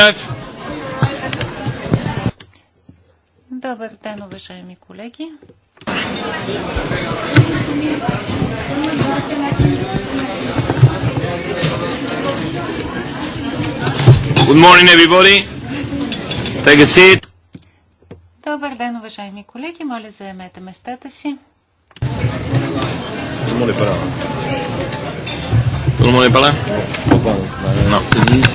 Привет! Добър ден, уважаеми колеги! Good morning, everybody. Take a seat. Добър ден, уважаеми колеги. Моля, заемете местата си. Tout le monde est Tout le monde est pas là Non.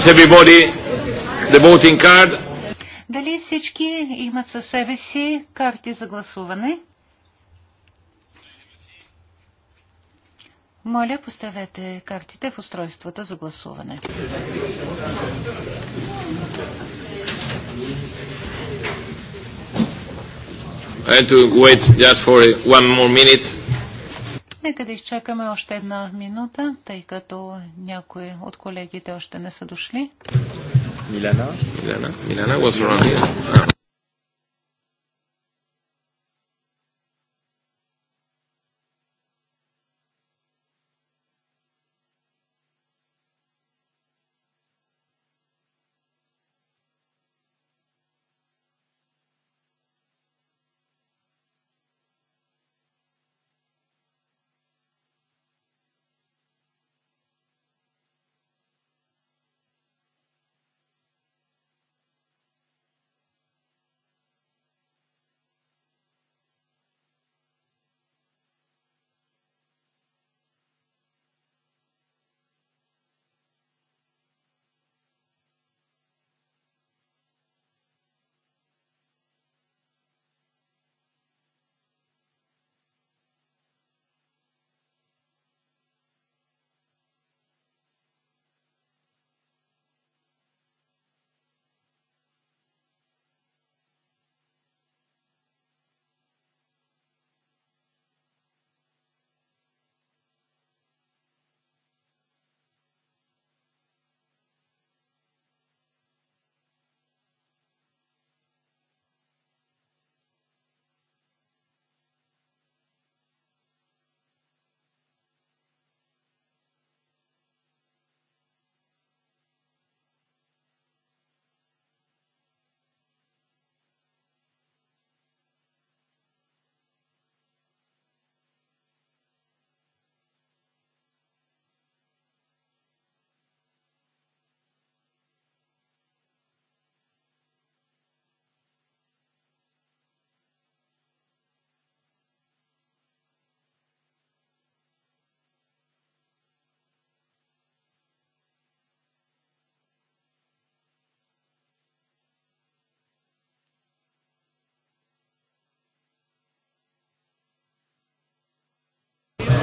Does everybody the voting card? Дали всички имат със себе си карти за гласуване? Моля, поставете картите в устройствата за гласуване. I have to wait just for one more minute. Нека да изчакаме още една минута, тъй като някои от колегите още не са дошли. Милена? Милена? Милена?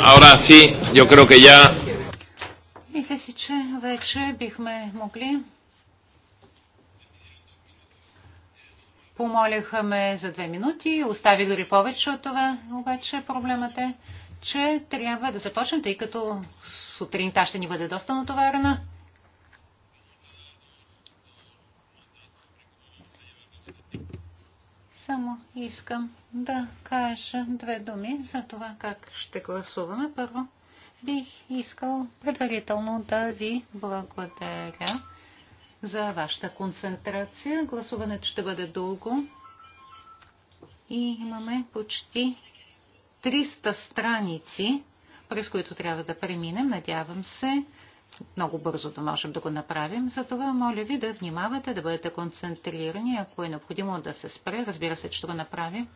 ahora sí, yo creo que ya... Мисля си, че вече бихме могли. ме за две минути, остави дори повече от това, обаче проблемът е, че трябва да започнем, тъй като сутринта ще ни бъде доста натоварена. Само искам да кажа две думи за това как ще гласуваме. Първо, бих искал предварително да ви благодаря за вашата концентрация. Гласуването ще бъде дълго и имаме почти 300 страници, през които трябва да преминем. Надявам се, много бързо да можем да го направим. Затова моля ви да внимавате, да бъдете концентрирани, ако е необходимо да се спре. Разбира се, че ще го направим.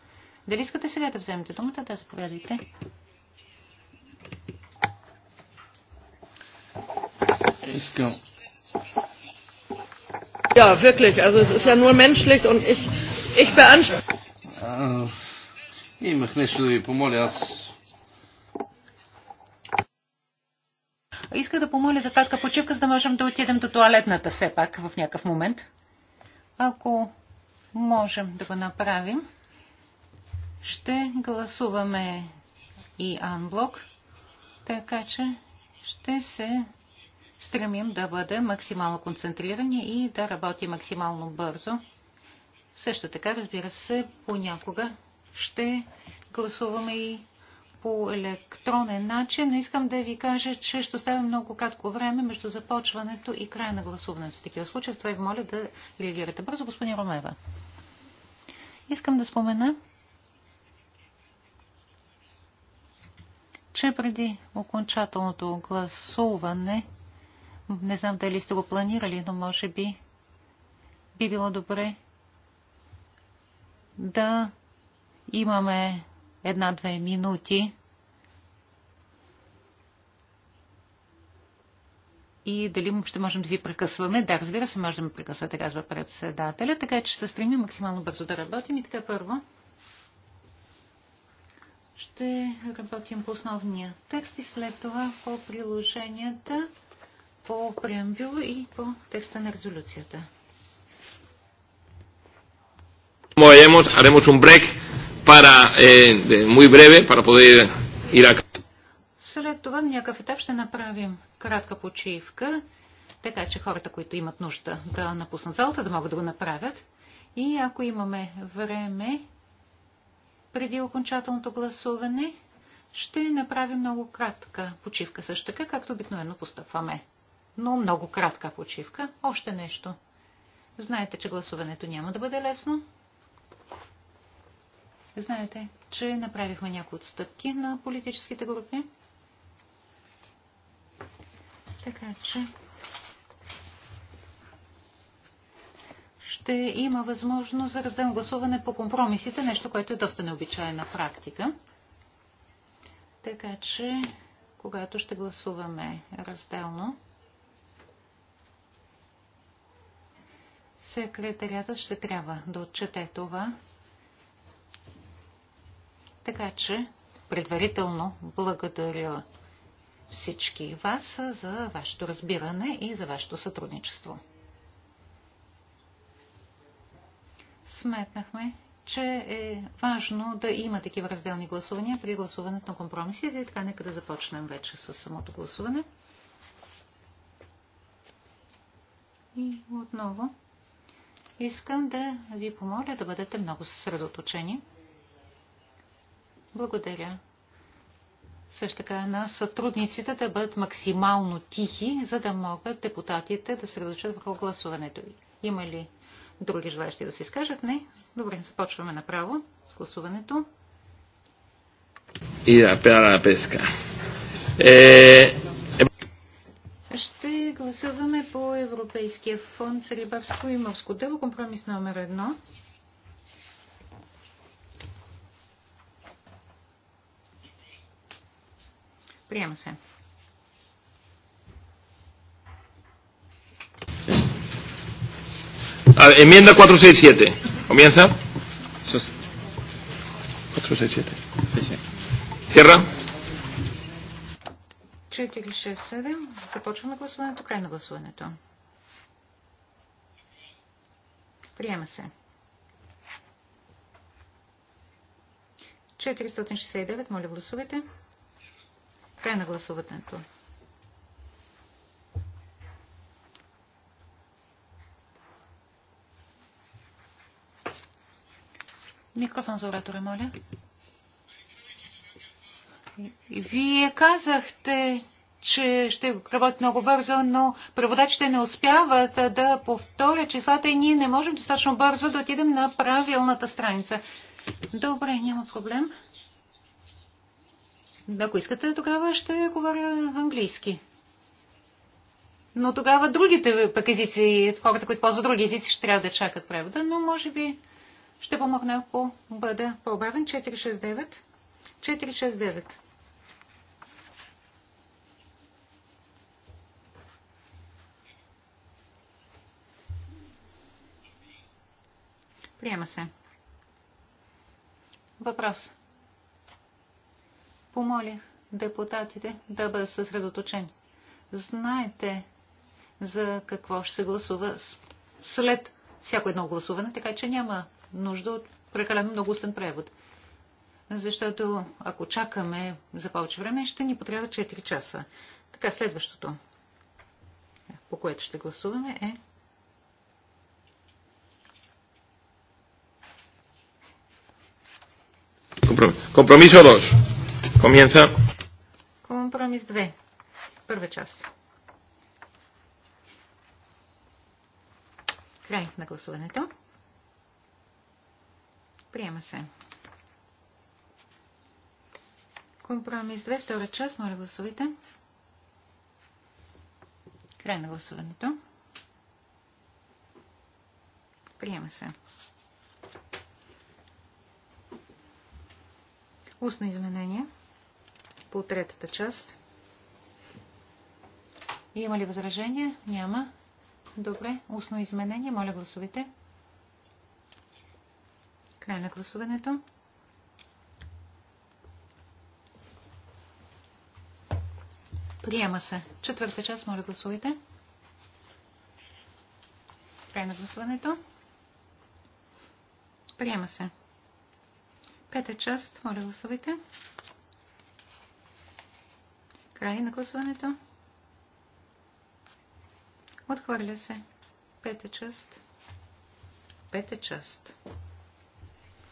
Дали искате сега да вземете думата? Да, заповядайте. Искам. Ja, wirklich. Also es ist ja nur menschlich und ich, ich beanspruche. Имах нещо да ви помоля. Аз Исках да помоля за кратка почивка, за да можем да отидем до туалетната все пак в някакъв момент. Ако можем да го направим, ще гласуваме и анблок, така че ще се стремим да бъдем максимално концентрирани и да работи максимално бързо. Също така, разбира се, понякога ще гласуваме и по електронен начин, но искам да ви кажа, че ще оставя много кратко време между започването и края на гласуването. В такива случаи, това ви моля да реагирате. Бързо, господин Ромева. Искам да спомена, че преди окончателното гласуване, не знам дали сте го планирали, но може би би било добре да имаме една-две минути и дали ще можем да ви прекъсваме. Да, разбира се, можем да ме прекъсвате, казва председателя, така че се стремим максимално бързо да работим. И така първо ще работим по основния текст и след това по приложенията, по преамбюл и по текста на резолюцията. Haremos un break para, eh, muy breve para poder ir a... След това на някакъв етап ще направим кратка почивка, така че хората, които имат нужда да напуснат залата, да могат да го направят. И ако имаме време преди окончателното гласуване, ще направим много кратка почивка, също така, както обикновено постъпваме. Но много кратка почивка. Още нещо. Знаете, че гласуването няма да бъде лесно. Знаете, че направихме някои отстъпки на политическите групи. Така че ще има възможност за разделно гласуване по компромисите, нещо, което е доста необичайна практика. Така че, когато ще гласуваме разделно, секретарята ще трябва да отчете това, така че предварително благодаря всички вас за вашето разбиране и за вашето сътрудничество. Сметнахме, че е важно да има такива разделни гласувания при гласуването на компромисите. И така, нека да започнем вече с самото гласуване. И отново искам да ви помоля да бъдете много съсредоточени. Благодаря. Също така на сътрудниците да бъдат максимално тихи, за да могат депутатите да се разучат върху гласуването. Има ли други желащи да се изкажат? Не. Добре, започваме направо с гласуването. И да, пера песка. Е, е... Ще гласуваме по Европейския фонд за рибарско и морско дело, компромис номер едно. Приема се. Enmienda 467. Comienza. 467. Cierra. 467. Започваме гласуването. Край на гласуването. Приема се. 469. Моля гласувайте. Край на гласуването. Микрофон за оратора, моля. Вие казахте, че ще работи много бързо, но преводачите не успяват да повторят числата и ние не можем достатъчно бързо да отидем на правилната страница. Добре, няма проблем. Ако искате, тогава ще говоря английски. Но тогава другите пък езици, хората, които ползват други езици, ще трябва да чакат превода, но може би ще помогна, ако бъда по-бавен. 469. 469. Приема се. Въпрос помоли депутатите да бъдат съсредоточени. Знаете за какво ще се гласува след всяко едно гласуване, така че няма нужда от прекалено много устен превод. Защото ако чакаме за повече време, ще ни потреба 4 часа. Така, следващото, по което ще гласуваме е Compromiso 2. Comienza. Компромис 2. Първа част. Край на гласуването. Приема се. Компромис 2. Втора част. Моля гласувайте. Край на гласуването. Приема се. Устно изменение по третата част. Има ли възражения? Няма. Добре. Устно изменение. Моля гласовете. Край на гласуването. Приема се. Четвърта част. Моля гласовете. Край на гласуването. Приема се. Пета част. Моля гласовете. Край на гласуването. Отхвърля се. Пета част. Пета част.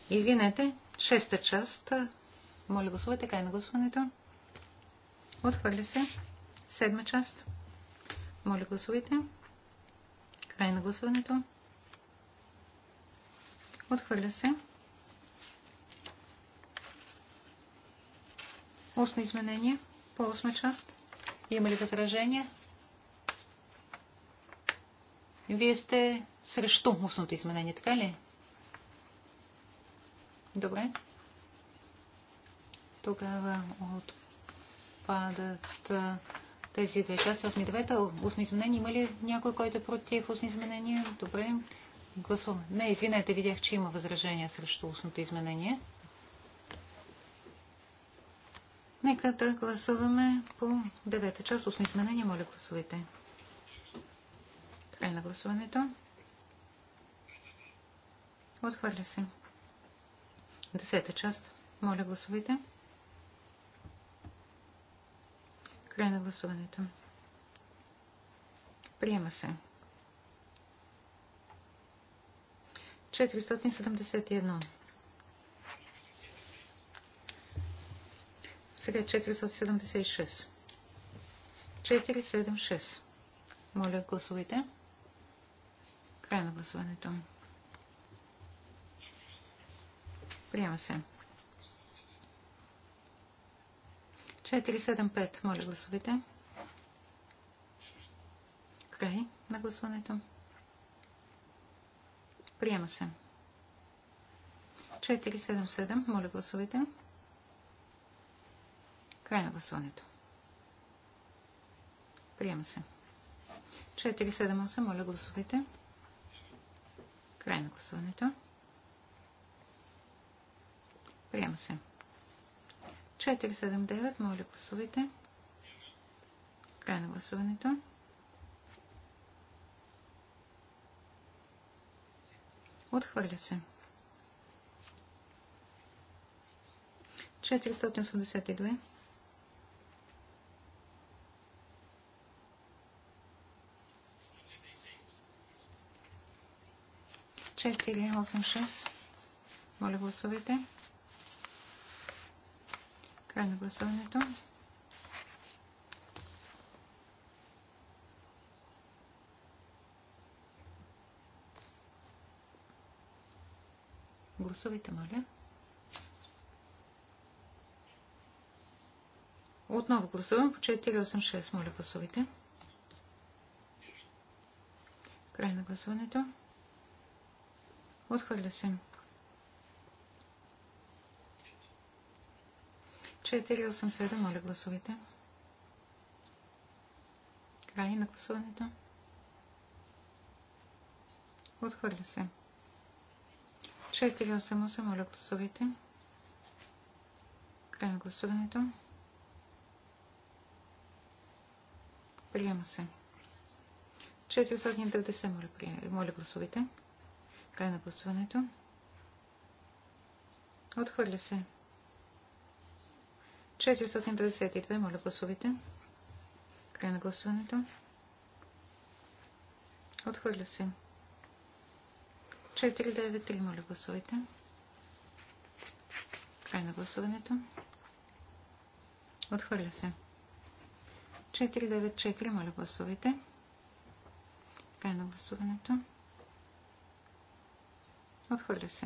Извинете, шеста част. Моля гласувайте край на гласуването. Отхвърля се. Седма част. Моля гласувайте. Край на гласуването. Отхвърля се. Устно изменение по осма част? Има ли възражения? Вие сте срещу устното изменение, така ли? Добре. Тогава отпадат тези две части, Осми девета, Устно изменение има ли някой, който е против устно изменение? Добре. Гласуваме. Не, извинете, видях, че има възражения срещу устното изменение. Нека да гласуваме по девета част. Осми изменения, моля гласувайте. Край на гласуването. Отхвърля се. Десета част. Моля гласувайте. Край на гласуването. Приема се. 471. Сега 476. Е 476. Моля, гласувайте. Край на гласуването. Приема се. 475. Моля, гласувайте. Край на гласуването. Приема се. 477. Моля, гласувайте. Приема се. Край на гласуването. Приема се. 478, моля гласувайте. Край на гласуването. Приема се. 479, моля гласувайте. Край на гласуването. Отхвърля се. 482. 486. Моля гласувайте. Край на гласуването. Гласувайте, моля. Отново гласувам по 486. Моля, гласувайте. Край на гласуването. Отхвърля се. 487, моля гласувайте. Край на гласуването. Отхвърля се. 488, моля гласувайте. Край на гласуването. Приема се. 490, моля, моля гласувайте. Край на гласуването. Отхвърля се. 432. Моля, гласувайте. Край на гласуването. Отхвърля се. 493. Моля, гласувайте. Край на гласуването. Отхвърля се. 494. Моля, гласувайте. Край на гласуването. Отхвърля се.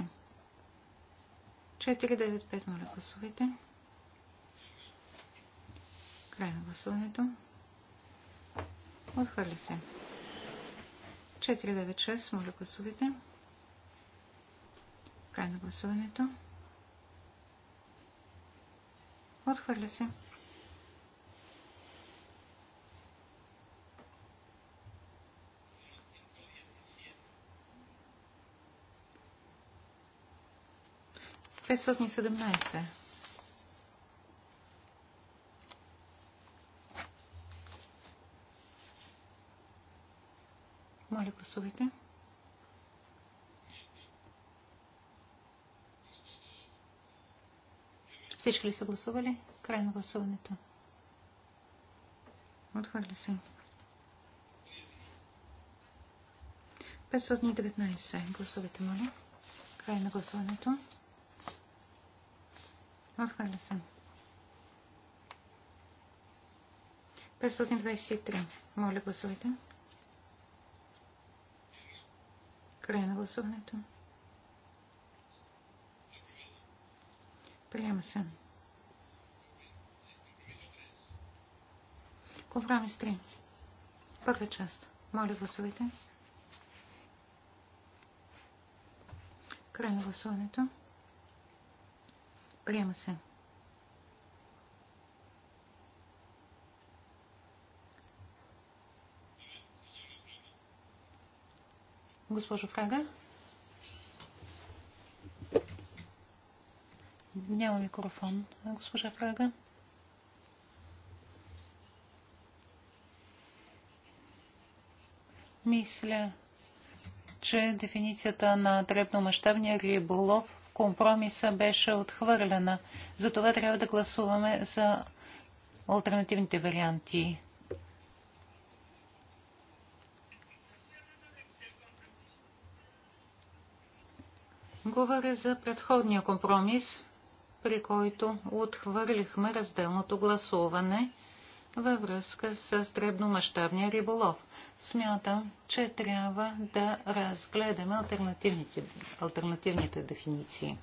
4-9-5, моля, гласовете. Край на гласуването. Отхвърля се. 496, моля, гласовете. Край на гласуването. Отхвърля се. 517. Моля, гласувайте. Всички ли са гласували? Край на гласуването. Отхвърля се. 519. Гласувайте, моля. Край на гласуването. Отхвърля се. 523. Моля, гласувайте. Край на гласуването. Приема се. Компромис 3. Първа част. Моля, гласувайте. Край на гласуването. Приема се. Госпожо Фрага? Няма микрофон. Госпожа Фрага? Мисля, че дефиницията на дребномащабния риболов компромиса беше отхвърлена. Затова трябва да гласуваме за альтернативните варианти. Говоря за предходния компромис, при който отхвърлихме разделното гласуване – във връзка с дребномащабния риболов. Смятам, че трябва да разгледаме альтернативните, альтернативните дефиниции.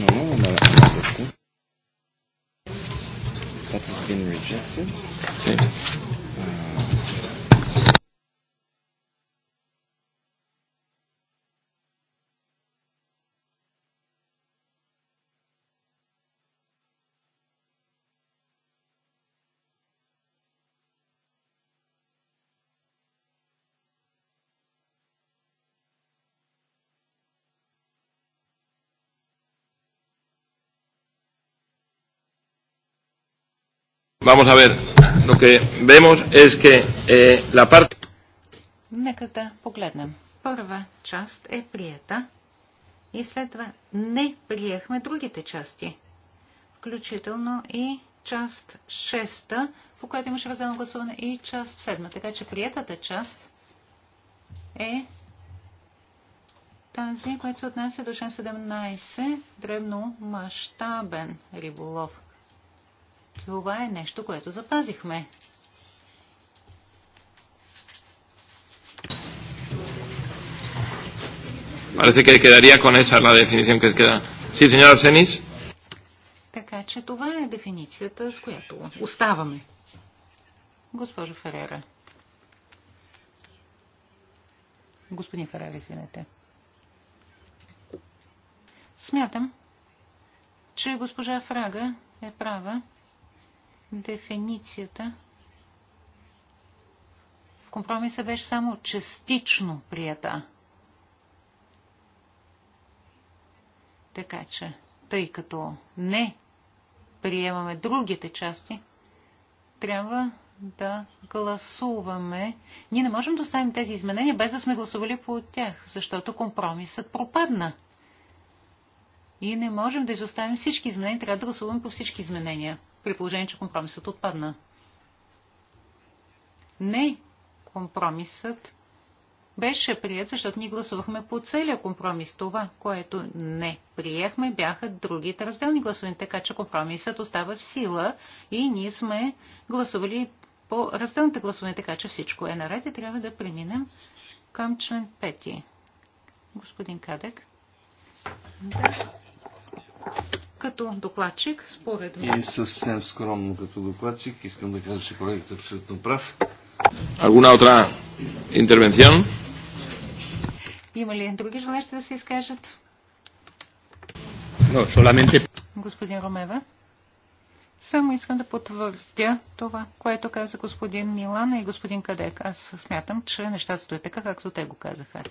No, no, no, That has been rejected. Okay. Uh, Vamos a ver, lo que vemos es que eh, la parte... Нека да погледнем. Първа част е прията и след това не приехме другите части, включително и част 6, по която имаше разделно гласуване, и част 7. Така че приятата част е тази, която се отнася до член древномащабен риболов. Това е нещо, което запазихме. Parece que quedaría con esa la definición que queda. Sí, señor Arsenis. Така че това е дефиницията, с която оставаме. Госпожо Ферера. Господин Ферера, извинете. Смятам, че госпожа Фрага е права дефиницията в компромиса беше само частично прията. Така че, тъй като не приемаме другите части, трябва да гласуваме. Ние не можем да оставим тези изменения без да сме гласували по тях, защото компромисът пропадна. И не можем да изоставим всички изменения, трябва да гласуваме по всички изменения при положение, че компромисът отпадна. Не, компромисът беше прият, защото ние гласувахме по целия компромис. Това, което не приехме, бяха другите разделни гласувания, така че компромисът остава в сила и ние сме гласували по разделните гласувания, така че всичко е наред и трябва да преминем към член 5. Господин Кадек. Да. Като докладчик, според мен. И съвсем скромно като докладчик, искам да кажа, че колегата е абсолютно прав. Alguna otra intervención? Има ли други желащи да се изкажат? No, solamente... Господин Ромева, само искам да потвърдя това, което каза господин Милана и господин Кадек. Аз смятам, че нещата стоят така, както те го казаха.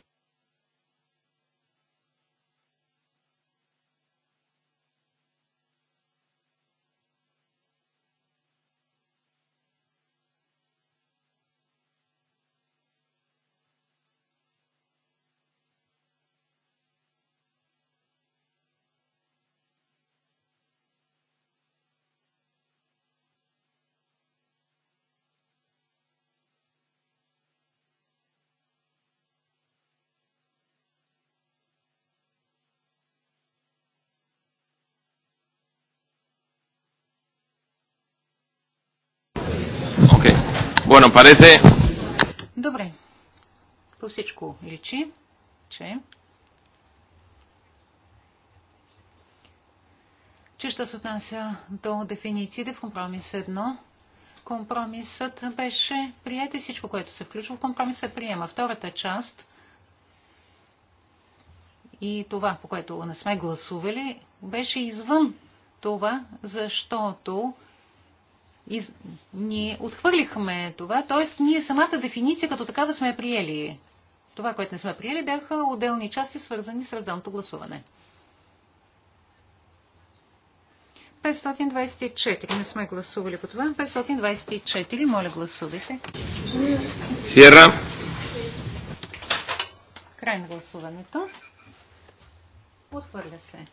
Bueno, parece... Добре. По всичко личи, че... че ще се отнася до дефинициите в компромис 1. Компромисът беше прият и всичко, което се включва в компромиса, приема. Втората част и това, по което не сме гласували, беше извън това, защото и ние отхвърлихме това, т.е. ние самата дефиниция като такава сме приели. Това, което не сме приели, бяха отделни части, свързани с разделното гласуване. 524. Не сме гласували по това. 524. Моля, гласувайте. Сиера. Край на гласуването. Отхвърля се.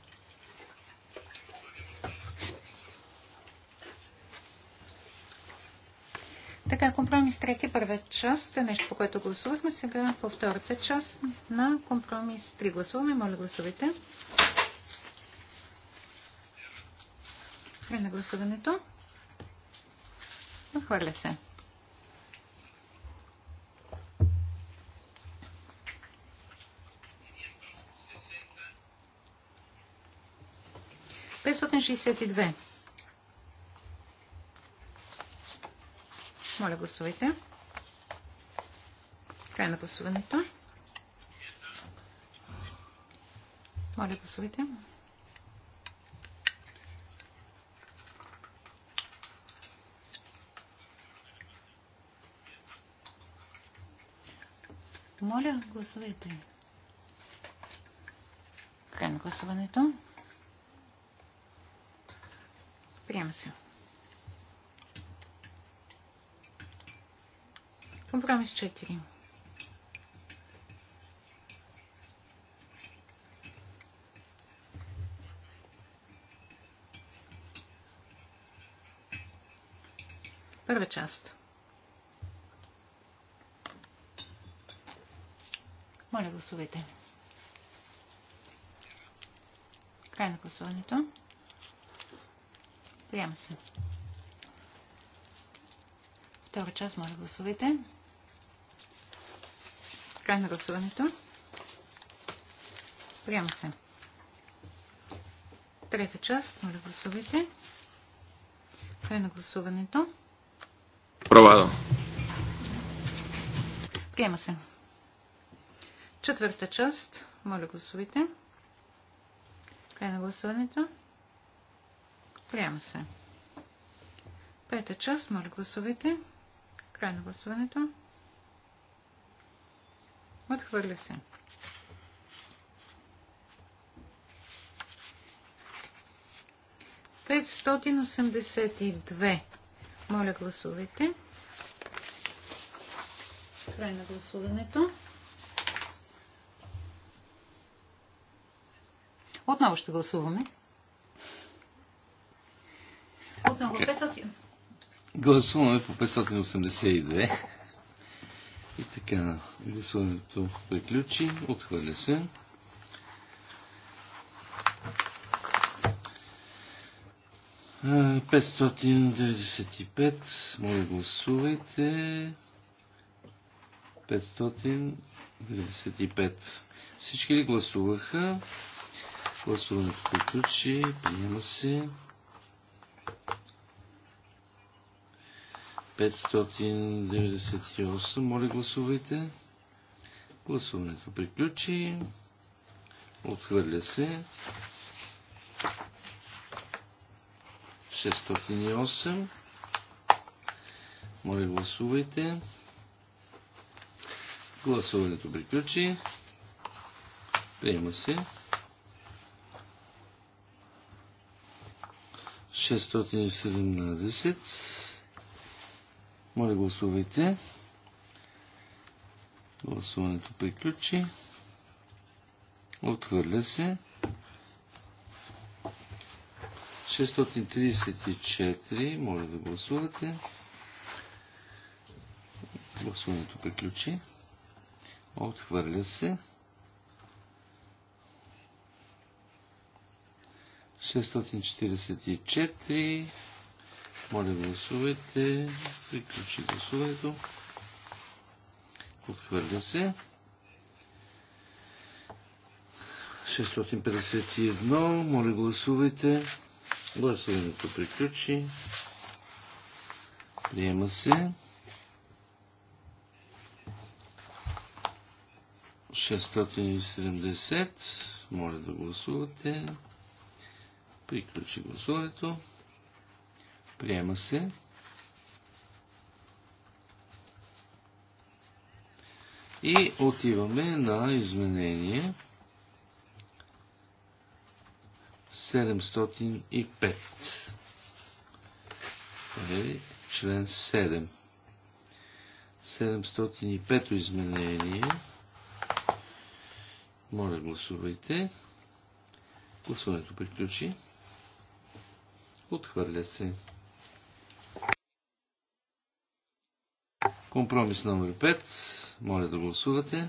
Така, компромис трети, първа част е нещо, по което гласувахме. Сега по втората част на компромис Три гласуваме. Моля, гласувайте. Край на гласуването. Хвърля се. Петстотин Моля, гласувайте. Край на гласуването. Моля, гласувайте. Моля, гласувайте. Край на гласуването. Приема се. Компромис 4. Първа част. Моля, гласувайте. Край на гласуването. Приема се. Втора част, моля, гласувайте. Край на гласуването. Приема се. Трета част. Моля гласувайте. Край на гласуването. Провадо. Приема се. Четвърта част. Моля гласувайте. Край на гласуването. Приема се. Пета част. Моля гласувайте. Край на гласуването. Отхвърля се. Петстотин осемдесет и две. Моля, гласувайте. Край на гласуването. Отново ще гласуваме. Отново 500. Гласуваме по 582. Така, гласуването приключи, отхвърля се. А, 595, моля гласувайте. 595. Всички ли гласуваха? Гласуването приключи, приема се. 598. Моля, гласувайте. Гласуването приключи. Отхвърля се. 608. Моля, гласувайте. Гласуването приключи. Приема се. 617. Моля, гласувайте. Гласуването приключи. Отхвърля се. 634. Моля да гласувате. Гласуването приключи. Отхвърля се. 644. Моля гласувайте. Приключи гласуването. Отхвърля се. 651. Моля гласувайте. Гласуването приключи. Приема се. 670. Моля да гласувате. Приключи гласуването. Приема се. И отиваме на изменение 705. Е член 7. 705 изменение. Моля, гласувайте. Гласуването приключи. Отхвърля се. Компромис номер 5. Моля да гласувате.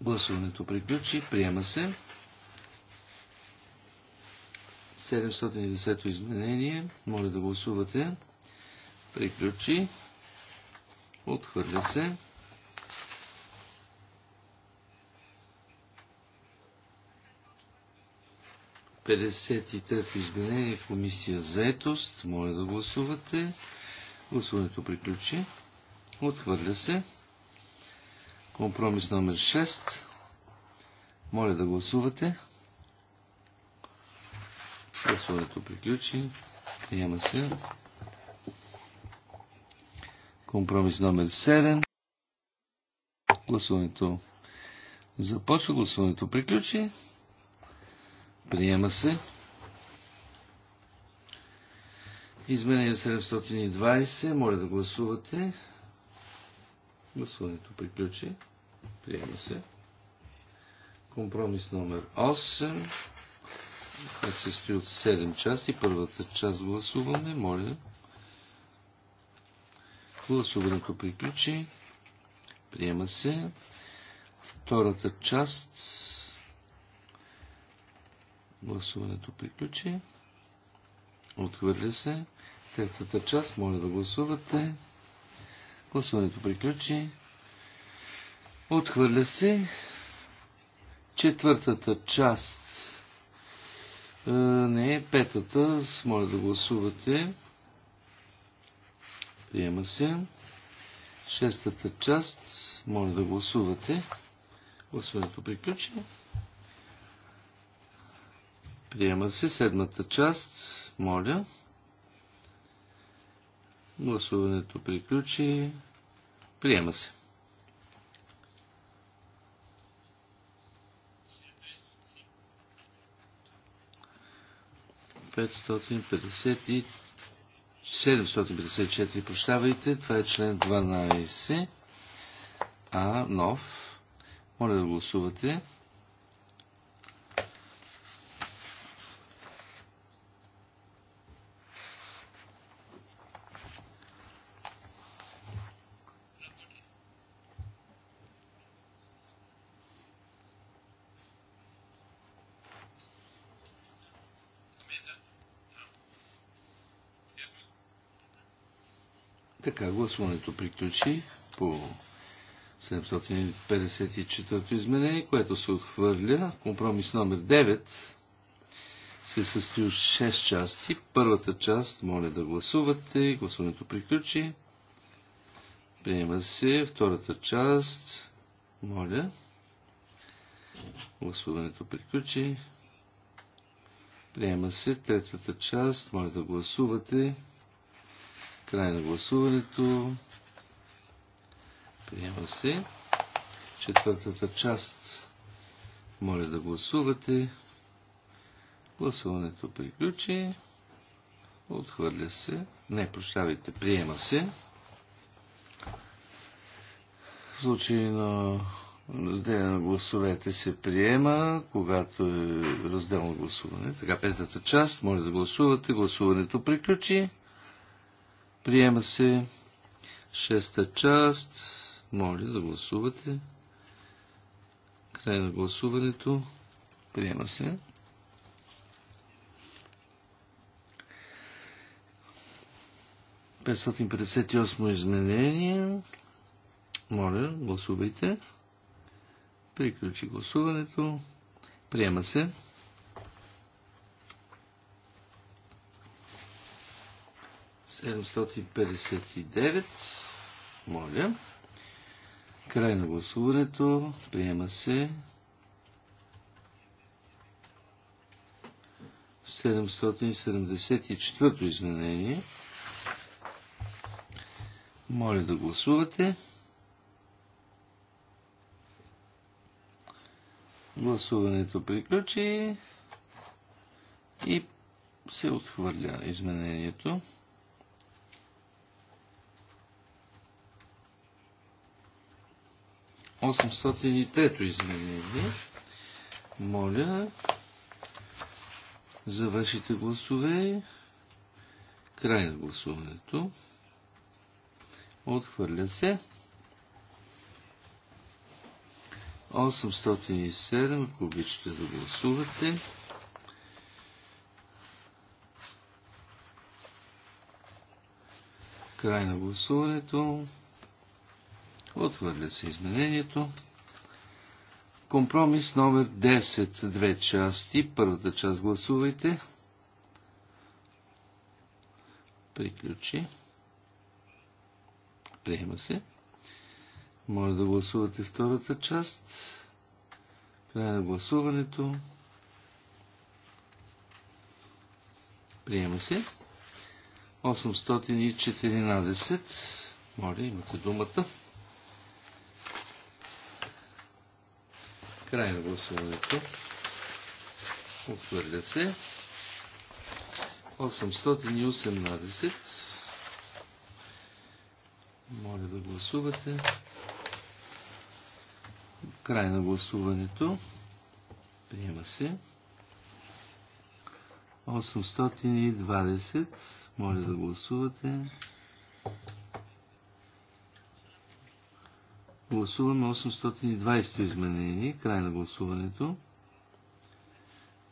Гласуването приключи. Приема се. 710 изменение. Моля да гласувате. Приключи. Отхвърля се. 53-то изменение комисия заетост. Моля да гласувате. Гласуването приключи. Отхвърля се. Компромис номер 6. Моля да гласувате. Гласуването приключи. Приема се. Компромис номер 7. Гласуването започва. Гласуването приключи. Приема се. Изменение 720. Моля да гласувате. Гласуването приключи. Приема се. Компромис номер 8. Той се стои от 7 части. Първата част гласуваме. Моля. Гласуването приключи. Приема се. Втората част Гласуването приключи. Отхвърля се. Третата част, моля да гласувате. Гласуването приключи. Отхвърля се. Четвъртата част. не, е петата. Моля да гласувате. Приема се. Шестата част. Моля да гласувате. Гласуването приключи. Приема се седмата част. Моля. Гласуването приключи. Приема се. Петстотин 754, прощавайте, това е член 12, а нов. Моля да гласувате. Гласуването приключи по 754-то изменение, което се отхвърля. Компромис номер 9 се състои от 6 части. Първата част, моля да гласувате. Гласуването приключи. Приема се. Втората част, моля. Гласуването приключи. Приема се. Третата част, моля да гласувате. Край на гласуването. Приема се. Четвъртата част. Моля да гласувате. Гласуването приключи. Отхвърля се. Не, прощавайте, приема се. В случай на разделя на гласовете се приема, когато е разделно гласуване. Така, петата част, моля да гласувате. Гласуването приключи. Приема се шеста част. Моля да гласувате. Край на гласуването. Приема се. Петстотин изменение. Моля, гласувайте. Приключи гласуването. Приема се. 759. Моля. Край на гласуването. Приема се. 774 то изменение. Моля да гласувате. Гласуването приключи и се отхвърля изменението. 803-то изменение. Моля за вашите гласове. Край на гласуването. Отхвърля се. 807, ако обичате да гласувате. Край на гласуването. Отхвърля се изменението. Компромис номер 10, две части. Първата част гласувайте. Приключи. Приема се. Моля да гласувате втората част. Край на гласуването. Приема се. 814. Моля, имате думата. Край на гласуването. Отхвърля се. 818. Моля да гласувате. Край на гласуването. Приема се. 820. Моля да гласувате. Гласуваме 820 изменение. Край на гласуването.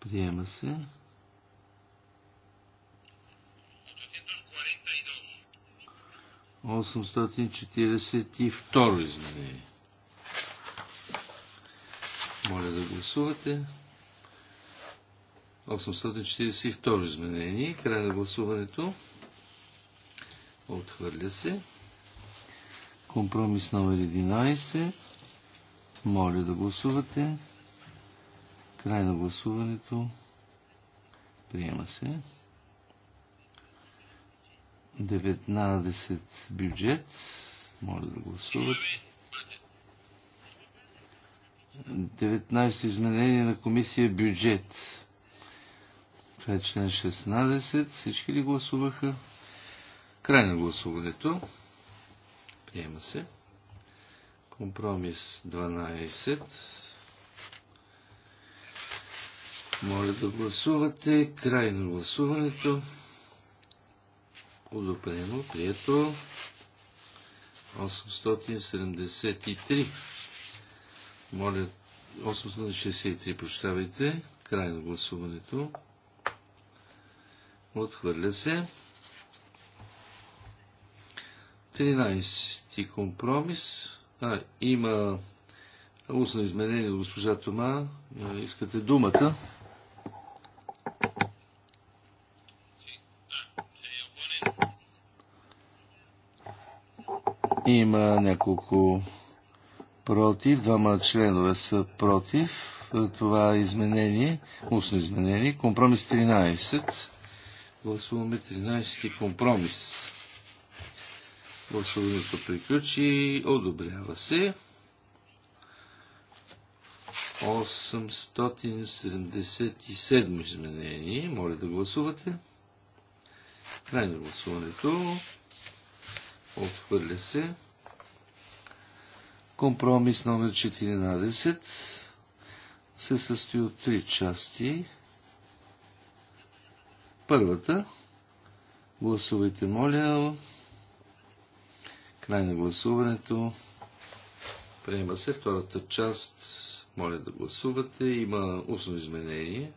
Приема се. 842 изменение. Моля да гласувате. 842 изменение. Край на гласуването. Отхвърля се. Компромис номер 11. Моля да гласувате. Край на гласуването. Приема се. 19 бюджет. Моля да гласувате. 19 изменение на комисия бюджет. Това е член 16. Всички ли гласуваха? Край на гласуването. Приема се. Компромис 12. Моля да гласувате. Край на гласуването. Одобрено. Прието. 873. Моля, 863, прощавайте. Край на гласуването. Отхвърля се. 13 компромис. А, има устно изменение от госпожа Тома. Искате думата. Има няколко против, двама членове са против това изменение, устно изменение. Компромис 13. Гласуваме 13 компромис. Гласуването приключи. Одобрява се. 877 изменени. Моля да гласувате. Край на гласуването. Отхвърля се. Компромис номер 14 се състои от три части. Първата. Гласувайте, моля. Край на гласуването. Приема се втората част. Моля да гласувате. Има устно изменение.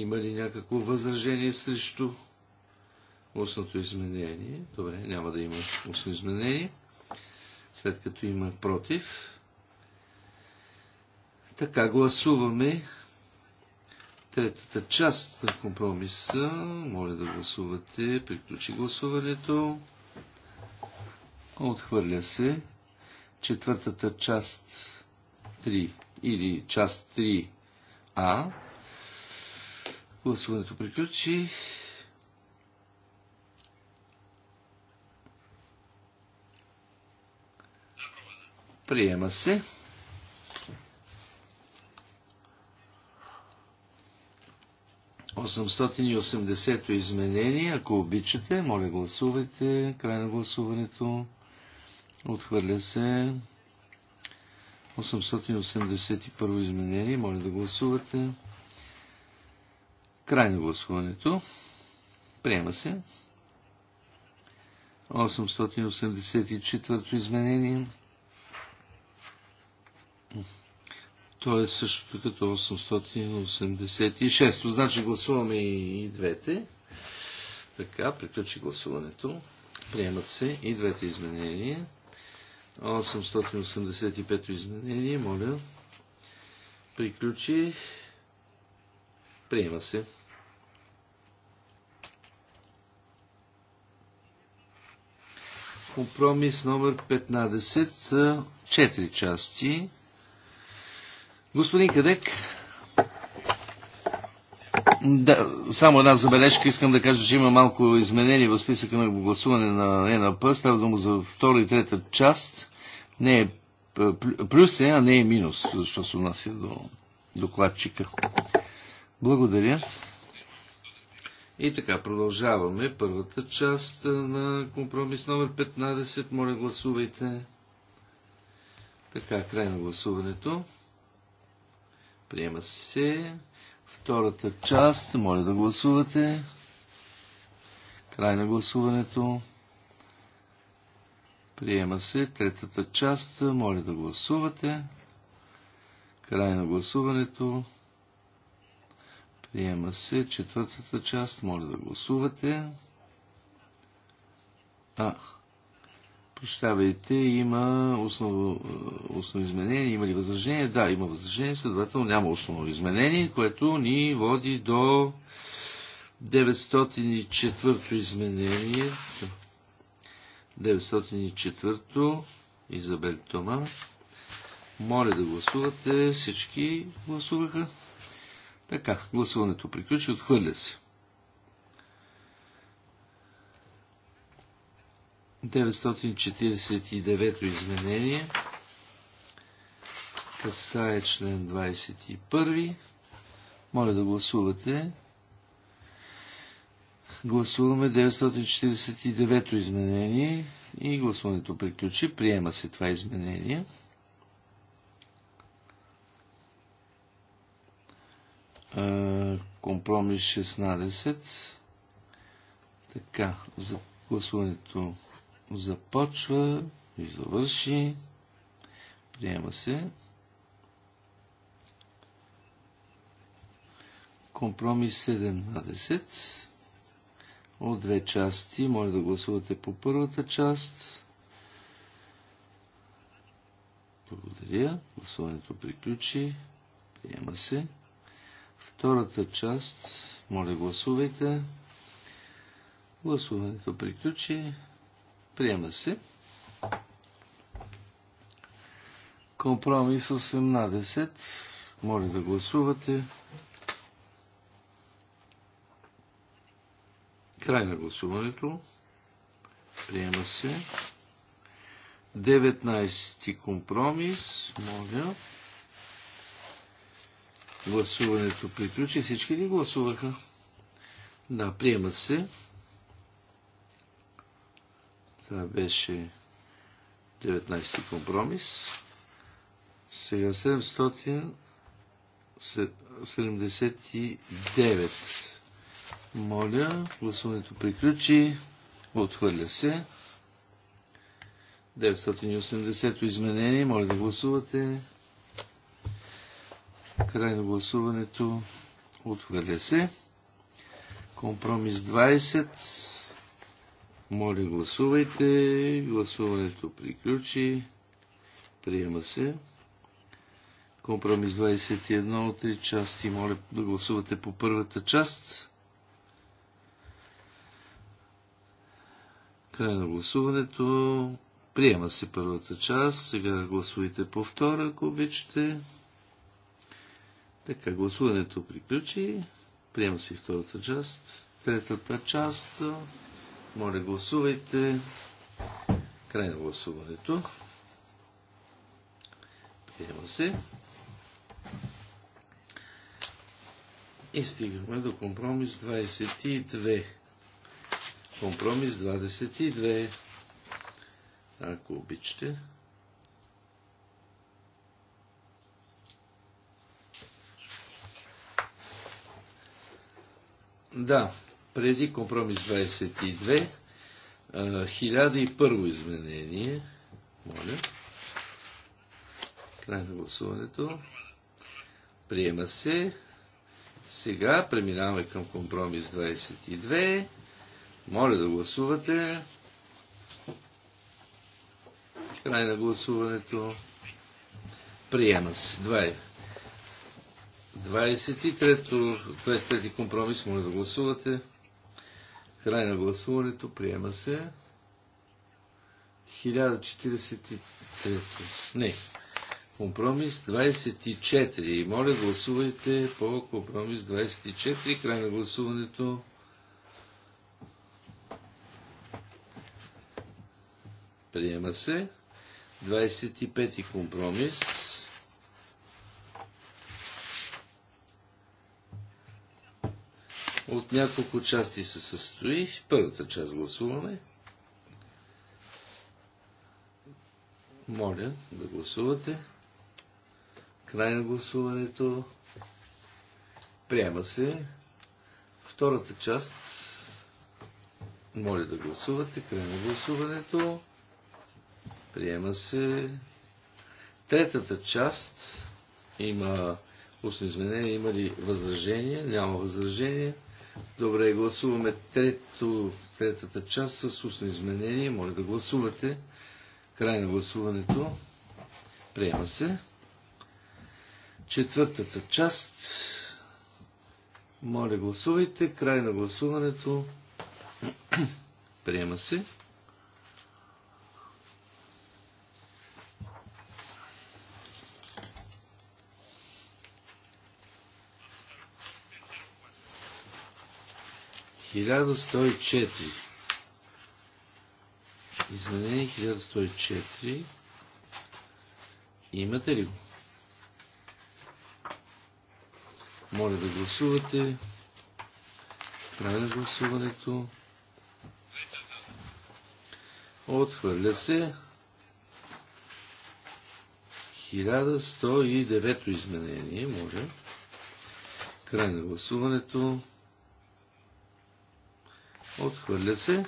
Има ли някакво възражение срещу устното изменение? Добре, няма да има устно изменение. След като има против. Така, гласуваме третата част на компромиса. Моля да гласувате. Приключи гласуването. Отхвърля се. Четвъртата част 3 или част 3А. Гласуването приключи. Приема се. Осъмстотин изменение, ако обичате, моля гласувайте. Край на гласуването. Отхвърля се 881 изменение. Моля да гласувате. Край на гласуването. Приема се. 884 изменение. То е същото като 886. Значи гласуваме и двете. Така, приключи гласуването. Приемат се и двете изменения. 885 то изменение, моля. Приключи. Приема се. Компромис номер 15 са 4 части. Господин Кадек, да, само една забележка. Искам да кажа, че има малко изменение в списъка на гласуване на ЕНП. Става дума за втора и трета част. Не е плюс, е, а не е минус, защото се отнася до докладчика. Благодаря. И така, продължаваме първата част на компромис номер 15. Моля, гласувайте. Така, край на гласуването. Приема се. Втората част, моля да гласувате. Край на гласуването. Приема се. Третата част, моля да гласувате. Край на гласуването. Приема се. Четвъртата част, моля да гласувате. А, Прощавайте, има основно, е, основно изменение, има ли възражение? Да, има възражение, следователно няма основно изменение, което ни води до 904-то изменение. 904-то Изабел Тома. Моля да гласувате. Всички гласуваха. Така, гласуването приключи. Отхвърля се. 949 изменение касае член 21. Моля да гласувате. Гласуваме 949 изменение и гласуването приключи. Приема се това изменение. Компромис 16. Така, за гласуването започва и завърши. Приема се. Компромис 17 от две части. може да гласувате по първата част. Благодаря. Гласуването приключи. Приема се. Втората част. Моля гласувайте. Гласуването приключи. Приема се. Компромис 18. Моля да гласувате. Край на гласуването. Приема се. 19 компромис. Моля. Гласуването приключи. Всички ли гласуваха? Да, приема се. Това беше 19-ти компромис. Сега 779. Моля, гласуването приключи. Отхвърля се. 980-то изменение. Моля да гласувате. Край на гласуването. Отхвърля се. Компромис 20. Моля, гласувайте. Гласуването приключи. Приема се. Компромис 21 от 3 части. Моля да гласувате по първата част. Край на гласуването. Приема се първата част. Сега гласувайте по втора, ако обичате. Така, гласуването приключи. Приема се втората част. Третата част. Моля, гласувайте. Край на гласуването. Приема се. И стигаме до компромис 22. Компромис 22. Ако обичате. Да, преди компромис 22, 1001 изменение. Моля. Край на гласуването. Приема се. Сега преминаваме към компромис 22. Моля да гласувате. Край на гласуването. Приема се. 23-ти е. компромис. Моля да гласувате. Край на гласуването. Приема се. 1043. Не. Компромис 24. Моля, гласувайте по компромис 24. Край на гласуването. Приема се. 25 компромис. от няколко части се състои. Първата част гласуваме. Моля да гласувате. Край на гласуването. Приема се. Втората част. Моля да гласувате. Край на гласуването. Приема се. Третата част има устно изменение. Има ли възражение? Няма възражение. Добре, гласуваме трето, третата част с устно изменение. Моля да гласувате. Край на гласуването. Приема се. Четвъртата част. Моля гласувайте. Край на гласуването. Приема се. 1104. Изменение 1104. Имате ли го? Моля да гласувате. Правя гласуването. Отхвърля се. 1109 изменение, моля. Край на гласуването. Отхвърля се.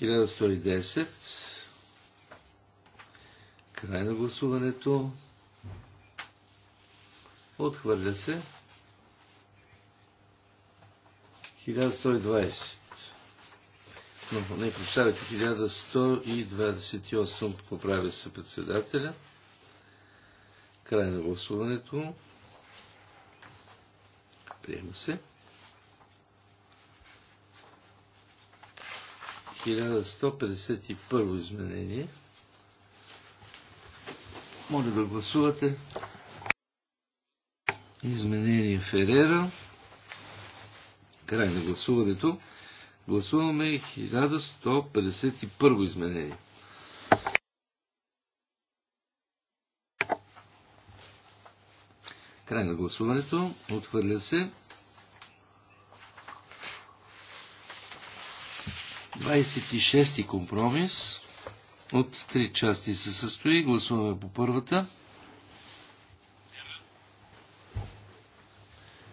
1110. Край на гласуването. Отхвърля се. 1120. Но, не, представете, 1128 поправя се председателя. Край на гласуването. Приема се. 1151 изменение. Моля да гласувате. Изменение Ферера. Край на гласуването. Гласуваме 1151 изменение. Край на гласуването. Отхвърля се. 26-ти компромис от три части се състои. Гласуваме по първата.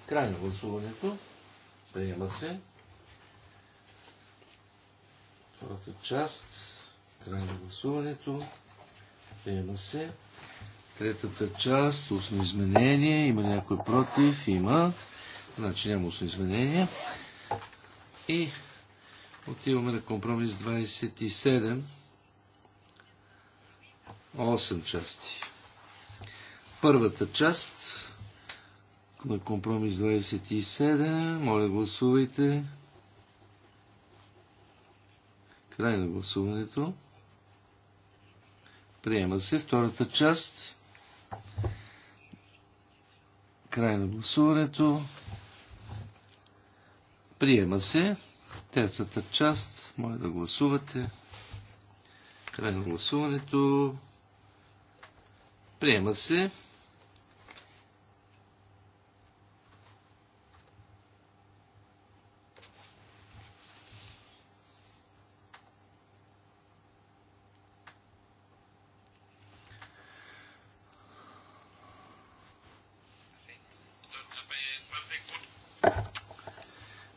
Край на гласуването. Приема се. Втората част. Край на гласуването. Приема се. Третата част. Устно изменение. Има ли някой против? Има. Значи няма устно изменение. И Отиваме на компромис 27. 8 части. Първата част на компромис 27. Моля, гласувайте. Край на гласуването. Приема се втората част. Край на гласуването. Приема се. Третата част, моля да гласувате. Край на гласуването. Приема се.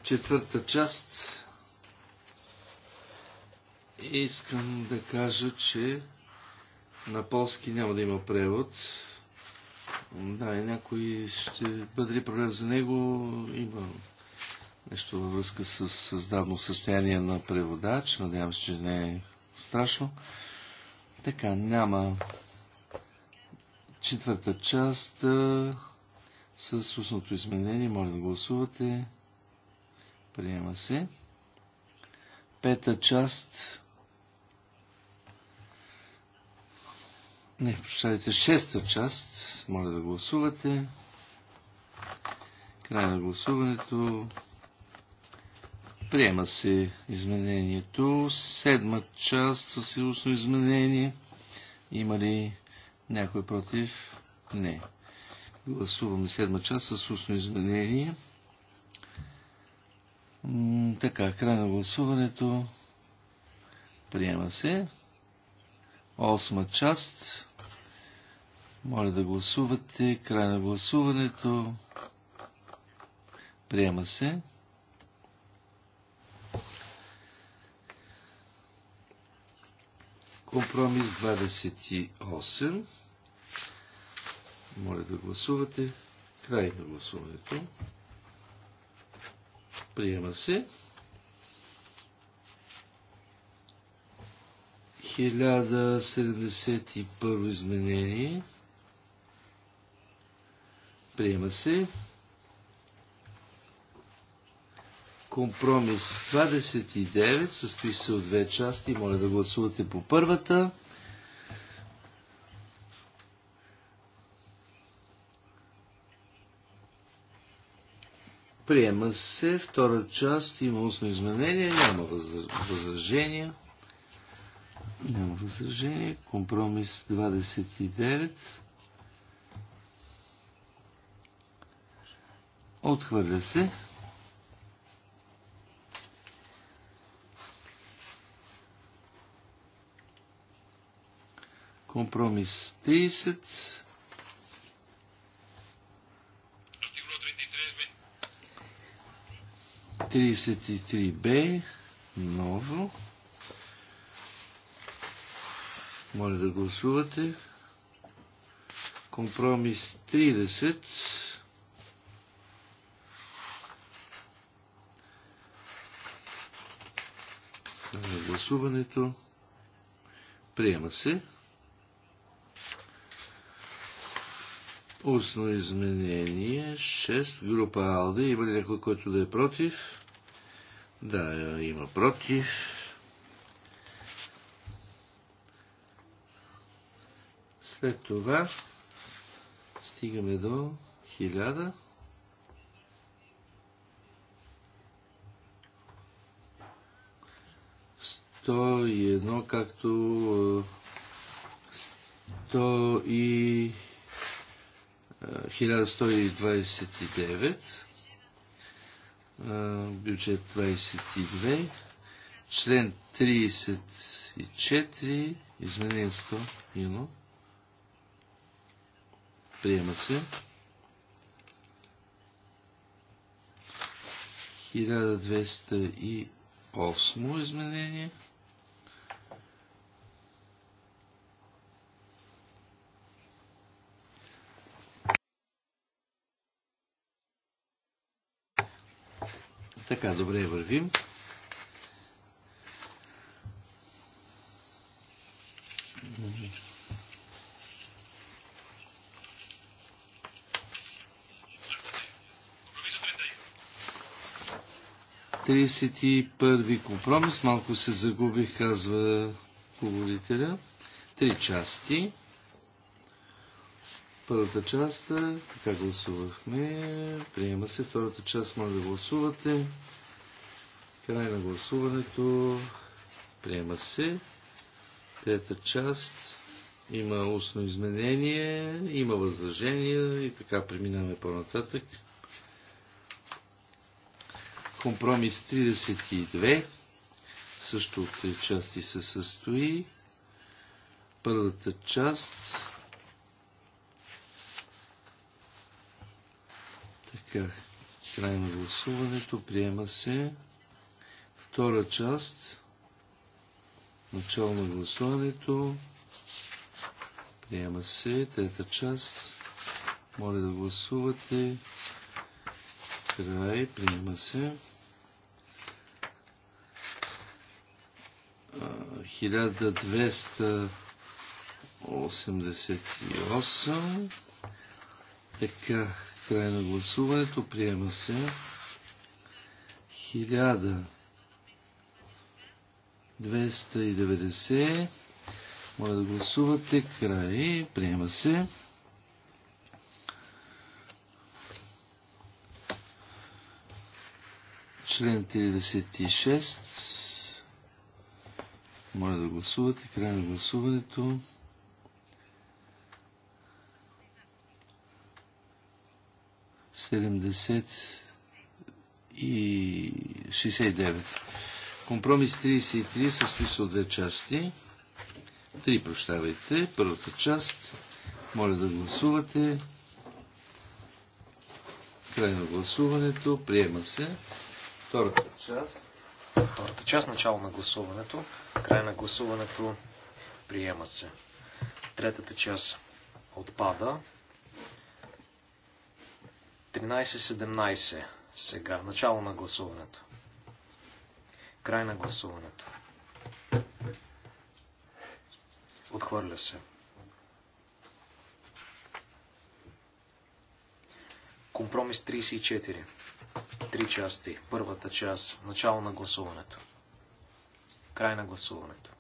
Четвърта част Искам да кажа, че на полски няма да има превод. Да, и някой ще бъде ли проблем за него? Има нещо във връзка с, с здравно състояние на преводач. Надявам се, че не е страшно. Така, няма четвърта част с устното изменение. Моля да гласувате. Приема се. Пета част Не, прощавайте, шеста част. Моля да гласувате. Край на гласуването. Приема се изменението. Седма част със силосно изменение. Има ли някой против? Не. Гласуваме седма част с устно изменение. М така, край на гласуването. Приема се. Осма част. Моля да гласувате. Край на гласуването. Приема се. Компромис 28. Моля да гласувате. Край на гласуването. Приема се. 1071 изменение. Приема се. Компромис 29 състои се от две части. Моля да гласувате по първата. Приема се. Втора част има устно изменение. Няма възражения. Няма възражение. Компромис 29. Отхвърля се. Компромис 30. Тридесет и три Б. Ново. Моля да гласувате. Компромис 30. гласуването. Приема се. Устно изменение 6. Група Алде. Има ли някой, който да е против? Да, има против. След това стигаме до 1000. 101, както 100 е, и 1129, е, е, бюджет 22, член 34, изменение 101, приема се. 1208 изменение. 1209. Така, добре вървим. Тридесет и първи компромис. Малко се загубих, казва говорителя. Три части. Първата част, е, така гласувахме. Приема се. Втората част, може да гласувате. Край на гласуването. Приема се. Трета част. Има устно изменение, има възражения и така преминаваме по-нататък. Компромис 32 също от три части се състои. Първата част Така, Край на гласуването. Приема се. Втора част. Начало на гласуването. Приема се. Трета част. Моля да гласувате. Край. Приема се. 1288. Така. Край на гласуването. Приема се. 1290. Моля да гласувате. Край. Приема се. Член 36. Моля да гласувате. Край на гласуването. 70 и 69. Компромис 33 състои се от две части. Три, прощавайте. Първата част. Моля да гласувате. Край на гласуването. Приема се. Втората част. Втората част. Начало на гласуването. Край на гласуването. Приема се. Третата част отпада. 13.17 сега. Начало на гласуването. Край на гласуването. Отхвърля се. Компромис 34. Три части. Първата част. Начало на гласуването. Край на гласуването.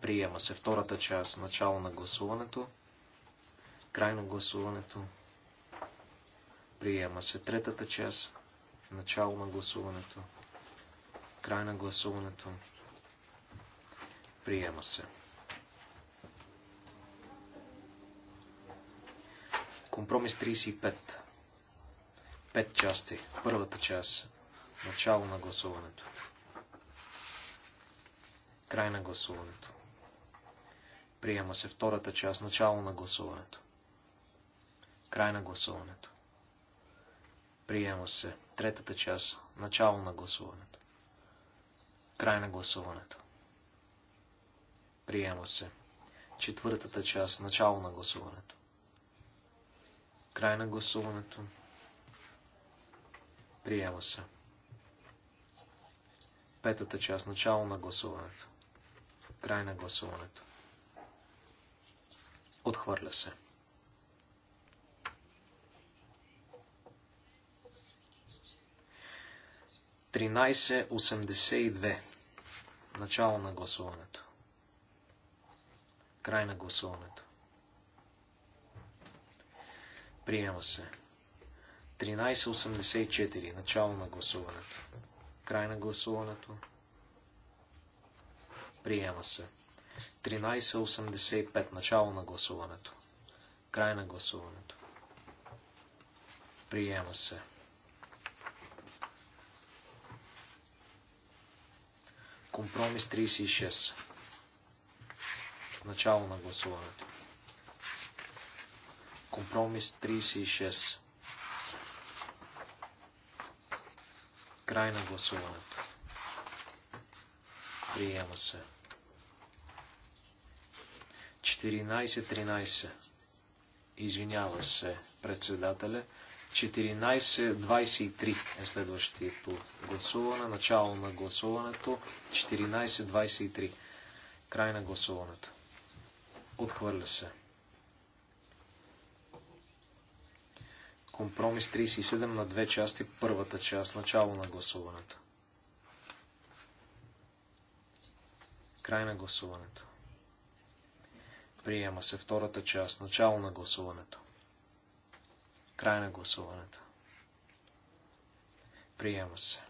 Приема се втората част. Начало на гласуването. Край на гласуването. Приема се третата част. Начало на гласуването. Край на гласуването. Приема се. Компромис 35. Пет части. Първата част. Начало на гласуването. Край на гласуването. Приема се втората част. Начало на гласуването. Край на гласуването. Приема се. Третата част. Начало на гласуването. Край на гласуването. Приема се. Четвъртата част. Начало на гласуването. Край на гласуването. Приема се. Петата част. Начало на гласуването. Край на гласуването. Отхвърля се. 1382. Начало на гласуването. Край на гласуването. Приема се. 1384. Начало на гласуването. Край на гласуването. Приема се. 1385. Начало на гласуването. Край на гласуването. Приема се. 1386. Компромис 36. Начало на гласуването. Компромис 36. Край на гласуването. Приема се. 14.13. Извинява се председателя. 14.23 е следващото гласуване. Начало на гласуването. 14.23. Край на гласуването. Отхвърля се. Компромис 37 на две части. Първата част. Начало на гласуването. Край на гласуването. Приема се втората част. Начало на гласуването. Край на гласуването. Приема се.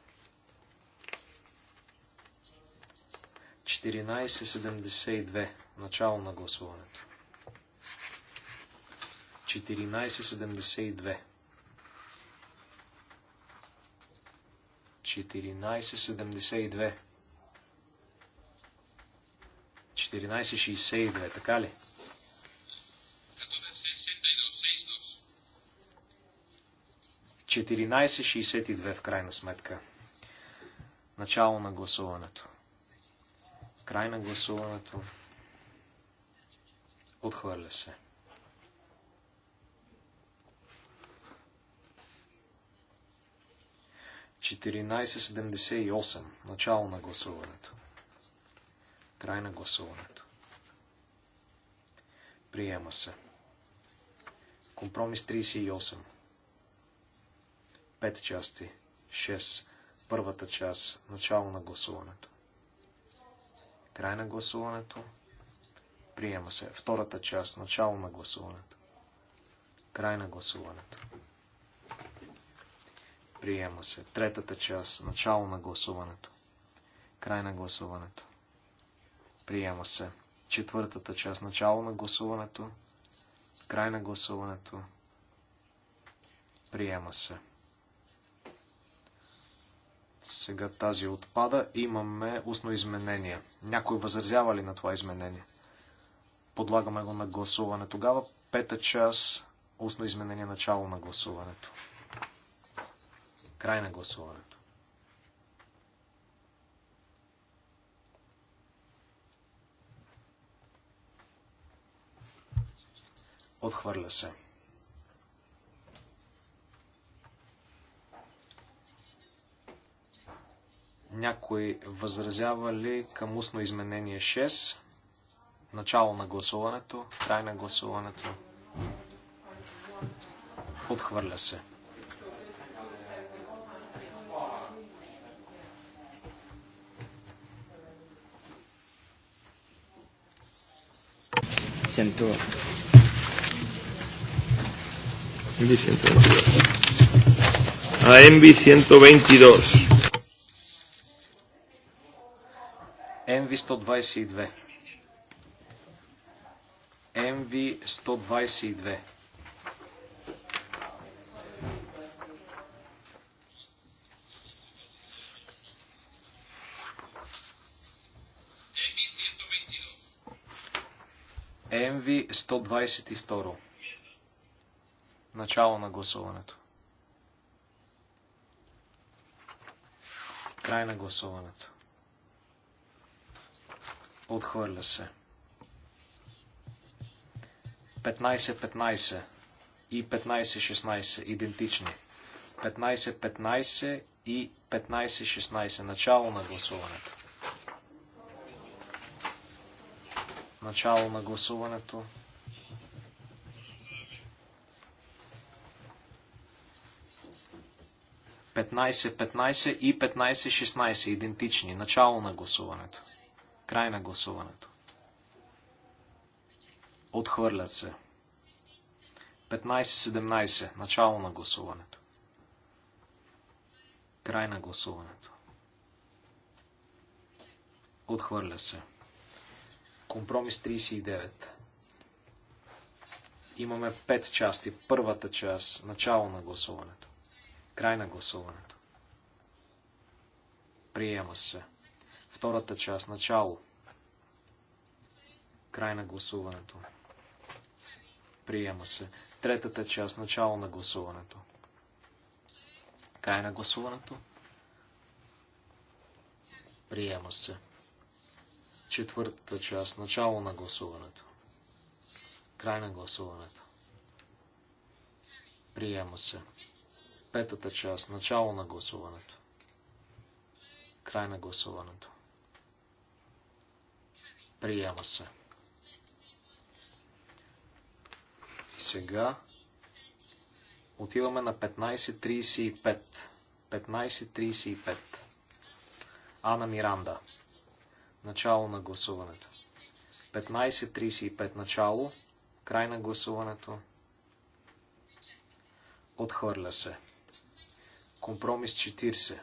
1472. Начало на гласуването. 1472. 1472. 1462, така ли? 1462. 14.62 в крайна сметка. Начало на гласуването. Край на гласуването. Отхвърля се. Четиринайсе Начало на гласуването. Край на гласуването. Приема се. Компромис 38. Пет части. 6. Първата част. Начало на гласуването. Край на гласуването. Приема се. Втората част. Начало на гласуването. Край на гласуването. Приема се. Третата част. Начало на гласуването. Край на гласуването. Приема се. Четвъртата част. Начало на гласуването. Край на гласуването. Приема се. Сега тази отпада. Имаме устно изменение. Някой възразява ли на това изменение? Подлагаме го на гласуване. Тогава пета част устно изменение начало на гласуването. Край на гласуването. Отхвърля се. Някой възразява ли към устно изменение 6? Начало на гласуването, край на гласуването. Отхвърля се. Siento. MB 122. A 122. MV122. MV122. MV 122. Начало на гласуването. Край на гласуването. Отхвърля се. 15-15 и 15-16 идентични. 15-15 и 15-16. Начало на гласуването. Начало на гласуването. Петнайсе, петнайсе и петнайсе, шестнайсе. идентични. Начало на гласуването. 15, Край на гласуването. Отхвърлят се. 15-17. Начало на гласуването. Край на гласуването. Отхвърля се. Компромис 39. Имаме 5 части. Първата част. Начало на гласуването. Край на гласуването. Приема се. Втората част. Начало. Край на гласуването. Приема се. Третата част. Начало на гласуването. Край на гласуването. Приема се. Четвъртата част. Начало на гласуването. Край на гласуването. Приема се. Петата част. Начало на гласуването. Край на гласуването. Приема се. Сега отиваме на 15.35. 15.35. Ана Миранда. Начало на гласуването. 15.35 начало. Край на гласуването. Отхвърля се. Компромис 40.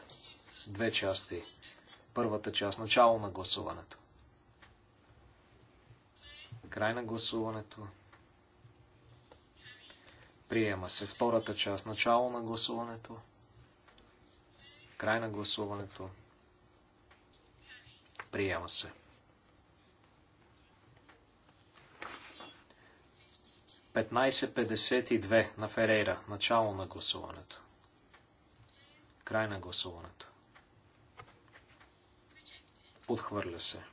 Две части. Първата част. Начало на гласуването. Край на гласуването. Приема се втората част. Начало на гласуването. Край на гласуването. Приема се. 15.52 на Ферейра. Начало на гласуването. Край на гласуването. Отхвърля се. 15.52.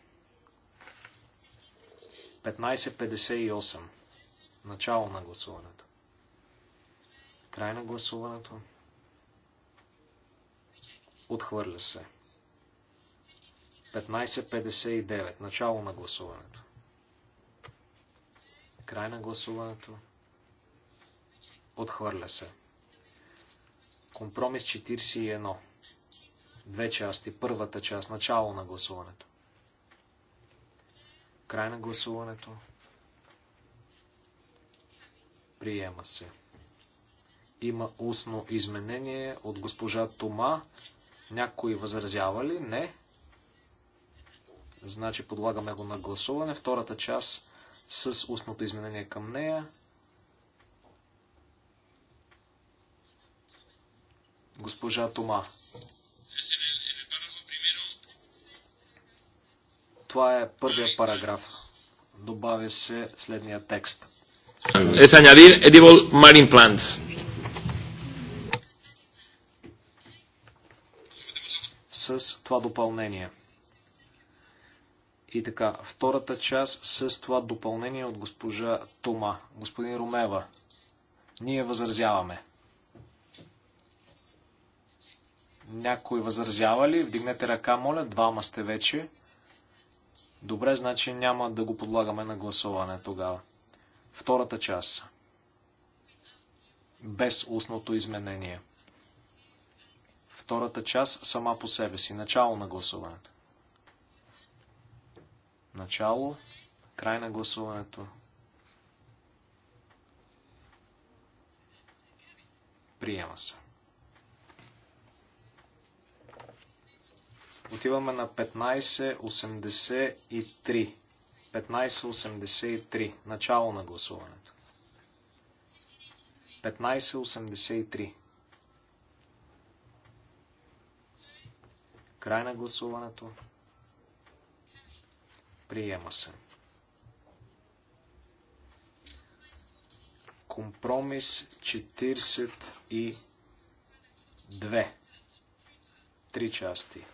1558. Начало на гласуването. Край на гласуването. Отхвърля се. 1559. Начало на гласуването. Край на гласуването. Отхвърля се. Компромис 41. Две части. Първата част. Начало на гласуването. Край на гласуването. Приема се. Има устно изменение от госпожа Тома. Някой възразява ли? Не. Значи подлагаме го на гласуване. Втората част с устното изменение към нея. Госпожа Тома. Това е първия параграф. Добавя се следния текст. Es añadir edible marine plants. С това допълнение. И така, втората част с това допълнение от госпожа Тома. Господин Ромева, ние възразяваме. Някой възразява ли? Вдигнете ръка, моля. Двама сте вече. Добре, значи няма да го подлагаме на гласуване тогава. Втората част. Без устното изменение. Втората част сама по себе си. Начало на гласуването. Начало. Край на гласуването. Приема се. Отиваме на 1583. 1583. Начало на гласуването. 1583. Край на гласуването. Приема се. Компромис 42. Три части.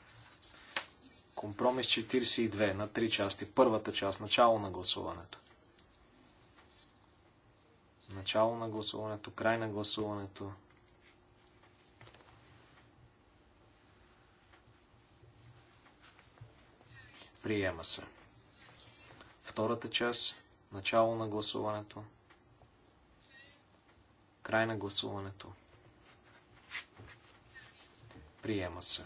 Компромис 42 на три части. Първата част, начало на гласуването. Начало на гласуването, край на гласуването. Приема се. Втората част, начало на гласуването, край на гласуването. Приема се.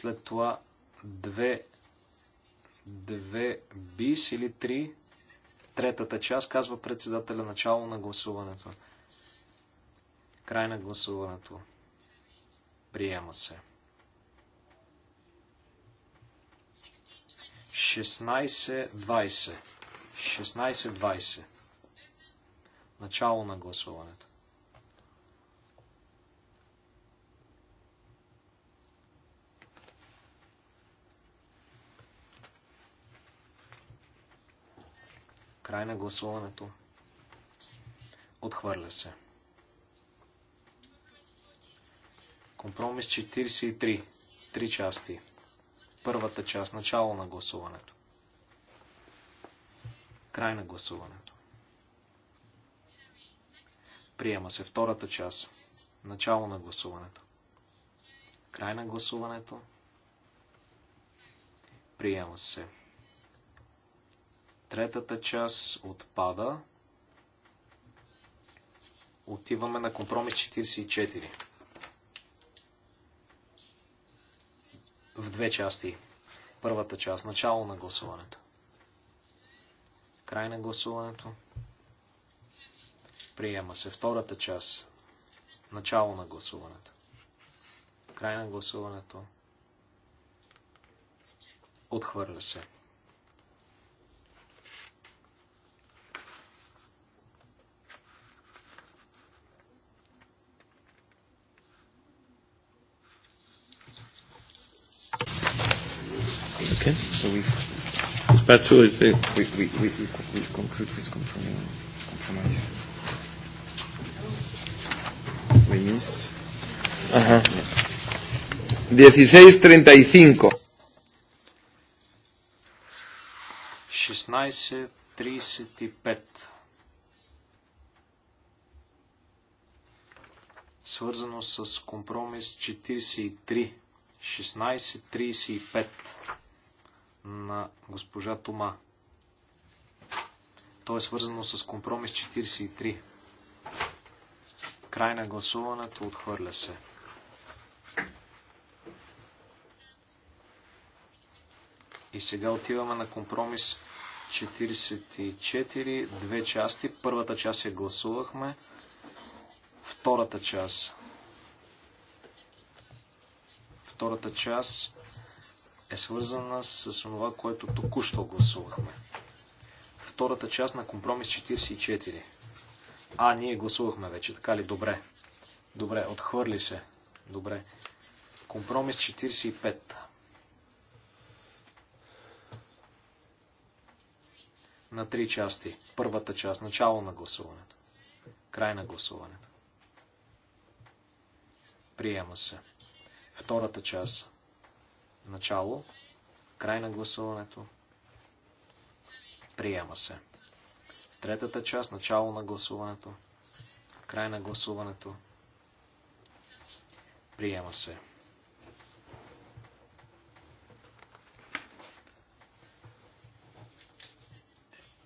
след това 2, бис или 3, третата част, казва председателя начало на гласуването. Край на гласуването. Приема се. 16.20. 16.20. Начало на гласуването. Край на гласуването. Отхвърля се. Компромис 43. Три части. Първата част. Начало на гласуването. Край на гласуването. Приема се втората част. Начало на гласуването. Край на гласуването. Приема се. Третата част отпада. Отиваме на компромис 44. В две части. Първата част. Начало на гласуването. Край на гласуването. Приема се. Втората част. Начало на гласуването. Край на гласуването. Отхвърля се. Okay. So we've, but so it, we, we, we, we, we conclude with compromise. compromise. We missed. Uh-huh. Yes. 16.35. 16.35. Свързано с компромис 43. 16.35 на госпожа Тома. То е свързано с компромис 43. Край на гласуването отхвърля се. И сега отиваме на компромис 44, две части. Първата част я гласувахме. Втората част. Втората част е свързана с това, което току-що гласувахме. Втората част на компромис 44. А, ние гласувахме вече, така ли? Добре. Добре, отхвърли се. Добре. Компромис 45. На три части. Първата част. Начало на гласуването. Край на гласуването. Приема се. Втората част. Начало. Край на гласуването. Приема се. Третата част. Начало на гласуването. Край на гласуването. Приема се.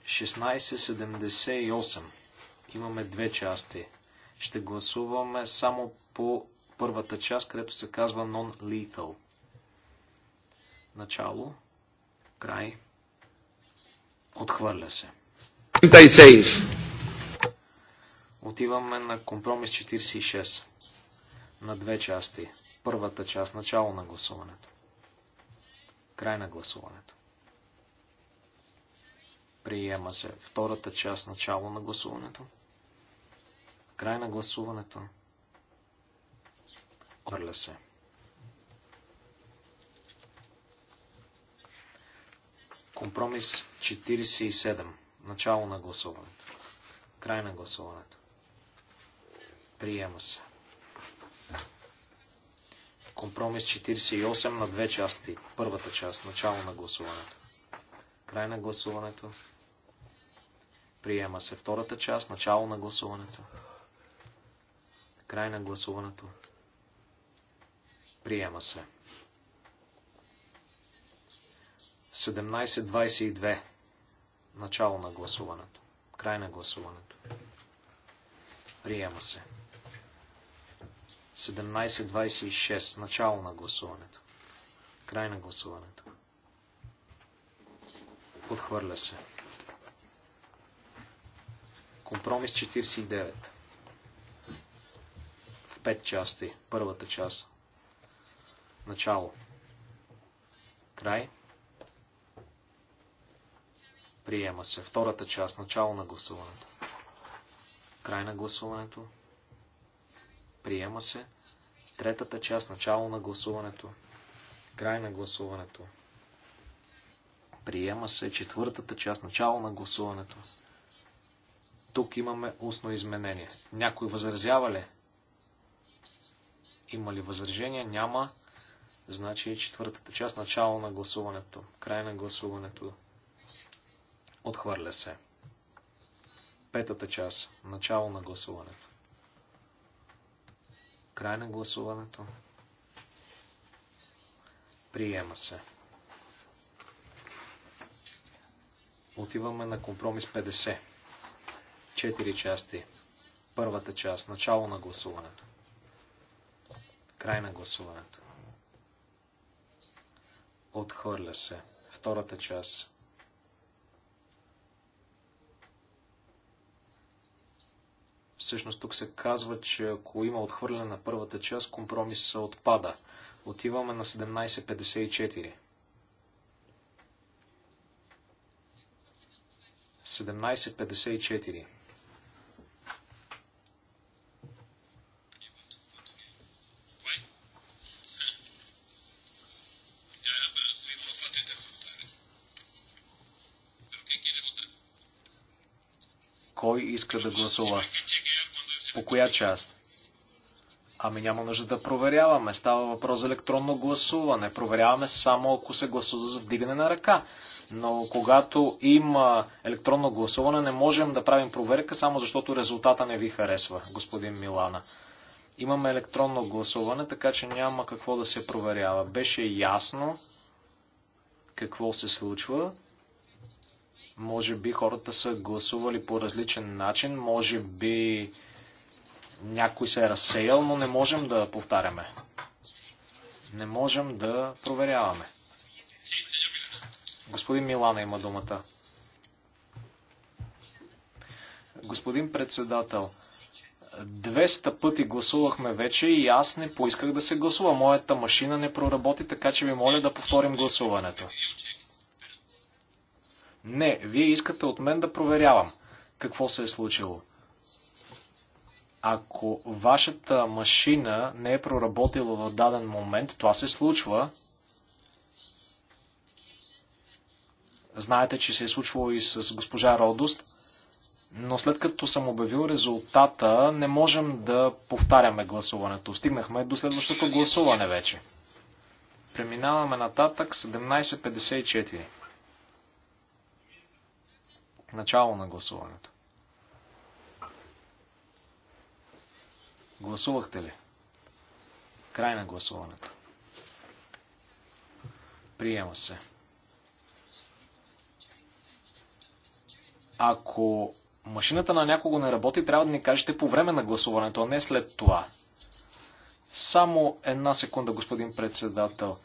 Шестнайсет Имаме две части. Ще гласуваме само по първата част, където се казва non-lethal. Начало. Край. Отхвърля се. Отиваме на компромис 46. На две части. Първата част. Начало на гласуването. Край на гласуването. Приема се. Втората част. Начало на гласуването. Край на гласуването. Отхвърля се. Компромис 47. Начало на гласуването. Край на гласуването. Приема се. Компромис 48 на две части. Първата част. Начало на гласуването. Край на гласуването. Приема се втората част. Начало на гласуването. Край на гласуването. Приема се. 17.22. Начало на гласуването. Край на гласуването. Приема се. 17.26. Начало на гласуването. Край на гласуването. Подхвърля се. Компромис 49. В пет части. Първата част. Начало. Край. Приема се. Втората част. Начало на гласуването. Край на гласуването. Приема се. Третата част. Начало на гласуването. Край на гласуването. Приема се. Четвъртата част. Начало на гласуването. Тук имаме устно изменение. Някой възразява ли? Има ли възражение? Няма. Значи е четвъртата част. Начало на гласуването. Край на гласуването. Отхвърля се. Петата част. Начало на гласуването. Край на гласуването. Приема се. Отиваме на компромис 50. Четири части. Първата част. Начало на гласуването. Край на гласуването. Отхвърля се. Втората част. Всъщност тук се казва, че ако има отхвърляне на първата част, компромис се отпада. Отиваме на 1754. 1754. Кой иска да гласува? По коя част? Ами няма нужда да проверяваме. Става въпрос за електронно гласуване. Проверяваме само ако се гласува за вдигане на ръка. Но когато има електронно гласуване, не можем да правим проверка, само защото резултата не ви харесва, господин Милана. Имаме електронно гласуване, така че няма какво да се проверява. Беше ясно какво се случва. Може би хората са гласували по различен начин, може би някой се е разсеял, но не можем да повтаряме. Не можем да проверяваме. Господин Милана има думата. Господин председател, 200 пъти гласувахме вече и аз не поисках да се гласува. Моята машина не проработи, така че ви моля да повторим гласуването. Не, вие искате от мен да проверявам какво се е случило. Ако вашата машина не е проработила в даден момент, това се случва. Знаете, че се е случвало и с госпожа Родост. Но след като съм обявил резултата, не можем да повтаряме гласуването. Стигнахме до следващото гласуване вече. Преминаваме нататък 17.54. Начало на гласуването. Гласувахте ли? Край на гласуването. Приема се. Ако машината на някого не работи, трябва да ни кажете по време на гласуването, а не след това. Само една секунда, господин председател.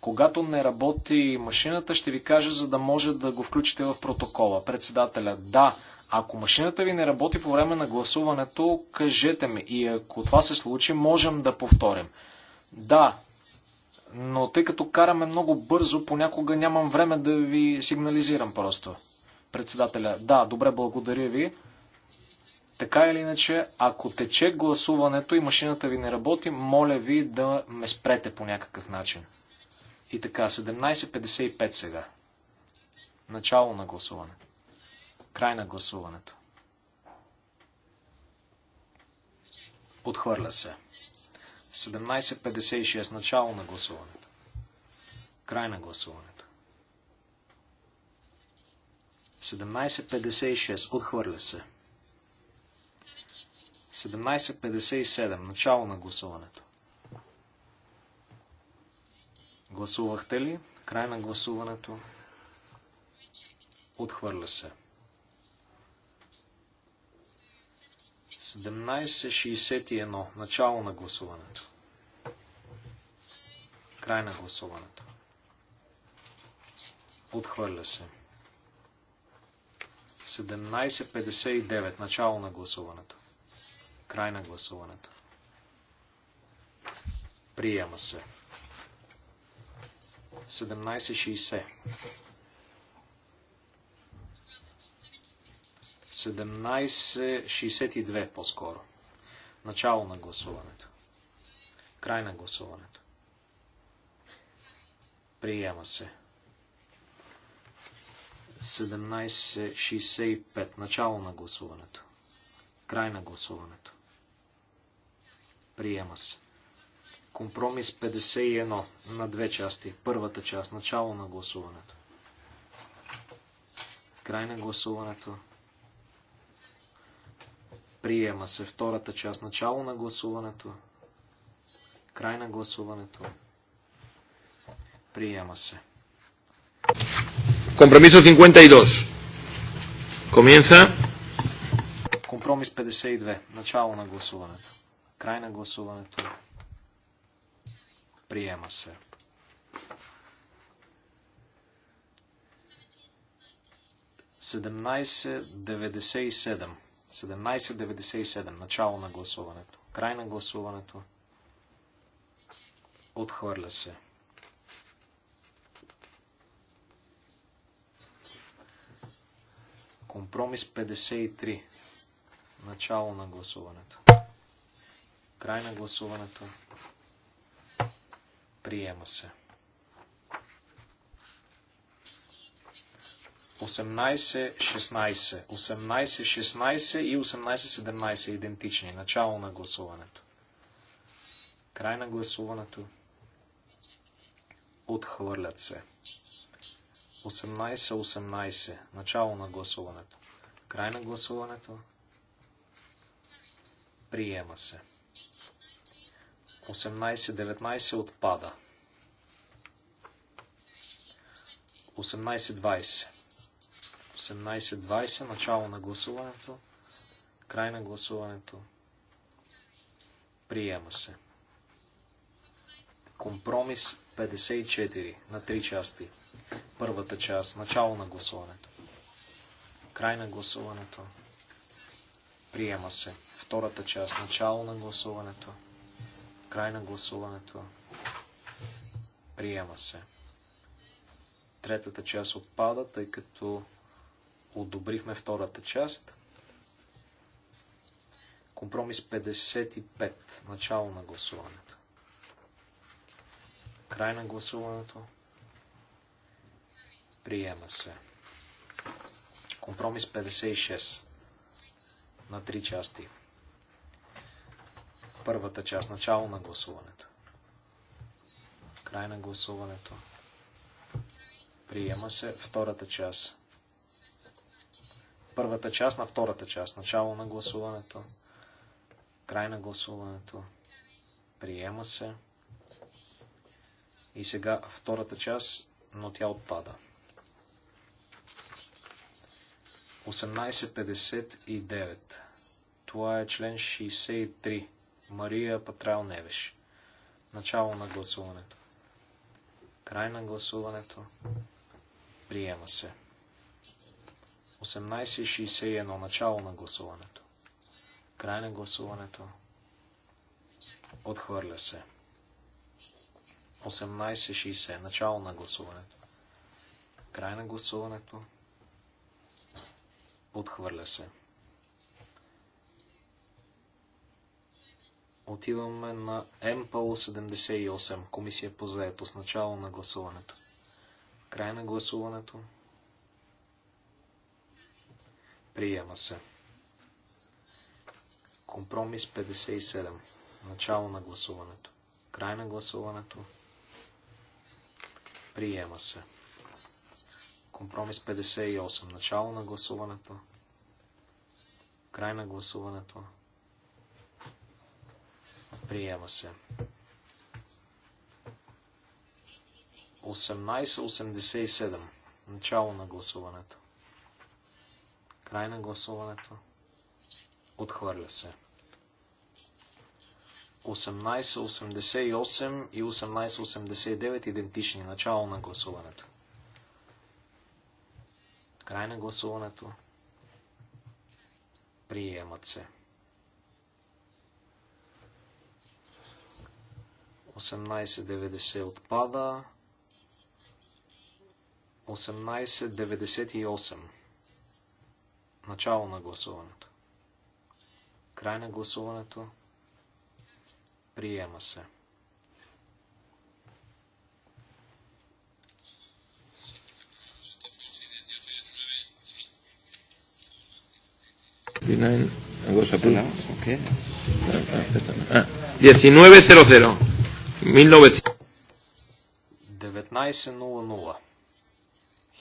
Когато не работи машината, ще ви кажа, за да може да го включите в протокола. Председателя, да, ако машината ви не работи по време на гласуването, кажете ми. И ако това се случи, можем да повторим. Да, но тъй като караме много бързо, понякога нямам време да ви сигнализирам просто. Председателя, да, добре, благодаря ви. Така или иначе, ако тече гласуването и машината ви не работи, моля ви да ме спрете по някакъв начин. И така, 17.55 сега. Начало на гласуването. Край на гласуването. Подхвърля се. 17.56. Начало на гласуването. Край на гласуването. 17.56. Отхвърля се. 17.57. Начало на гласуването. Гласувахте ли? Край на гласуването. Отхвърля се. 17.58. 1761. Начало на гласуването. Край на гласуването. Отхвърля се. 1759. Начало на гласуването. Край на гласуването. Приема се. 1760. 1762 по-скоро. Начало на гласуването. Край на гласуването. Приема се. 1765. Начало на гласуването. Край на гласуването. Приема се. Компромис 51 на две части. Първата част. Начало на гласуването. Край на гласуването. Приема се втората част. Начало на гласуването. Край на гласуването. Приема се. Компромисо 52. Comienza. Компромис 52. Начало на гласуването. Край на гласуването. Приема се. Седемнайсет деветдесет и седем. 1797. Начало на гласуването. Край на гласуването. Отхвърля се. Компромис 53. Начало на гласуването. Край на гласуването. Приема се. 18-16. 18-16 и 18-17 е идентични. Начало на гласуването. Край на гласуването. Отхвърлят се. 18-18. Начало на гласуването. Край на гласуването. Приема се. 18-19 отпада. 18-20. 18.20, начало на гласуването, край на гласуването, приема се. Компромис 54 на три части. Първата част, начало на гласуването, край на гласуването, приема се. Втората част, начало на гласуването, край на гласуването, приема се третата част отпада, тъй като одобрихме втората част. Компромис 55. Начало на гласуването. Край на гласуването. Приема се. Компромис 56. На три части. Първата част. Начало на гласуването. Край на гласуването. Приема се втората част първата част на втората част. Начало на гласуването. Край на гласуването. Приема се. И сега втората част, но тя отпада. 18.59. Това е член 63. Мария Патрал Невеш. Начало на гласуването. Край на гласуването. Приема се. 18.61. Начало на гласуването. Край на гласуването. Отхвърля се. 18.60. Начало на гласуването. Край на гласуването. Отхвърля се. Отиваме на МПЛ 78. Комисия по заето. С начало на гласуването. Край на гласуването. Приема се. Компромис 57. Начало на гласуването. Край на гласуването. Приема се. Компромис 58. Начало на гласуването. Край на гласуването. Приема се. 1887. Начало на гласуването. Край на гласуването. Отхвърля се. 1888 и 1889 идентични. Начало на гласуването. Край на гласуването. Приемат се. 1890 отпада. 1898. Начало на гласуването. Край на гласуването. Приема се. okay. 1900. 1900.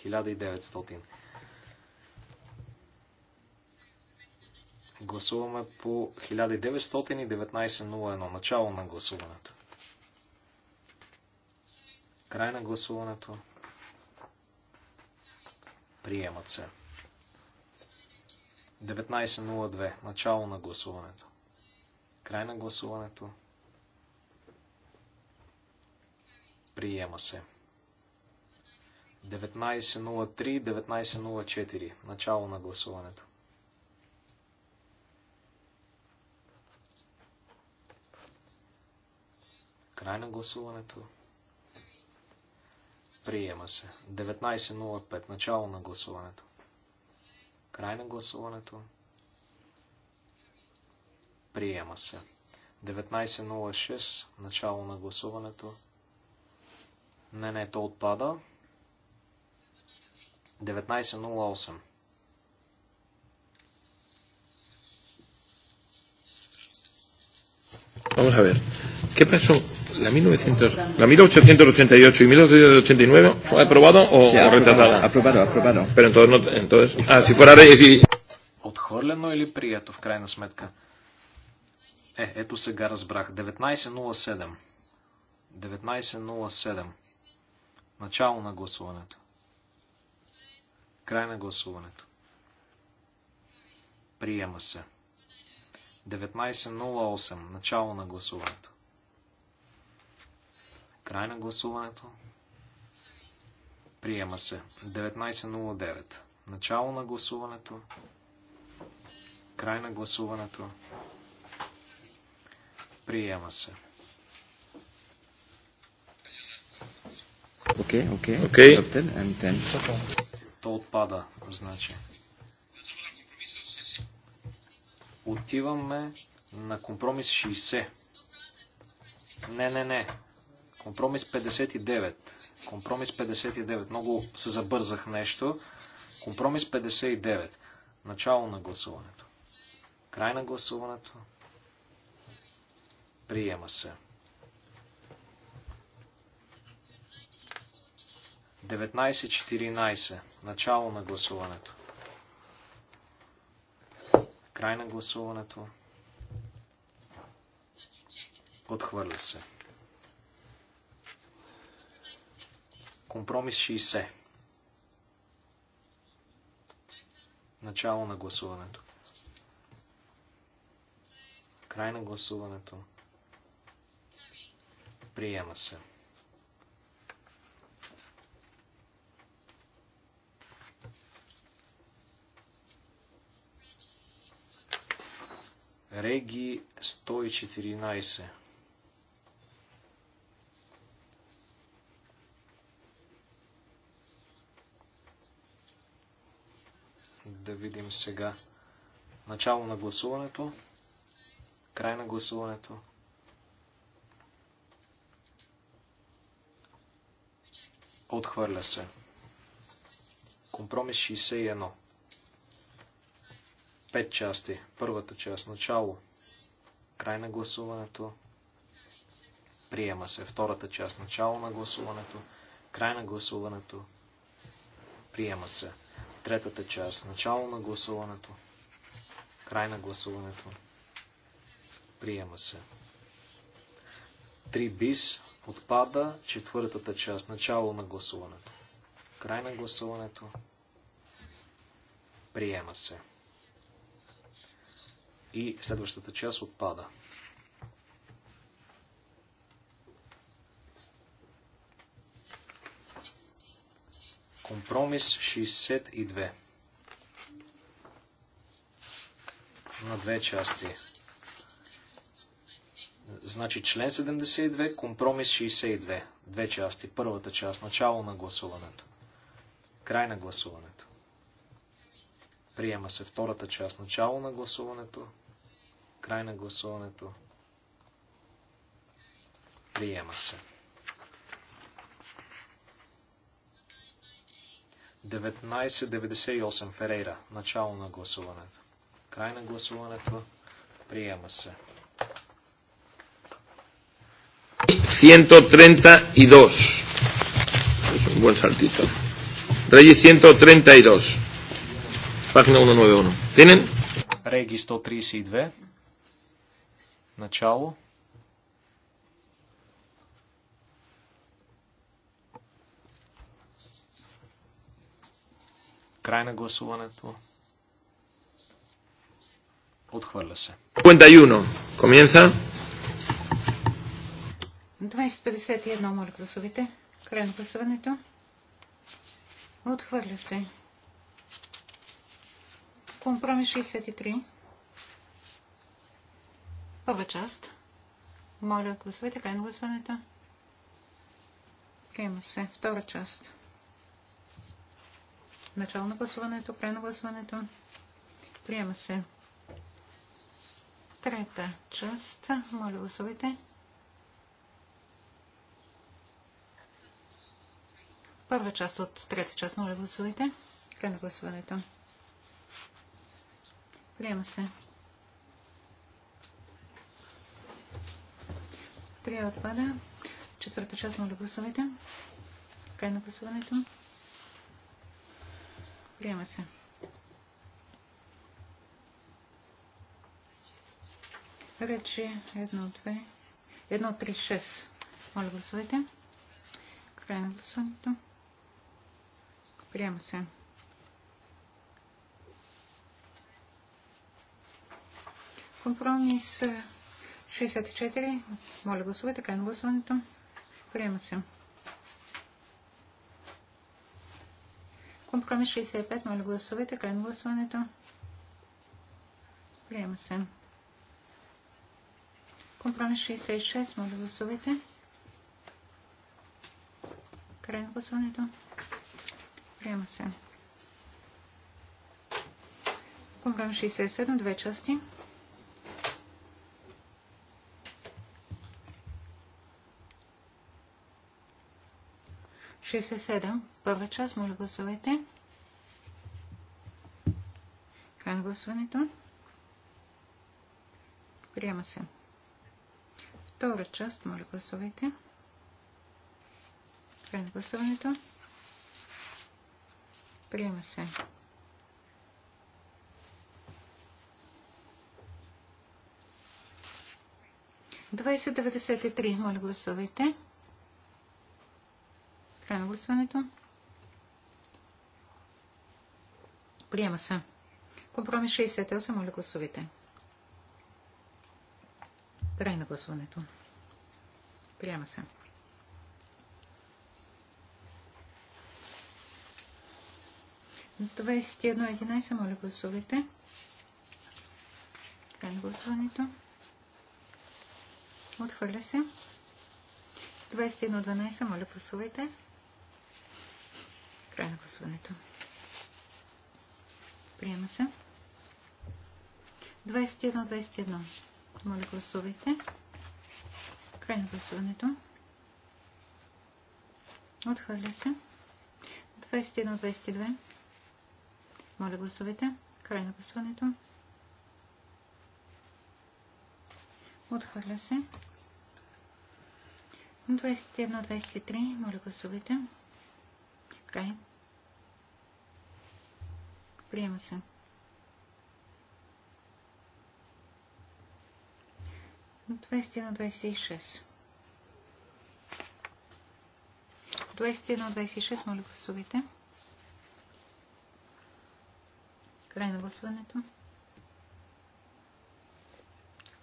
1900. Гласуваме по 1919.01. Начало на гласуването. Край на гласуването. Приемат се. 19.02. Начало на гласуването. Край на гласуването. Приема се. 19.03, 19.04. Начало на гласуването. Край на гласуването. Приема се. 19.05. Начало на гласуването. Край на гласуването. Приема се. 19.06. Начало на гласуването. Не, не, то отпада. 19.08. Vamos a ver. ¿Qué pasó? La, 1900, la 1888 y 1889 fue aprobado o, sí, aprobado, o rechazado. Aprobado, aprobado. Pero entonces, no, entonces ah, si fuera rey, si... Отхвърлено или прието в крайна сметка? Е, ето сега разбрах. 1907. 1907. Начало на гласуването. Край на гласуването. Приема се. 1908. Начало на гласуването. Край на гласуването. Приема се. 19.09. Начало на гласуването. Край на гласуването. Приема се. Окей, окей. Окей. То отпада, значи. Отиваме на компромис 60. Не, не, не. Компромис 59. Компромис 59. Много се забързах нещо. Компромис 59. Начало на гласуването. Край на гласуването. Приема се. 19.14. Начало на гласуването. Край на гласуването. Отхвърля се. Компромис 60. Начало на гласуването. Край на гласуването. Приема се. Реги 114. да видим сега. Начало на гласуването. Край на гласуването. Отхвърля се. Компромис 61. Пет части. Първата част. Начало. Край на гласуването. Приема се. Втората част. Начало на гласуването. Край на гласуването. Приема се. Третата част. Начало на гласуването. Край на гласуването. Приема се. 3 бис отпада четвъртата част. Начало на гласуването. Край на гласуването. Приема се. И следващата част отпада. Компромис 62. На две части. Значи член 72, компромис 62. Две части. Първата част. Начало на гласуването. Край на гласуването. Приема се втората част. Начало на гласуването. Край на гласуването. Приема се. 1998 Ферейра. Начало на гласуването. Край на гласуването. Приема се. 132. Es un buen saltito. Regi 132. Página 191. ¿Tienen? Реги 132. Начало. Край на гласуването. Отхвърля се. 51. Comienza. 2051, моля гласовите. Край на гласуването. Отхвърля се. Компромис 63. Първа част. Моля гласовете. Край на гласуването. Приема се. Втора част. Начало на гласуването, край на гласуването. Приема се. Трета част. Моля, гласувайте. Първа част от трета част. Моля, гласувайте. Край на гласуването. Приема се. Три отпада. Четвърта част. Моля, гласувайте. Край на гласуването. Приема се. Речи 1-2. 1-3-6. Моля гласувайте. Край на гласуването. Приема се. Компромис 64. Моля гласувайте. Край на гласуването. Приема се. Компромис 65. Моля гласувайте. Край на гласуването. Приема се. Компромис 66. Моля гласувайте. Край на гласуването. Приема се. Компромис 67. Две части. 67. Първа част. Моля гласувайте. Край на гласуването. Приема се. Втора част. Моля гласувайте. Край на гласуването. Приема се. Двадесет деветдесет и три. Моля гласувайте. Край на гласването. Приема се. Компромис 68. Моля гласовите. Край на гласуването. Приема се. На 21.11. Моля гласовите. Край на гласуването. Отхвърля се. 21.12. Моля, се. Край на гласуването. Приема се. 21-21. Моля, гласувайте. Край на гласуването. Отхвърля се. 21-22. Моля, гласувайте. Край на гласуването. Отхвърля се. 21-23. Моля, гласувайте. Така е. Приема се. На 20 на 26. 20 на 26, моля гласувайте. Край на гласуването.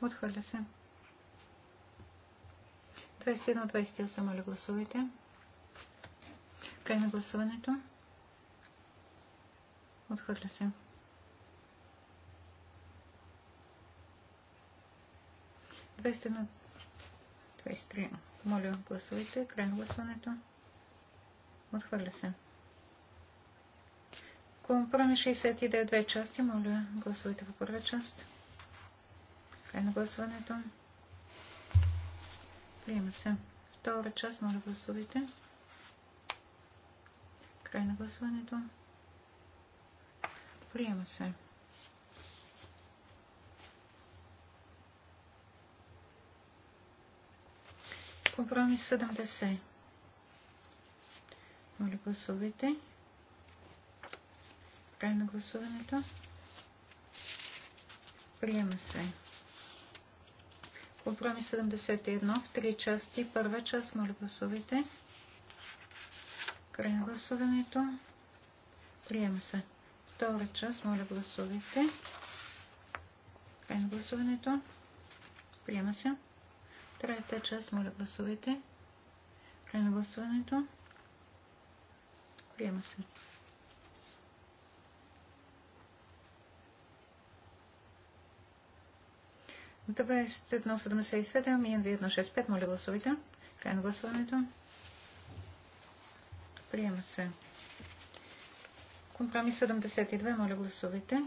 Отхвърля се. 21 на 28, моля гласувайте. Край на гласуването. Отхвърля се. Двеста на 23. Моля, гласувайте. Край на гласуването. Отхвърля се. Компромис 69. Две части. Моля, гласувайте по първа част. Край на гласуването. Приема се. Втора част. Моля, гласувайте. Край на гласуването. Приема се. Компромис 70. Моля, гласувайте. Край на гласуването. Приема се. Компромис 71 в три части. Първа част, моля, гласувайте. Край на гласуването. Приема се. Втора част. Моля гласувайте. Край на гласуването. Приема се. Трета част. Моля гласувайте. Край на гласуването. Приема се. Добре, 177 и 165. Моля гласувайте. Край на гласуването. Приема се. Компромис 72. Моля, гласувайте.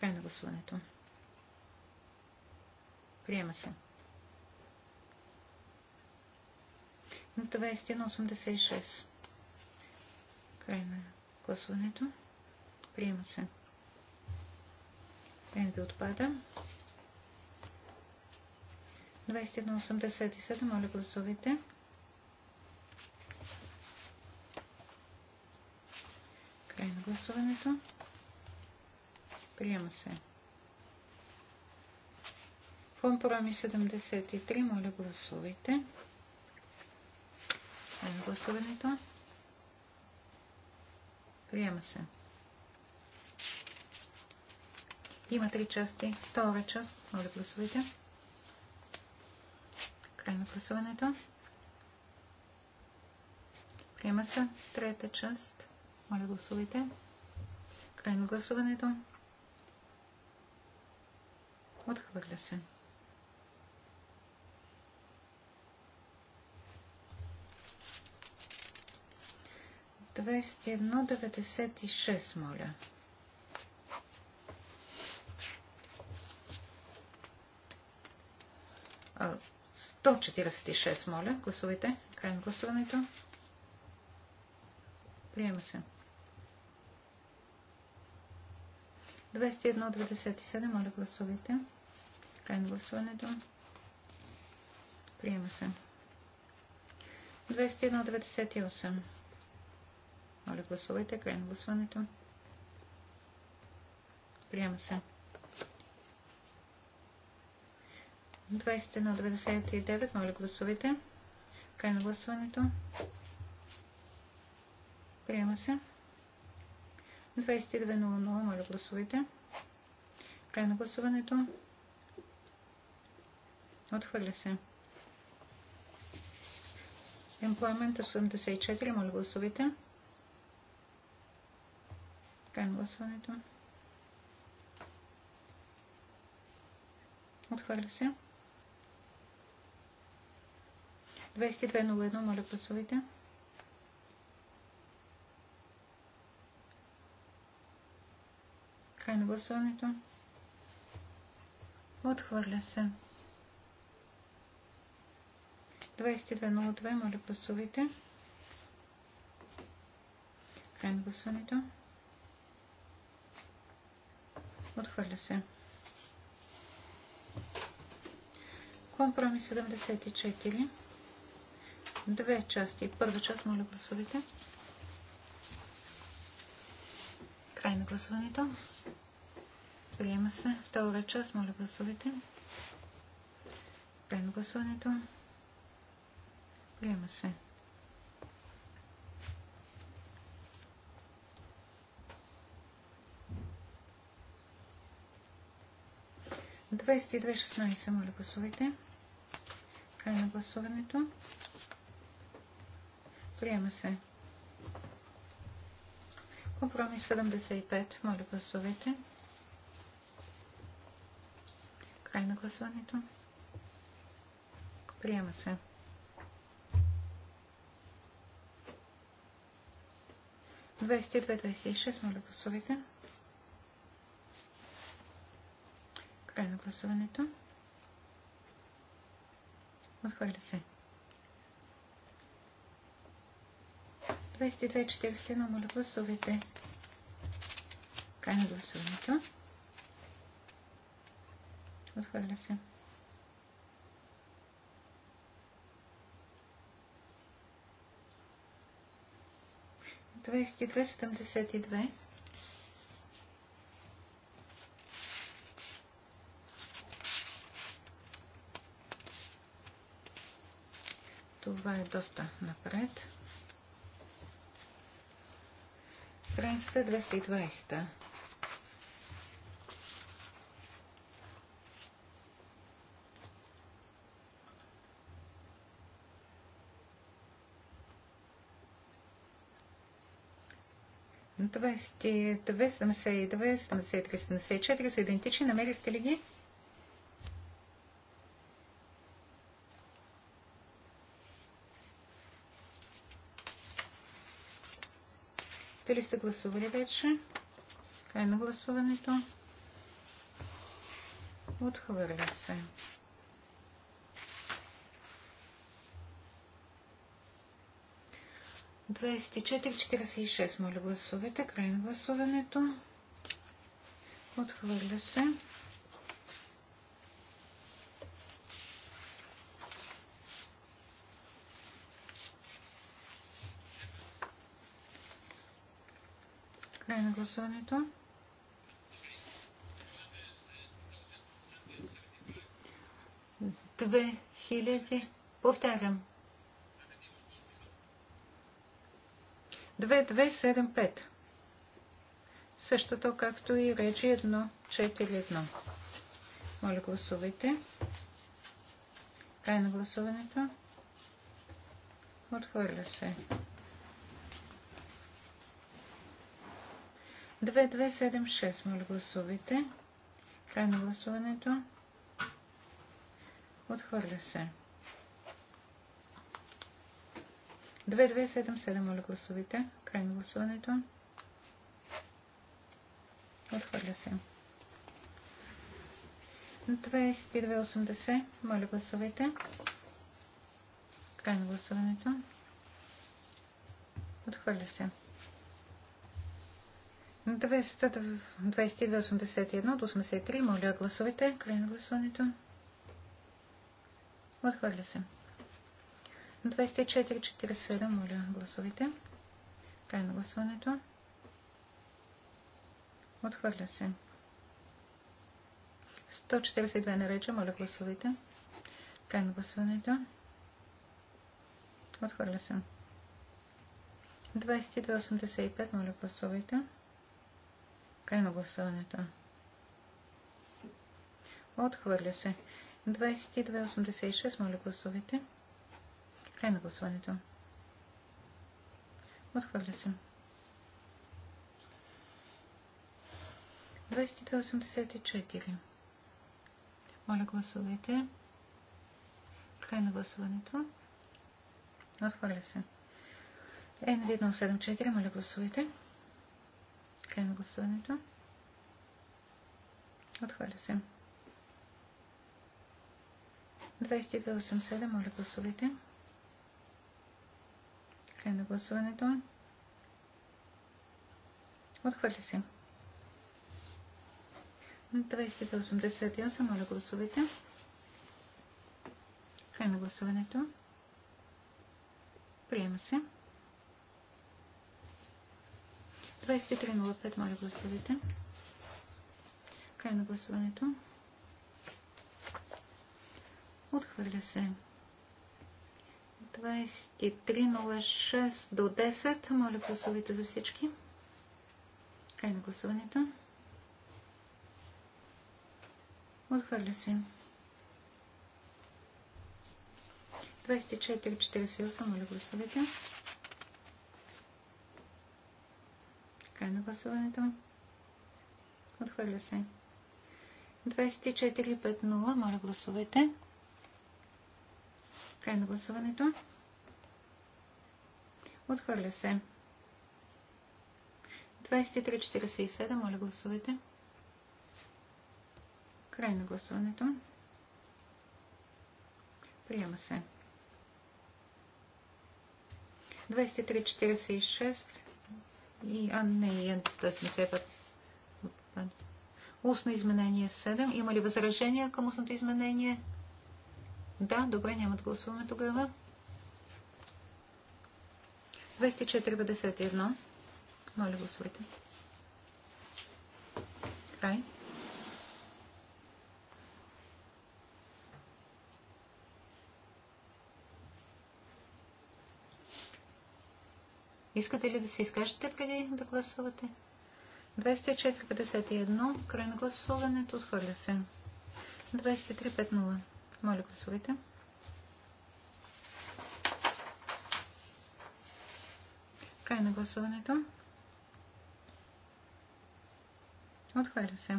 Край на гласуването. Приема се. На 2186. Край на гласуването. Приема се. Пенби отпада. 2187, моля гласовете. Край на гласуването. Приема се. Компромис 73, моля гласувайте. Край на гласуването. Приема се. Има три части. Втора част. Моля, гласувайте. Край на гласуването. Приема се. Трета част. Моля, гласувайте. Край на гласуването. Отхвърля се. Двадесет едно, деветдесет и шест, моля. 46, моля, гласувайте. Край на гласуването. Приема се. 21.97, моля, гласувайте. Край на гласуването. Приема се. 21.98. Моля, гласувайте. Край на гласуването. Приема се. 21.99. 21.99. Моля, гласувайте. Край на гласуването. Приема се. 22.00. Моля, гласувайте. Край на гласуването. Отхвърля се. Employment 84. Моля, гласувайте. Край на гласуването. Отхвърля се. 2201, моля гласувайте. Край на гласуването. Отхвърля се. 2202, моля гласувайте. Край на гласуването. Отхвърля се. Компромис 74 две части. Първа част, моля гласувайте. Край на гласуването. Приема се. Втора част, моля гласувайте. Край на гласуването. Приема се. Двести две шестнадесет, моля гласувайте. Край на гласуването. Приема се. Компромис 75. Моля, гласувайте. Край на гласуването. Приема се. Двести две, и шест. Моля, гласувайте. Край на гласуването. Отхвърля се. 22.40. Моля, гласувайте. Край на гласуването. Отхвърля се. Двадесет две седемдесет и две. Това е доста напред. Страницата 220. Двести, 272, 73, 74 са идентични. Намерихте ли ги? са гласували вече? Край на гласуването. Отхвърля се. Двадесет и моля гласовете. Край на гласуването. Отхвърля се. гласуването. Две хиляди. Повтарям. пет. Същото както и речи едно, едно. Моля гласувайте. Край на гласуването. Отхвърля се. 2276. Моля, гласувайте. Край на гласуването. Отхвърля се. 2277. Моля, гласувайте. Край на гласуването. Отхвърля се. 2280. Моля, гласувайте. Край на гласуването. Отхвърля се. 2279. 281 до 83. Моля, гласувайте. Край на гласуването. Отхвърля се. 24-47. Моля, гласувайте. Край на гласуването. Отхвърля се. 142 нарече. Моля, гласувайте. Край на гласуването. Отхвърля се. 2285. Моля, гласувайте. Край на гласуването. Отхвърля се. 2286, моля гласувайте. Край на гласуването. Отхвърля се. 2284. Моля гласувайте. Край на гласуването. Отхвърля се. Е, на N174, моля гласувайте. Край на гласуването. Отхвърля се. 2287, моля гласувайте. Край на гласуването. Отхвърля се. 2288, моля гласувайте. Край на гласуването. Приема се. 23.05, моля гласувайте. Край на гласуването. Отхвърля се. 23.06 до 10. Моля гласувайте за всички. Край на гласуването. Отхвърля се. 24.48. Моля гласувайте. Край на гласуването. Отхвърля се. 24.5.0. Моля, гласувайте. Край на гласуването. Отхвърля се. 23.47. Моля, гласувайте. Край на гласуването. Приема се. 23.46. И а не 170 Устно изменение 7. Има ли възражения към устното изменение? Да, добре, няма да гласуваме тогава. 24.51. Моля, гласувайте. Край. Okay. Искате ли да се изкажете преди да гласувате? 24.51. Край на гласуването. Отхвърля се. 23.50. Моля, гласувайте. Край на гласуването. Отхвърля се.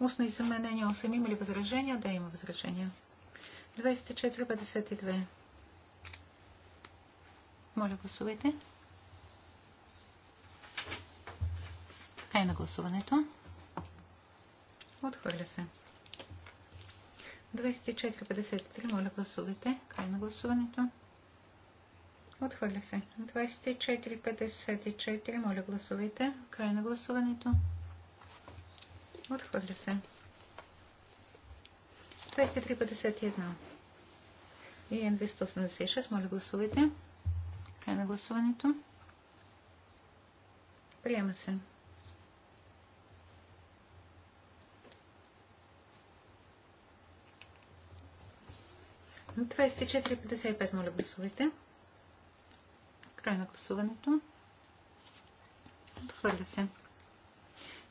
Устно изменение 8. Има ли възражения? Да, има възражения. 24.52. Моля, гласувайте. Край на гласуването. Отхвърля се. 24.53. Моля, гласувайте. Край на гласуването. Отхвърля се. 24.54. Моля, гласувайте. Край на гласуването. Отхвърля се. 23.51. И N286. Моля, гласувайте. Край на гласуването. Приема се. На 24.55 моля гласувайте. Край на гласуването. Отхвърля се.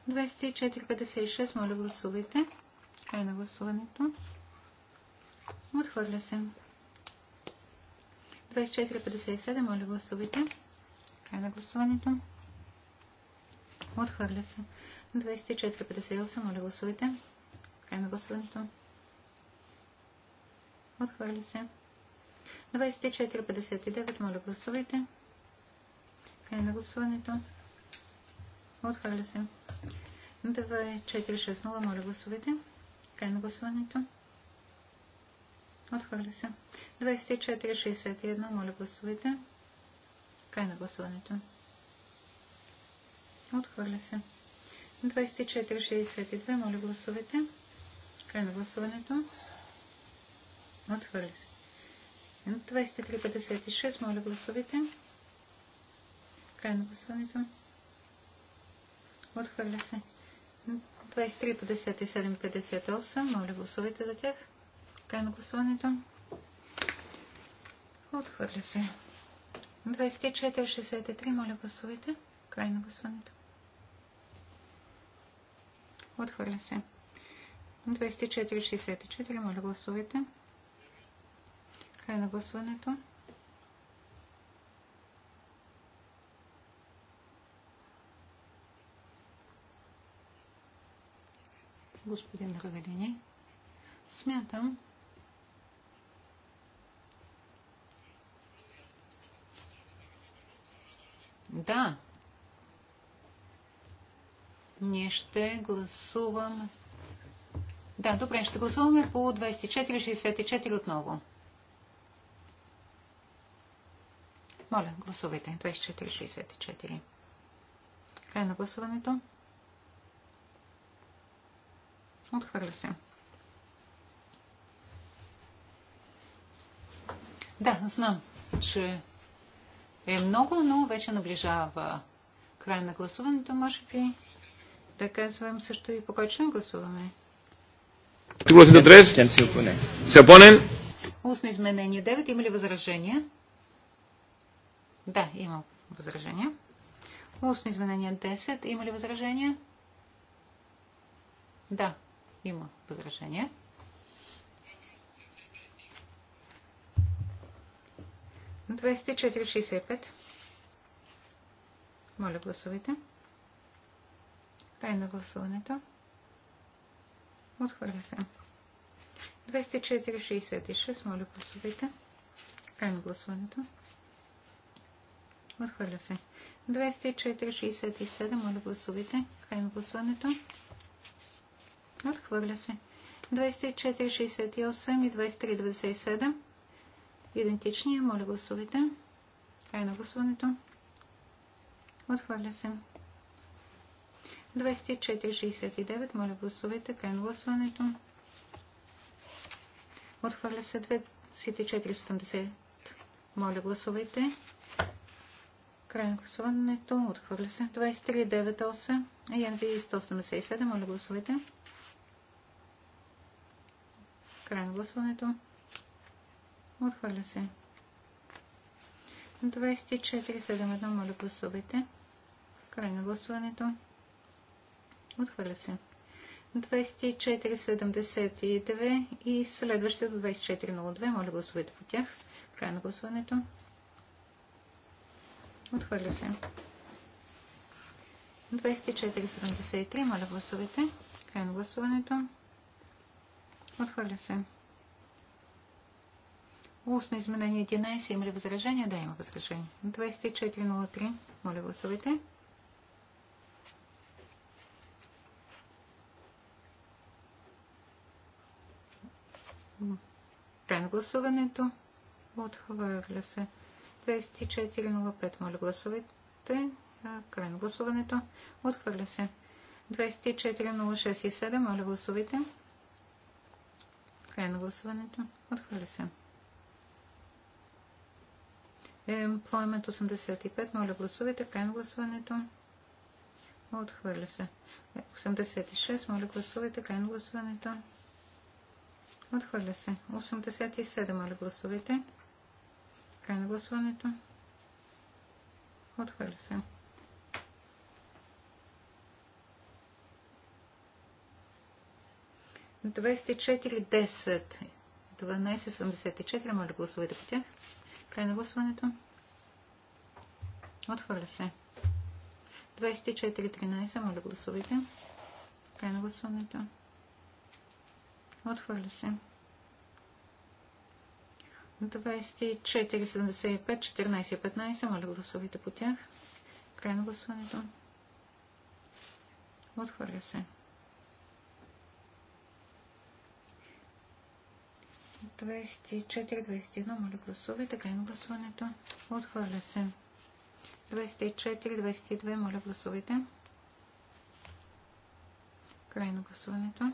24.56 моля гласувайте. Край на гласуването. Отхвърля се. 2457, моля гласувайте. Край на гласуването. Отхвърля се. 2458, моля гласувайте. Край на гласуването. Отхвърля се. 2459, моля гласувайте. Край на гласуването. Отхвърля се. 2460, моля гласувайте. Край на гласуването. Отхвърля се. 2461. Моля, гласувайте. Кай на гласуването. Отхвърля се. 2462. Моля, гласувайте. Кай на гласуването. Отхвърля се. 2356. Моля, гласувайте. Кай на гласуването. Отхвърля се. 23 57 58 Моля, гласувайте за тях. Кай на гласуването. Отхвърля се. 2463, моля гласовете. Край на гласуването. Отхвърля се. 2464, моля гласовете. Край на гласуването. Господин Равелини, смятам, Да. Ние ще гласуваме. Да, добре, ще гласуваме по 2464 отново. Моля, гласувайте. 2464. Край на гласуването. Отхвърля се. Да, знам, че е много, но вече наближава край на гласуването, може би. Да казвам също и по кой член гласуваме. Си опонен? Устно изменение 9. Има ли възражения? Да, има възражения. Устно изменение 10. Има ли възражения? Да, има възражения. 24,65. Моля, гласувайте. Край на гласуването. Отхвърля се. 24,66. Моля, гласувайте. Край на гласуването. Отхвърля се. 24,67. Моля, гласувайте. Край на гласуването. Отхвърля се. 24,68 и 23,97 идентичния. Е, моля гласувайте. Край на гласуването. Отхвърля се. 2469. Моля гласувайте. Край на гласуването. Отхвърля се 2470. Моля гласувайте. Край на гласуването. Отхвърля се. 2398. ЕНВ 177. Моля гласувайте. Край на гласуването. Отхвърля се. 2471. Моля, гласувайте. Край на гласуването. Отхвърля се. 2472 и следващите до 2402. Моля, гласувайте по тях. Край на гласуването. Отхвърля се. 2473. Моля, гласувайте. Край на гласуването. Отхвърля се. Устно изменение 11. Има ли възражение? Да, има възражение. 2403. Моля, гласувайте. Край на гласуването. Отхвърля се. 2405. Моля, гласувайте. Край на гласуването. Отхвърля се. 2406 и 7. Моля, гласувайте. Край на гласуването. Отхвърля се. Employment 85. Моля, гласувайте. Край на гласуването. Отхвърля се. 86. Моля, гласувайте. Край на гласуването. Отхвърля се. 87. Моля, гласувайте. Край на гласуването. Отхвърля се. Двести четири десет. Дванайсет седемдесет и четири. Моля, гласувайте по тях. Край на гласуването. Отхвърля се. 13 Моля гласувайте. Край на гласуването. Отхвърля се. 24.75, 14 и 15. Моля гласувайте по тях. Край на гласуването. Отхвърля се. 24.76. 24-21, моля гласувайте. така на гласуването. Отхвърля се. 24-22, моля гласувайте. Край на гласуването.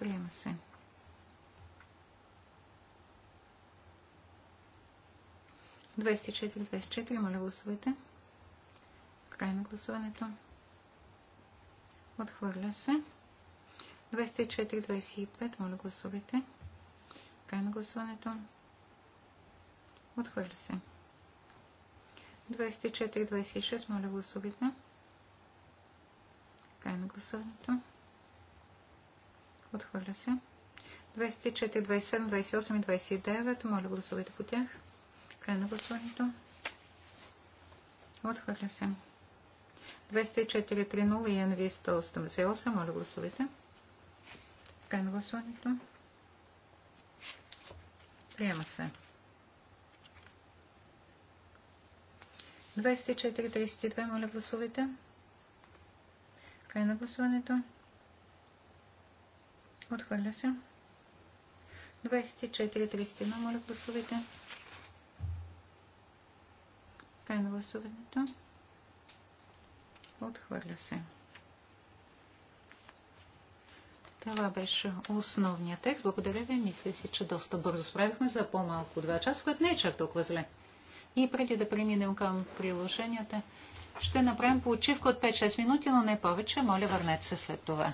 Приема се. Двадесет четири, двадесет четири, моля гласувайте. Край на гласуването. Отхвърля се. 24-25. Моля, гласувайте. Край на гласуването. Отхвърля се. 24-26. Моля, гласувайте. Край на гласуването. Отхвърля се. 24, 27, 28 и 29. Моля, гласувайте по тях. Край на гласуването. Отхвърля се. 30 и NV 188. Моля, гласувайте. Край на гласуването. Приема се. 24-32, моля гласувайте. Край на гласуването. Отхвърля се. 24-31, моля гласувайте. Край на гласуването. Отхвърля се. Това беше основният текст. Благодаря ви. Мисля си, че доста бързо справихме за по-малко два часа, което не е чак толкова зле. И преди да преминем към приложенията, ще направим почивка от 5-6 минути, но не повече. Моля, върнете се след това.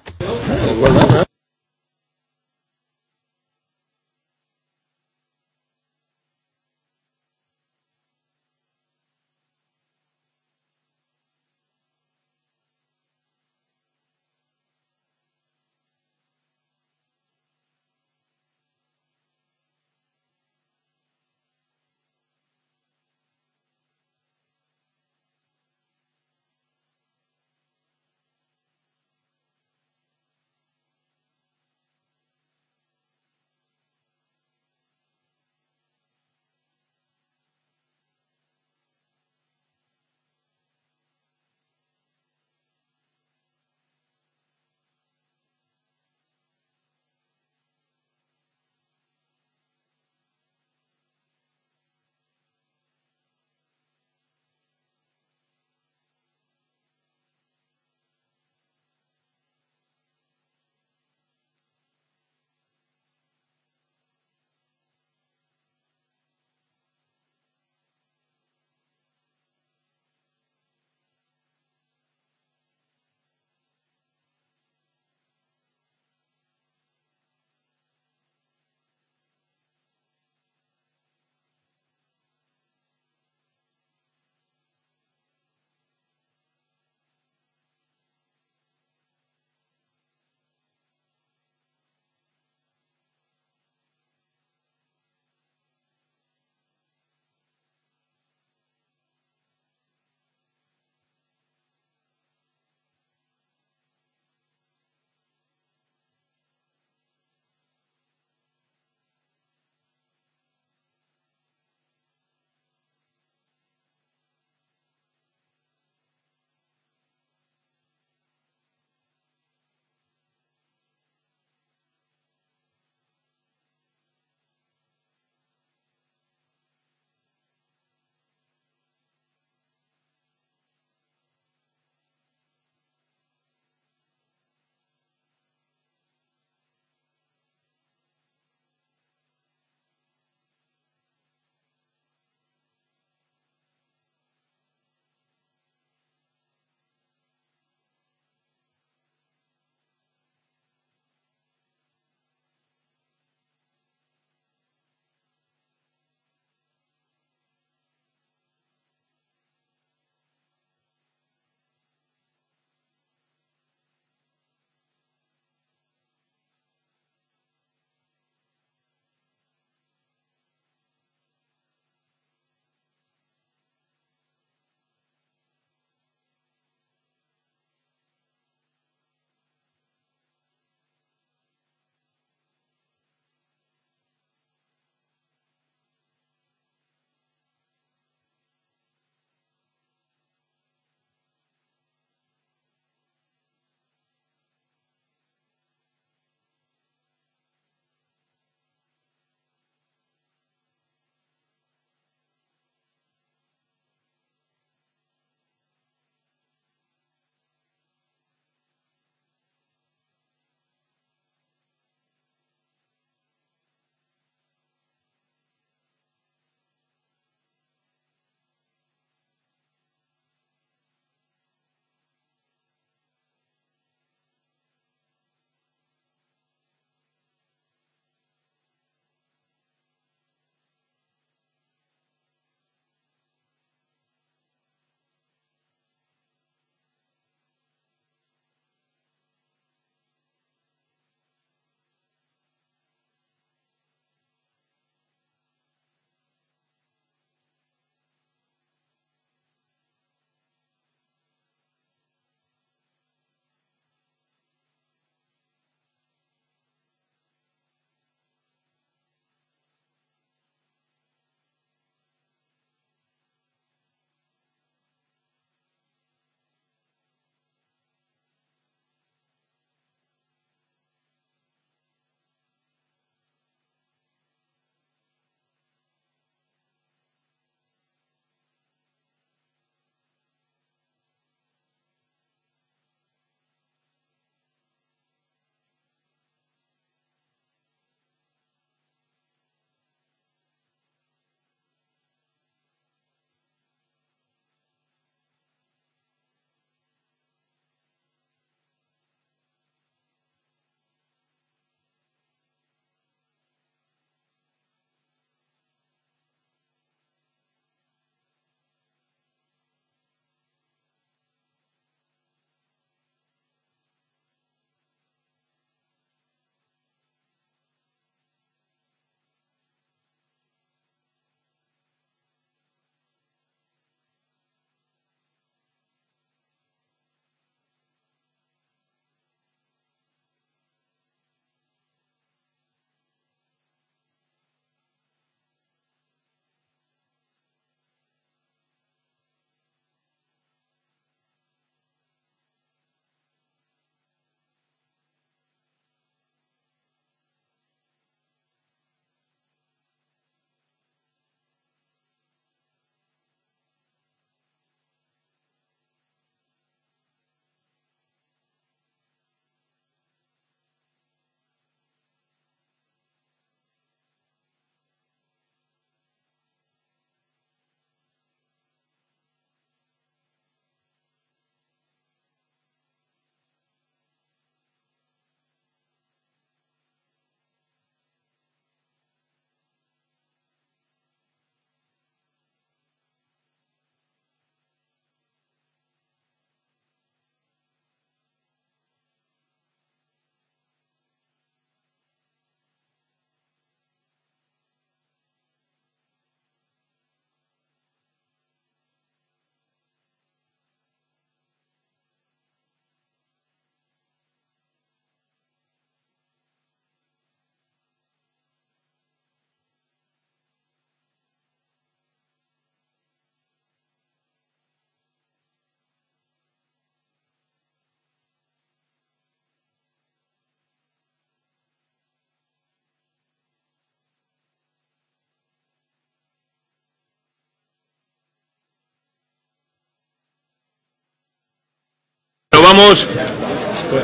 vamos.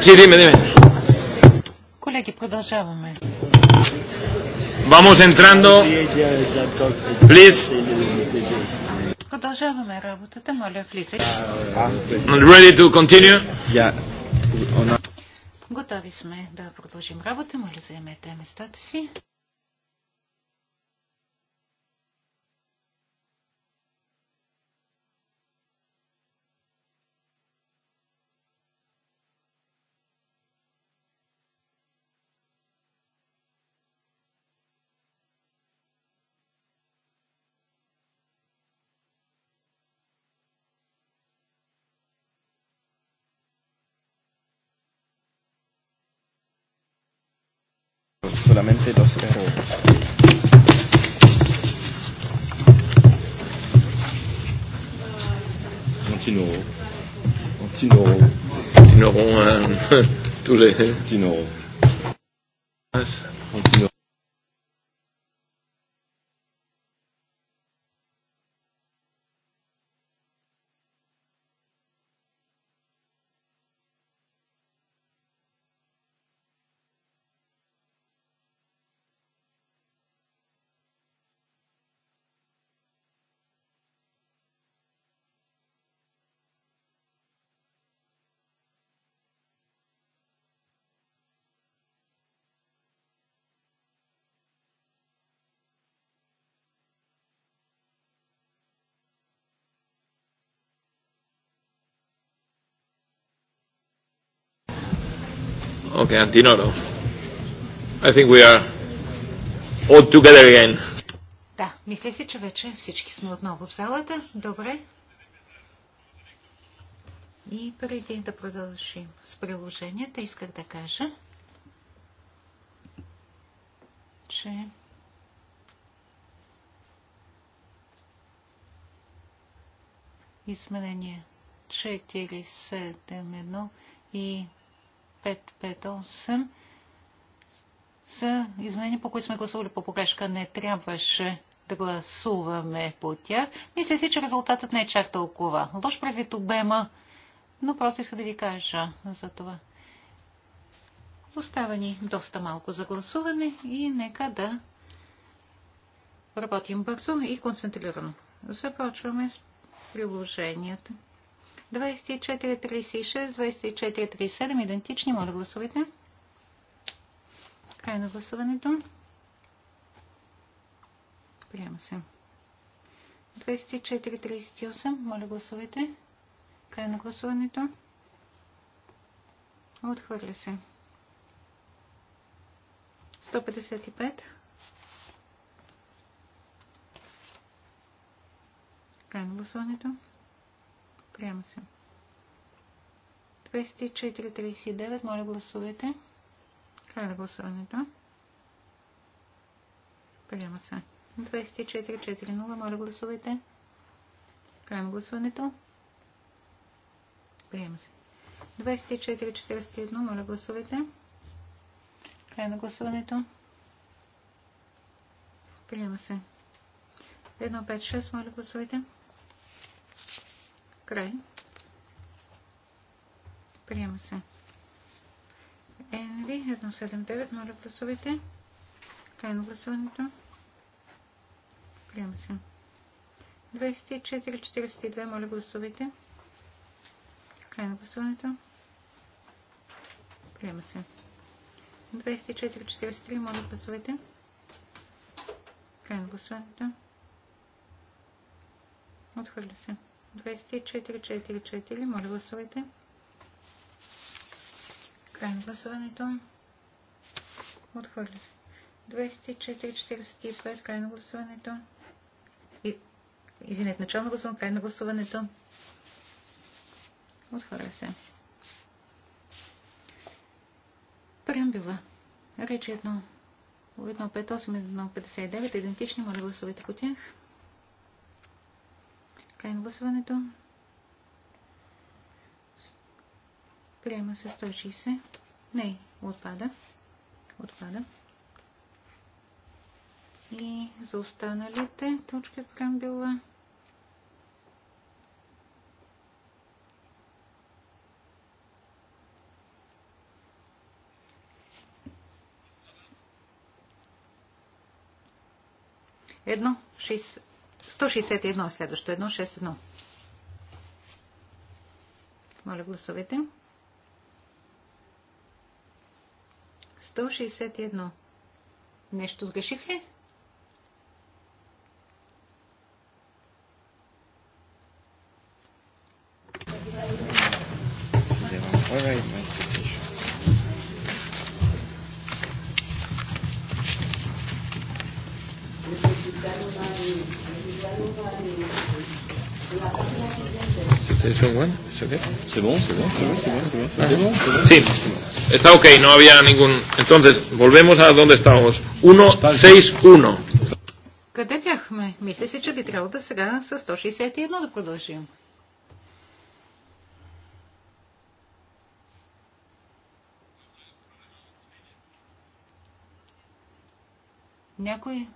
Sí, dime, dime. Colegi, продължаваме. Vamos entrando. Please. Продължаваме работата. Моля, влизайте. Ready to continue? Yeah. Готови сме да продължим работа. Моля, заемете местата си. solamente los errores. Continuons. Continuons. Continuerons hein, tous les. Continuerons. Continuerons. Okay, Antinoro. I think we are all together again. Да, мисля си, че вече всички сме отново в залата. Добре. И преди да продължим с приложенията, исках да кажа, че изменение 471 и 5-8. са изменения, по които сме гласували по погрешка. Не трябваше да гласуваме по тях. Мисля си, че резултатът не е чак толкова. Лош предвид обема, но просто иска да ви кажа за това. Остава ни доста малко за гласуване и нека да работим бързо и концентрирано. Започваме с приложенията. 24-36, 24-37. идентични. Моля гласовете. Край на гласуването. Приема се. 2438. Моля гласовете. Край на гласуването. Отхвърля се. 155. Край на гласуването. Приема се. 2439, моля гласувайте. Край на гласуването. Приема се. 24-4.0, моля гласувайте. Край на гласуването. Приема се. 2441, моля гласувайте. Край на гласуването. Приема се. 156, моля гласувайте. Край. Приема се. NV 179. Моля гласувайте. Край на гласуването. Приема се. 24-42. Моля гласувайте. Край на гласуването. Приема се. 24-43. Моля гласувайте. Край на гласуването. Отхвърля се. 4, Моля, гласувайте. Край на гласуването. Отхвърля се. 45, Край на гласуването. И... Извинете, начало на гласуване, край на гласуването. Отхвърля се. Прембила. Речи едно. 1. 8 и 59. Идентични. Моля, гласувайте по тях. Край на Приема се 160. Не, отпада. Отпада. И за останалите точки в преамбюла Едно, 161 следващо. 6-1. Моля, гласувайте. 161. Нещо сгреших ли? C'est bon, c'est bon, c'est bon, c'est bon, c'est bon. Sí, está ok, no había ningún. Entonces, volvemos a donde estábamos. 161. Къде бяхме? Мисля се, че би трябвало да сега с 161 да продължим. Някой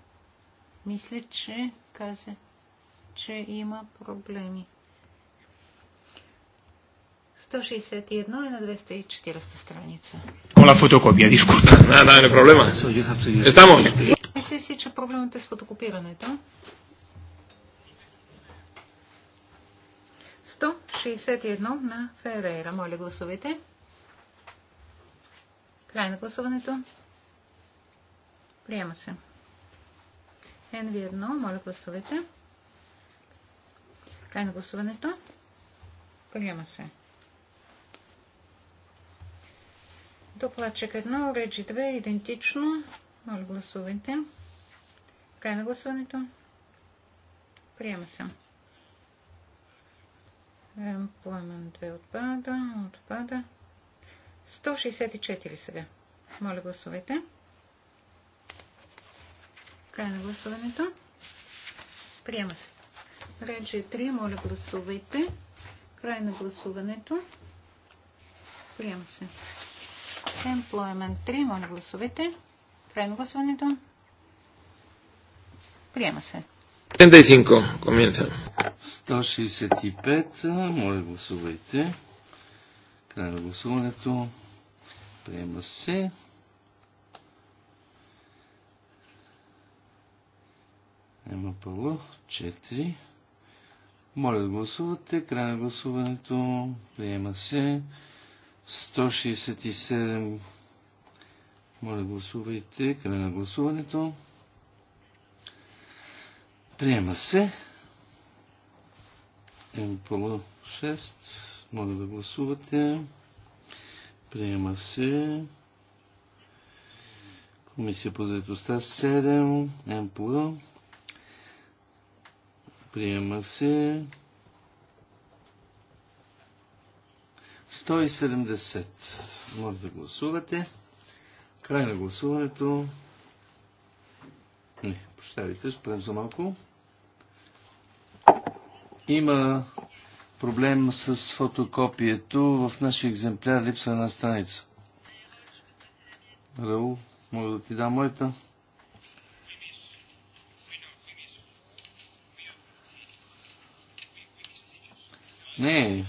мисля, че каза, че има проблеми. 161 и на 240 страница. Con фотокопия, fotocopia, disculpa. Nada, nada, problema. Estamos. Мисля си, че проблемът е с фотокопирането. 161 на Ферейра. Моля, гласувайте. Край на гласуването. Приема се. НВ 1 Моля, гласувайте. Край на гласуването. Приема се. Докладчик 1, речи 2, идентично. Моля, гласувайте. Край на гласуването. Приема се. Пламен 2 отпада, отпада. 164 сега. Моля, гласувайте. Край на гласуването. Приема се. Реджи 3, моля, гласувайте. Край на гласуването. Приема се. Employment 3. Моля гласовете. Край на гласуването. Приема се. 35. Comienza. 165. Моля гласовете. Край на гласуването. Приема се. Ема първо. 4. Моля да гласувате. Край на гласуването. Приема се. 167. Моля, гласувайте. Край на гласуването. Приема се. МПЛ 6. Моля да гласувате. Приема се. Комисия по заедостта 7. МПЛ. Приема се. 170. Може да гласувате. Край на гласуването. Не, прощавайте, спрем за малко. Има проблем с фотокопието. В нашия екземпляр липсва една страница. Рау, мога да ти дам моята? Не,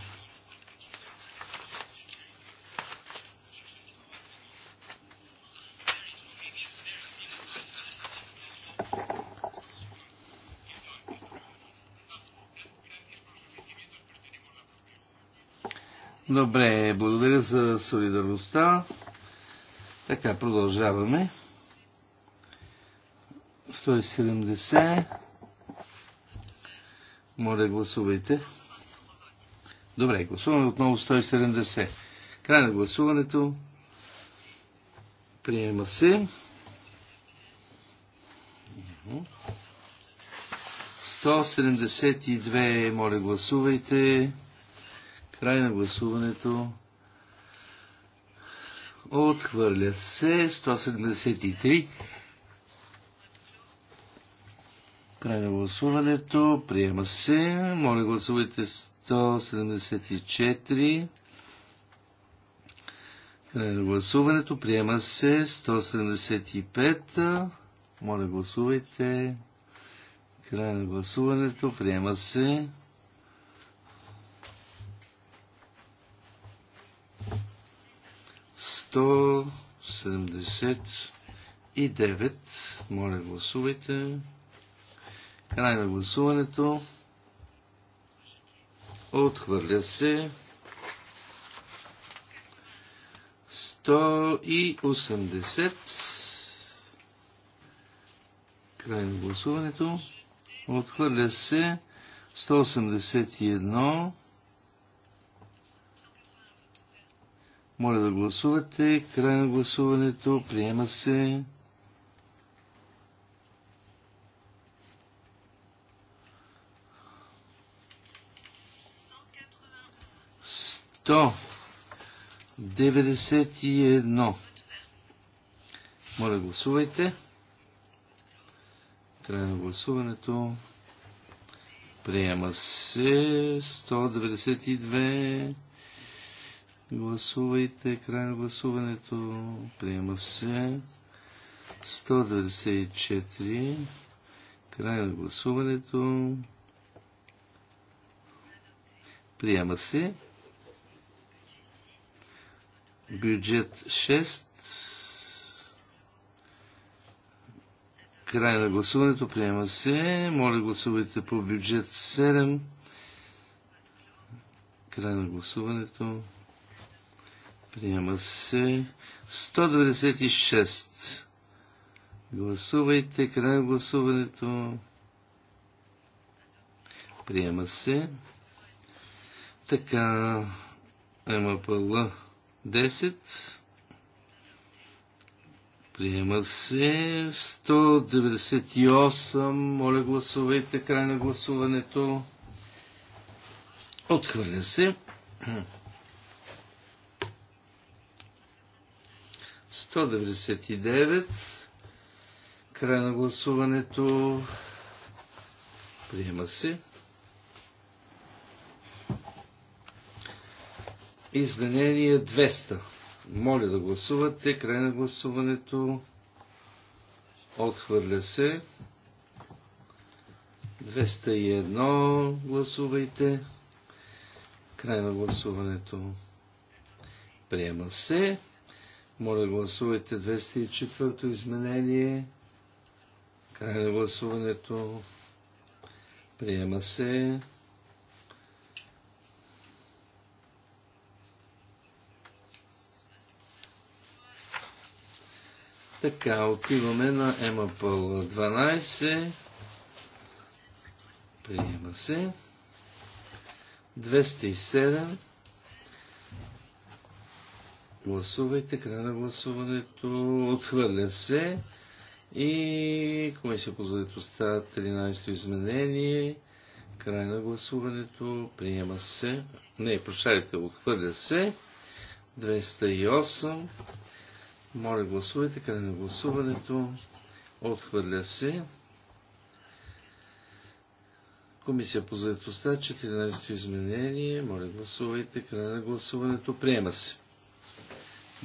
Добре, благодаря за солидарността. Така, продължаваме. 170. Моля, гласувайте. Добре, гласуваме отново 170. Край на гласуването. Приема се. 172. Моля, гласувайте. Край на гласуването. Отхвърля се 173. Край на гласуването. Приема се. Моля гласувайте 174. Край на гласуването. Приема се 175. Моля гласувайте. Край на гласуването. Приема се. 179. Моля, гласувайте. Край на гласуването. Отхвърля се. 180. Край на гласуването. Отхвърля се. 181. Моля да гласувате. Край на гласуването. Приема се. Сто. едно. Моля, гласувайте. Край на гласуването. Приема се 192. Гласувайте. Край на гласуването. Приема се. 194. Край на гласуването. Приема се. Бюджет 6. Край на гласуването. Приема се. Моля гласувайте по бюджет 7. Край на гласуването. Приема се 196. Гласувайте. Край на гласуването. Приема се. Така. МПЛ 10. Приема се 198. Моля гласувайте край на гласуването. Отхвърля се. 199. Край на гласуването. Приема се. Изменение 200. Моля да гласувате. Край на гласуването. Отхвърля се. 201. Гласувайте. Край на гласуването. Приема се. Моля, гласувайте 204-то изменение. Край на гласуването. Приема се. Така, отиваме на МАПЛ 12. Приема се. 207. Гласувайте, край на гласуването. Отхвърля се. И комисия по заедостта 13-то изменение. Край на гласуването. Приема се. Не, прощайте, отхвърля се. 208. Моля, гласувайте. Край на гласуването. Отхвърля се. Комисия по заедостта 14-то изменение. Моля, гласувайте. Край на гласуването. Приема се.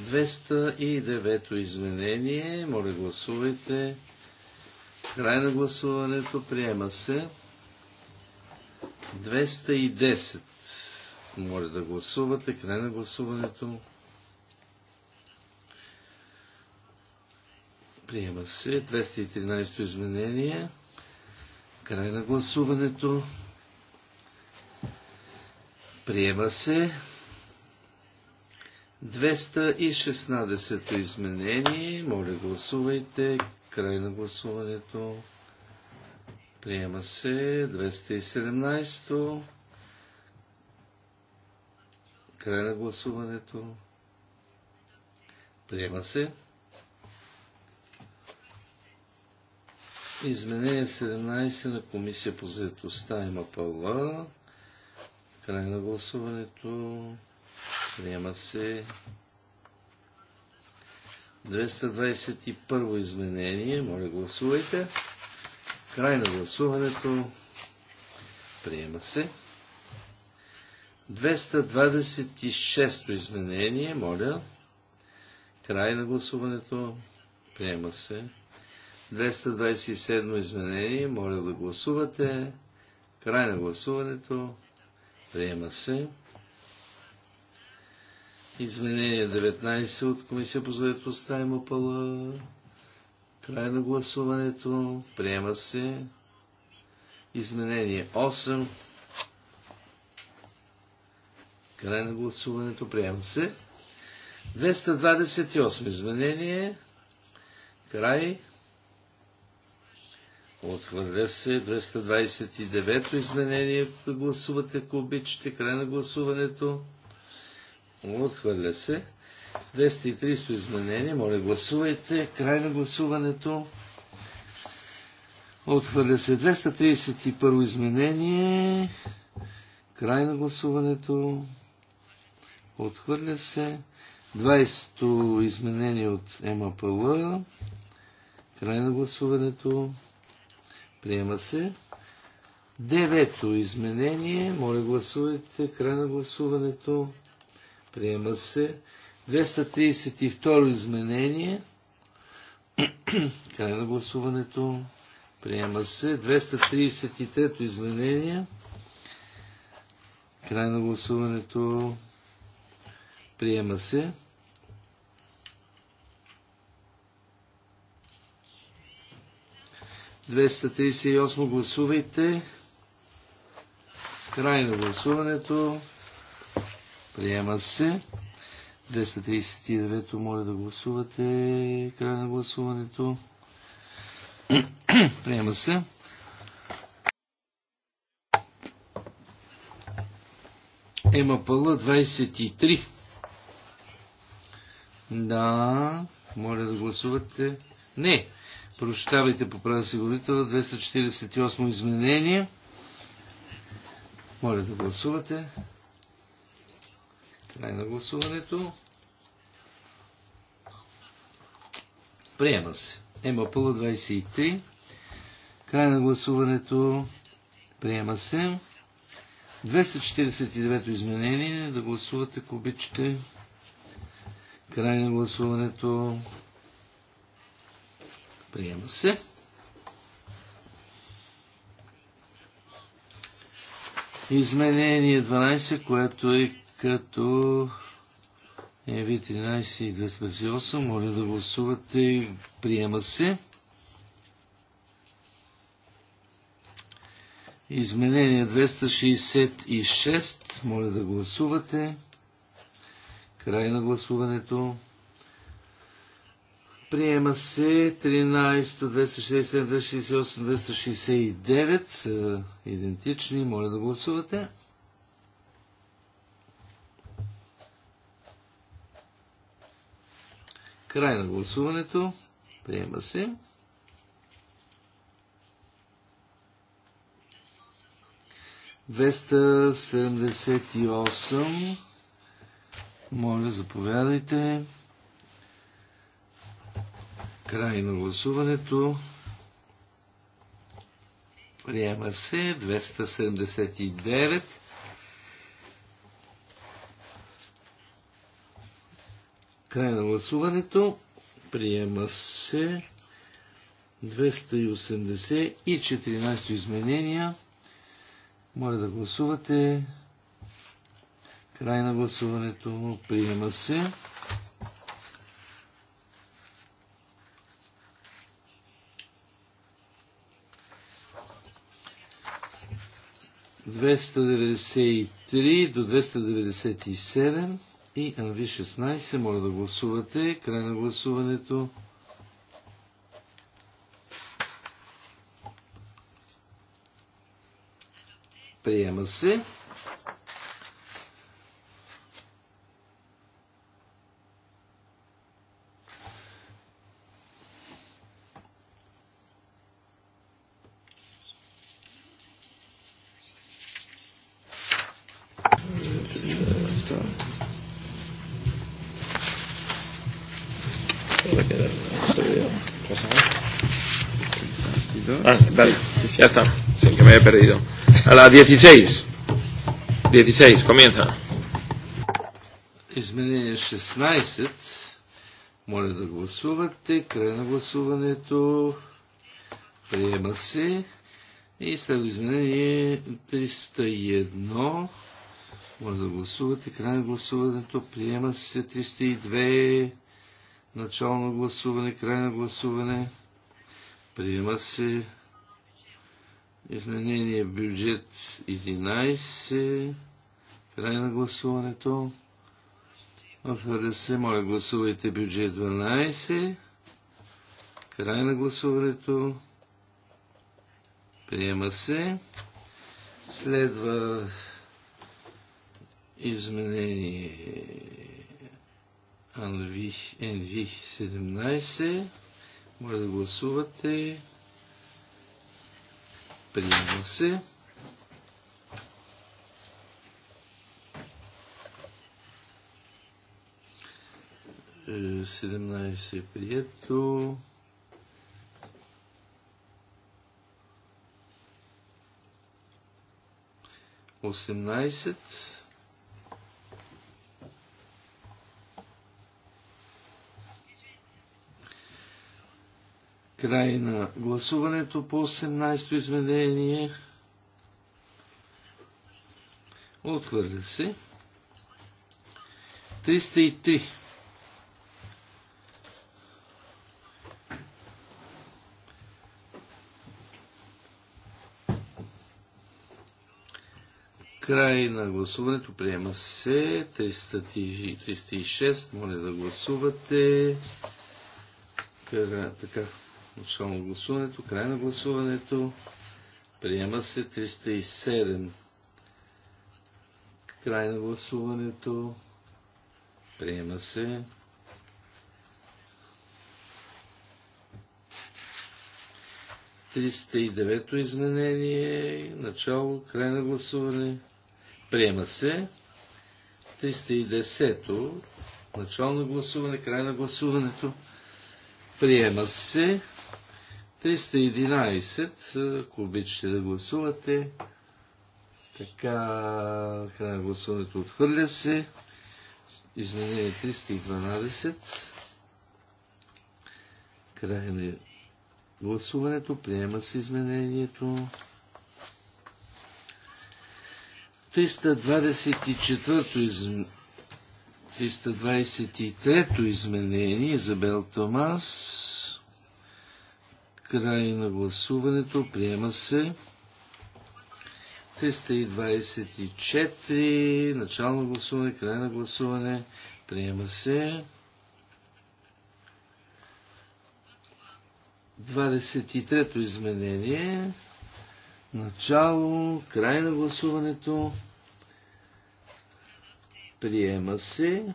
209 изменение. Моля, гласувайте. Край на гласуването. Приема се. 210. Моля да гласувате. Край на гласуването. Приема се. 213 изменение. Край на гласуването. Приема се. 216-то изменение. Моля, гласувайте. Край на гласуването. Приема се. 217-то. Край на гласуването. Приема се. Изменение 17 на Комисия по заедостта има пала. Край на гласуването. Приема се 221 изменение. Моля, гласувайте. Край на гласуването. Приема се. 226 изменение. Моля. Край на гласуването. Приема се. 227 изменение. Моля да гласувате. Край на гласуването. Приема се. Изменение 19 от Комисия по заедостта и МОПАЛА. Край на гласуването. Приема се. Изменение 8. Край на гласуването. Приема се. 228 изменение. Край. Отхвърля се 229 изменение. Гласувате, ако обичате. Край на гласуването. Отхвърля се. 230 изменение. Моля, гласувайте. Край на гласуването. Отхвърля се 231 изменение. Край на гласуването. Отхвърля се 20-то изменение от МАПЛ. Край на гласуването. Приема се. Девето изменение. Моля гласувайте. Край на гласуването. Приема се. 232 изменение. Край на гласуването. Приема се. 233 изменение. Край на гласуването. Приема се. Двеста гласувайте. Край на гласуването. Приема се. 239 моля да гласувате. Край на гласуването. Приема се. МПЛ 23. Да, моля да гласувате. Не, прощавайте, поправя се говорителя. 248 изменение. Моля да гласувате. Край на гласуването. Приема се. МПЛ 23. Край на гласуването. Приема се. 249 изменение. Да гласувате, ако обичате. Край на гласуването. Приема се. Изменение 12, което е като ЕВ 1328, Моля да гласувате. Приема се. Изменение 266. Моля да гласувате. Край на гласуването. Приема се 13, 267, 268, 269 са идентични. Моля да гласувате. Край на гласуването. Приема се. 278. Моля, заповядайте. Край на гласуването. Приема се 279. Край на гласуването. Приема се 280 и 14 изменения. Моля да гласувате. Край на гласуването. Приема се. Двеста до 297 и NV16. Моля да гласувате. Край на гласуването. Приема се. Ya está, sin que me he perdido. A las 16. 16, comienza. Изменение 16. Моля да гласувате. Край на гласуването. Приема се. И следва изменение 301. Моля да гласувате. Край на гласуването. Приема се 302. Начално гласуване. Край на гласуване. Приема се Изменение бюджет 11. Край на гласуването. Отваря се. Моля, гласувайте бюджет 12. Край на гласуването. Приема се. Следва изменение Анвих 17 Може да гласувате. Приема се. Е, Седемнайсе е прието. Осемнадесет. Край на гласуването по 18-то изменение. Отхвърля се. 303. Край на гласуването приема се 306. Моля да гласувате. Така, Начало на гласуването, край на гласуването. Приема се 307. Край на гласуването. Приема се. Триста и девето изменение. Начало, край на гласуване. Приема се. 310 десето, Начало на гласуване, край на гласуването. Приема се. 311, ако обичате да гласувате. Така, Края на гласуването отхвърля се. Изменение 312. Край на гласуването. Приема се изменението. 324 изм... 323 изменение за Бел Томас. Край на гласуването. Приема се. 324. Начално гласуване. Край на гласуване. Приема се. 23-то изменение. Начало, край на гласуването. Приема се.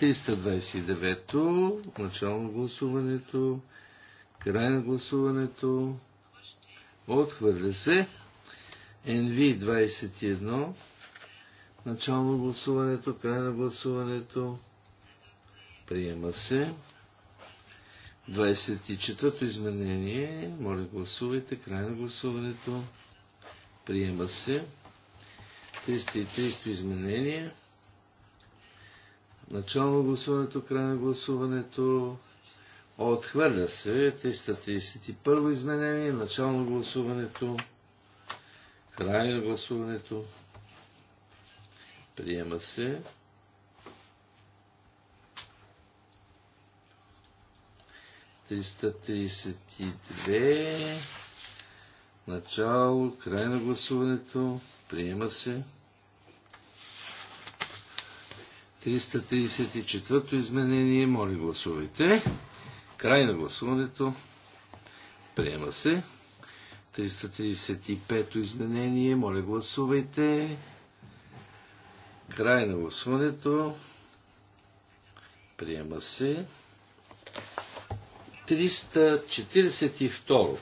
329-то, начало на гласуването, край на гласуването, отхвърля се. NV21, начало на гласуването, край на гласуването, приема се. 24-то изменение, моля гласувайте, край на гласуването, приема се. 330-то изменение, Начало на гласуването, край на гласуването. Отхвърля се 331 изменение, начало на гласуването, край на гласуването. Приема се. Триста начало, край на гласуването, приема се. 334 изменение. Моля, гласувайте. Край на гласуването. Приема се. 335 изменение. Моля, гласувайте. Край на гласуването. Приема се. 342.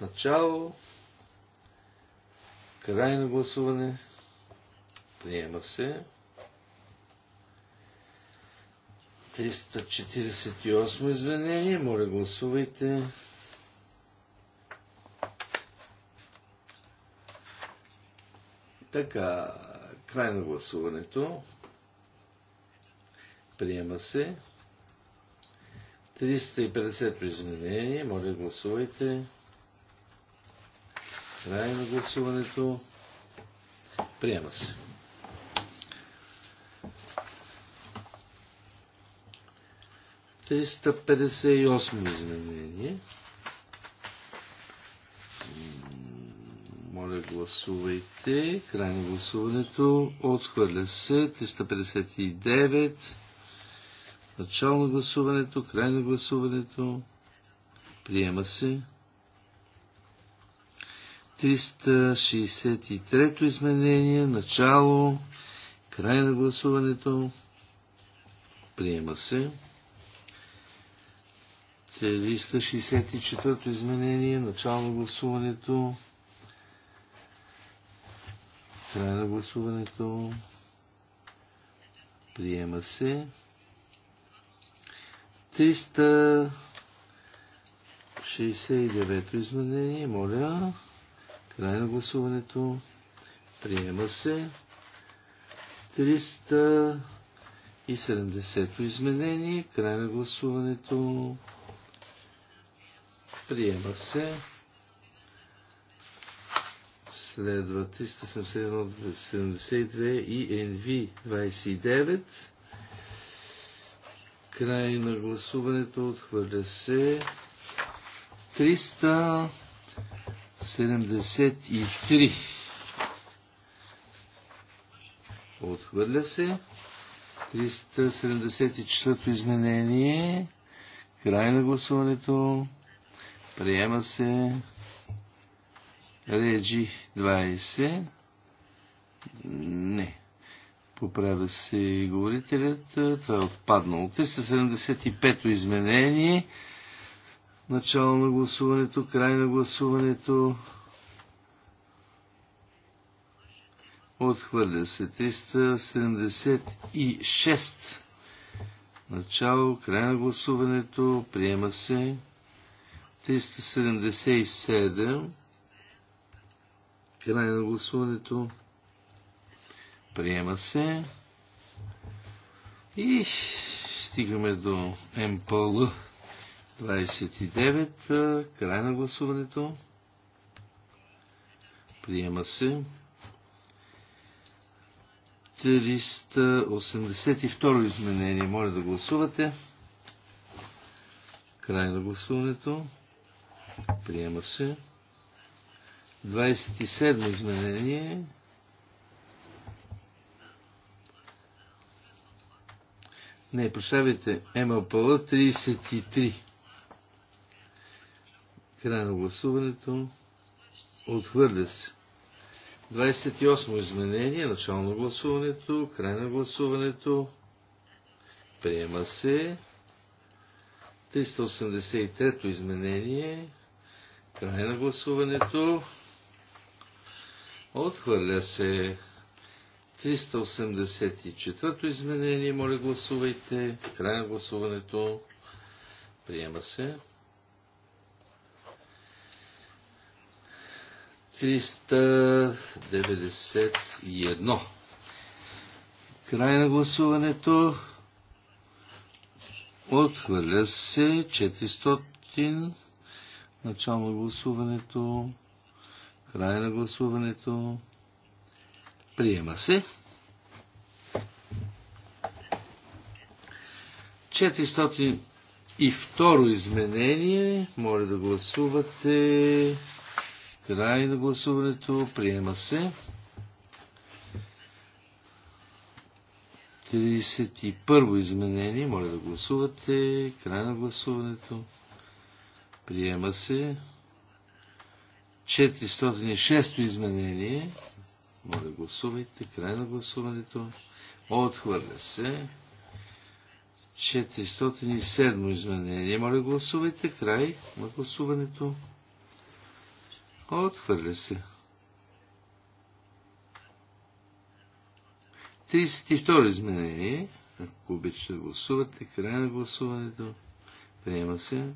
Начало. Край на гласуване. Приема се. 348 извинение. Моля, гласувайте. Така, край на гласуването. Приема се. 350 изменение. Моля, гласувайте. Край на гласуването. Приема се. 358 изменение. Моля, гласувайте. Край на гласуването. Отхвърля се. 359. Начало на гласуването. Край на гласуването. Приема се. 363 изменение. Начало. Край на гласуването. Приема се. 364-то изменение, начало на гласуването, край на гласуването, приема се. 369-то изменение, моля, край на гласуването, приема се. 370-то изменение, край на гласуването, Приема се. Следва 371, 72 и NV 29. Край на гласуването отхвърля се. 373. Отхвърля се. 374 изменение. Край на гласуването. Приема се. Реджи 20. Не. Поправя се говорителят. Това е отпаднало. 375-то изменение. Начало на гласуването, край на гласуването. Отхвърля се 376. Начало, край на гласуването. Приема се. 377. Край на гласуването. Приема се. И стигаме до МПЛ 29. Край на гласуването. Приема се. 382 изменение. Моля да гласувате. Край на гласуването. Приема се. 27 изменение. Не, прощавайте, МЛПЛ 33. Край на гласуването. Отхвърля се. 28 изменение, начало на гласуването, край на гласуването. Приема се. 383 изменение. Край на гласуването. Отхвърля се 384-то изменение. Моля, гласувайте. Край на гласуването. Приема се. 391. Край на гласуването. Отхвърля се 400. Начало на гласуването. Край на гласуването. Приема се. 400 и второ изменение. Моля да гласувате. Край на гласуването. Приема се. 31 изменение. Моля да гласувате. Край на гласуването. Приема се. 406 изменение. Моля, гласувайте. Край на гласуването. Отхвърля се. 407 изменение. Моля, гласувайте. Край на гласуването. Отхвърля се. 32 изменение. Ако обичате да гласувате, край на гласуването. Приема се.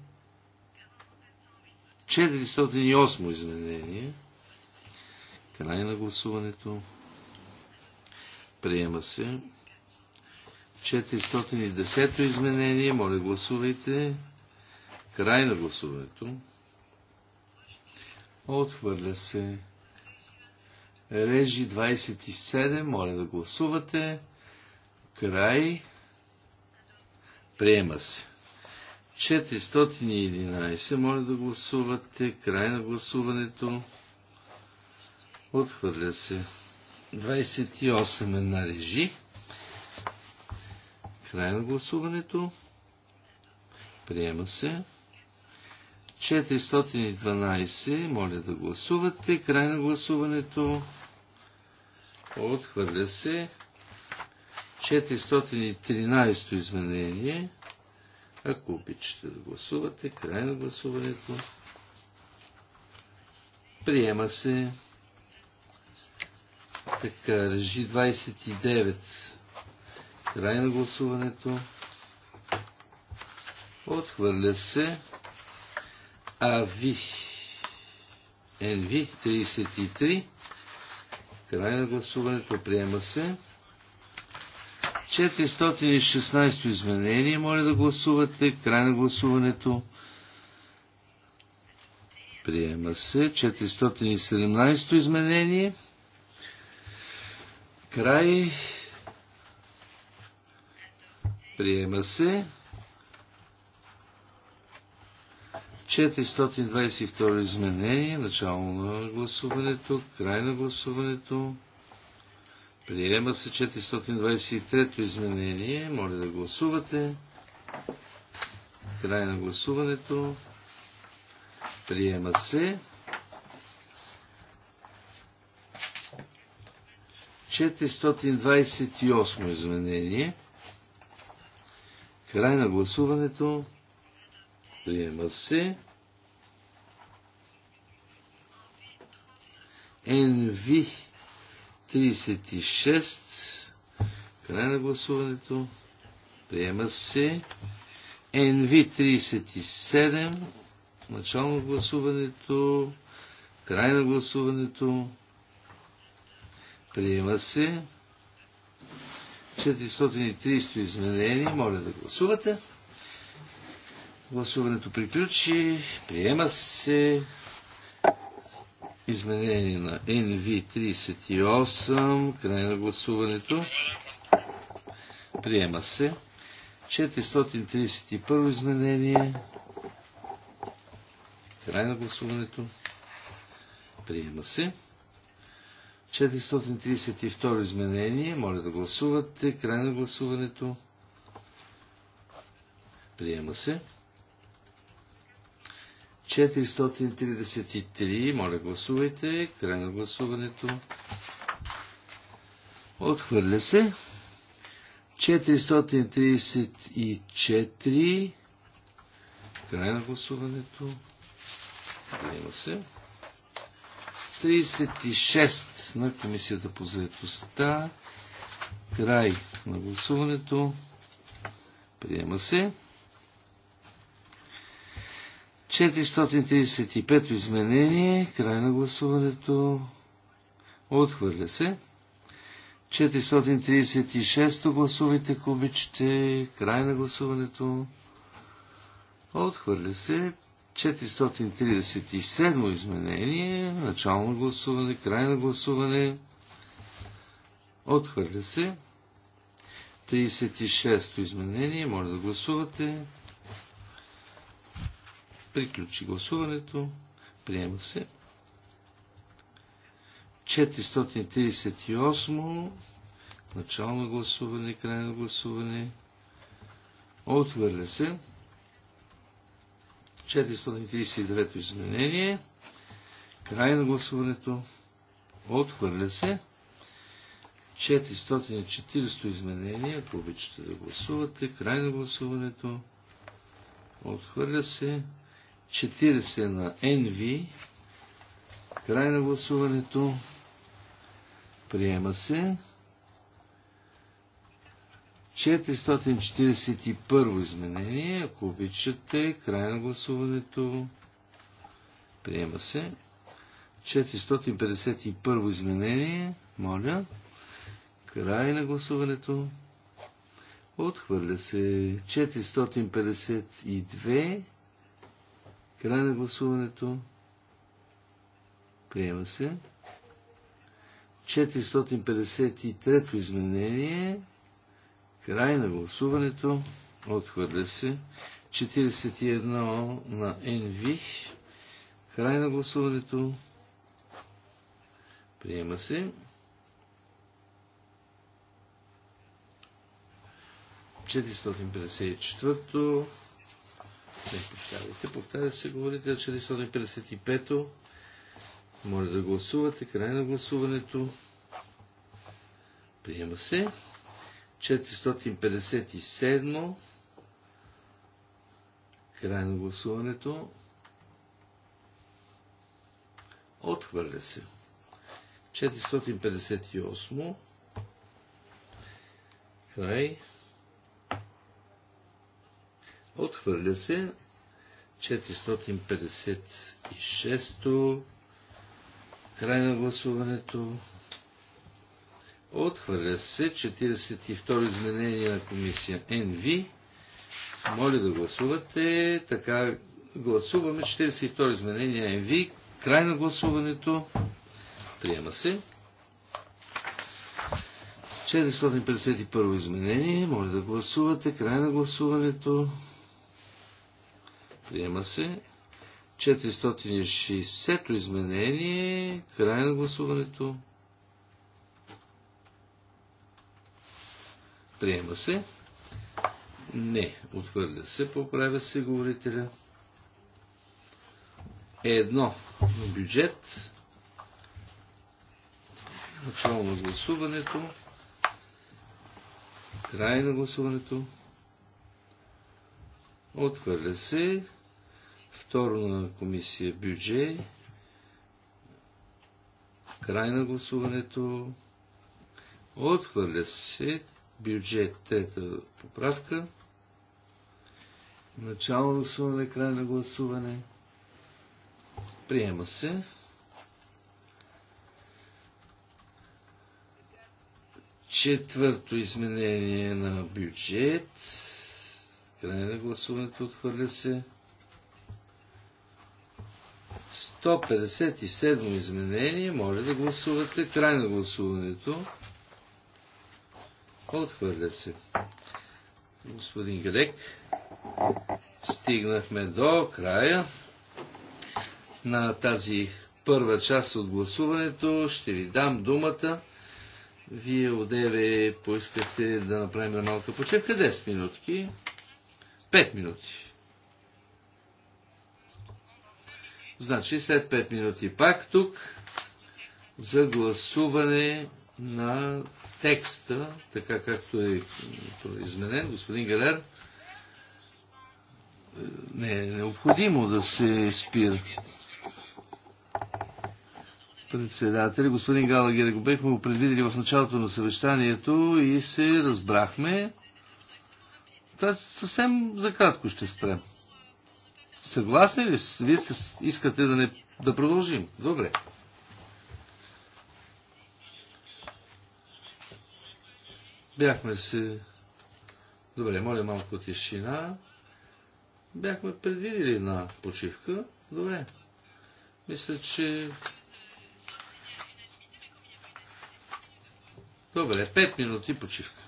408 изменение. Край на гласуването. Приема се. 410 изменение. Моля, гласувайте. Край на гласуването. Отхвърля се. Режи 27. Моля да гласувате. Край. Приема се. 411. Моля да гласувате. Край на гласуването. Отхвърля се. 28 е на режи. Край на гласуването. Приема се. 412. Моля да гласувате. Край на гласуването. Отхвърля се. 413 изменение. Ако обичате да гласувате, край на гласуването. Приема се. Така, режи 29. Край на гласуването. Отхвърля се. АВИ. НВ 33. Край на гласуването. Приема се. 416 изменение. Моля да гласувате. Край на гласуването. Приема се. 417 изменение. Край. Приема се. 422 изменение. Начало на гласуването. Край на гласуването. Приема се 423-то изменение. Моля да гласувате. Край на гласуването. Приема се. 428 изменение. Край на гласуването. Приема се. NV 36. Край на гласуването. Приема се. NV37. Начало на гласуването. Край на гласуването. Приема се. 430 изменени. Моля да гласувате. Гласуването приключи. Приема се. Изменение на NV38. Край на гласуването. Приема се. 431 изменение. Край на гласуването. Приема се. 432 изменение. Моля да гласувате. Край на гласуването. Приема се. 433. Моля, гласувайте. Край на гласуването. Отхвърля се. 434. Край на гласуването. Приема се. 36 на Комисията по заедостта. Край на гласуването. Приема се. 435 изменение, край на гласуването, отхвърля се. 436 гласувайте, ако обичате, край на гласуването, отхвърля се. 437 изменение, начално гласуване, край на гласуване, отхвърля се. 36 изменение, може да гласувате. Приключи гласуването. Приема се. 438. Начално гласуване, крайно гласуване. Отвърля се. 439 изменение. Край на гласуването. Отхвърля се. 440 изменение, ако обичате да гласувате. Край на гласуването. Отхвърля се. 40 на NV. Край на гласуването. Приема се. 441 изменение, ако обичате, край на гласуването, приема се. 451 изменение, моля, край на гласуването, отхвърля се. 452 Край на гласуването. Приема се. 453 то изменение. Край на гласуването. Отхвърля се. 41 на НВ. Край на гласуването. Приема се. 454 не, прощавайте. Повтаря се, говорите, на 455-то. Моля да гласувате. Край на гласуването. Приема се. 457. Край на гласуването. Отхвърля се. 458. Край. Отхвърля се 456-то. Край на гласуването. Отхвърля се 42 изменение на комисия НВ. Моля да гласувате. Така гласуваме 42 изменение НВ. Край на гласуването. Приема се. 451 изменение. Моля да гласувате. Край на гласуването. Приема се. 460-то изменение. Край на гласуването. Приема се. Не. Отвърля се. Поправя се говорителя. Едно. Бюджет. Начало на гласуването. Край на гласуването. Отвърля се. Второ на комисия бюджет. Край на гласуването. Отхвърля се бюджет трета поправка. Начало на гласуване, край на гласуване. Приема се. Четвърто изменение на бюджет. Край на гласуването отхвърля се. 157 изменение. може да гласувате. Край на гласуването. Отхвърля се. Господин Грек, стигнахме до края на тази първа част от гласуването. Ще ви дам думата. Вие одеве поискахте да направим малка почивка. 10 минутки. 5 минути. Значи след 5 минути пак тук за гласуване на текста, така както е изменен, господин Галер, не е необходимо да се спира. Председател, господин Галагер, го бехме го предвидели в началото на съвещанието и се разбрахме. Това съвсем за кратко ще спрем. Съгласни ли? Вие сте, искате да, не, да продължим. Добре. Бяхме се... Добре, моля малко тишина. Бяхме предвидили на почивка. Добре. Мисля, че... Добре, 5 минути почивка.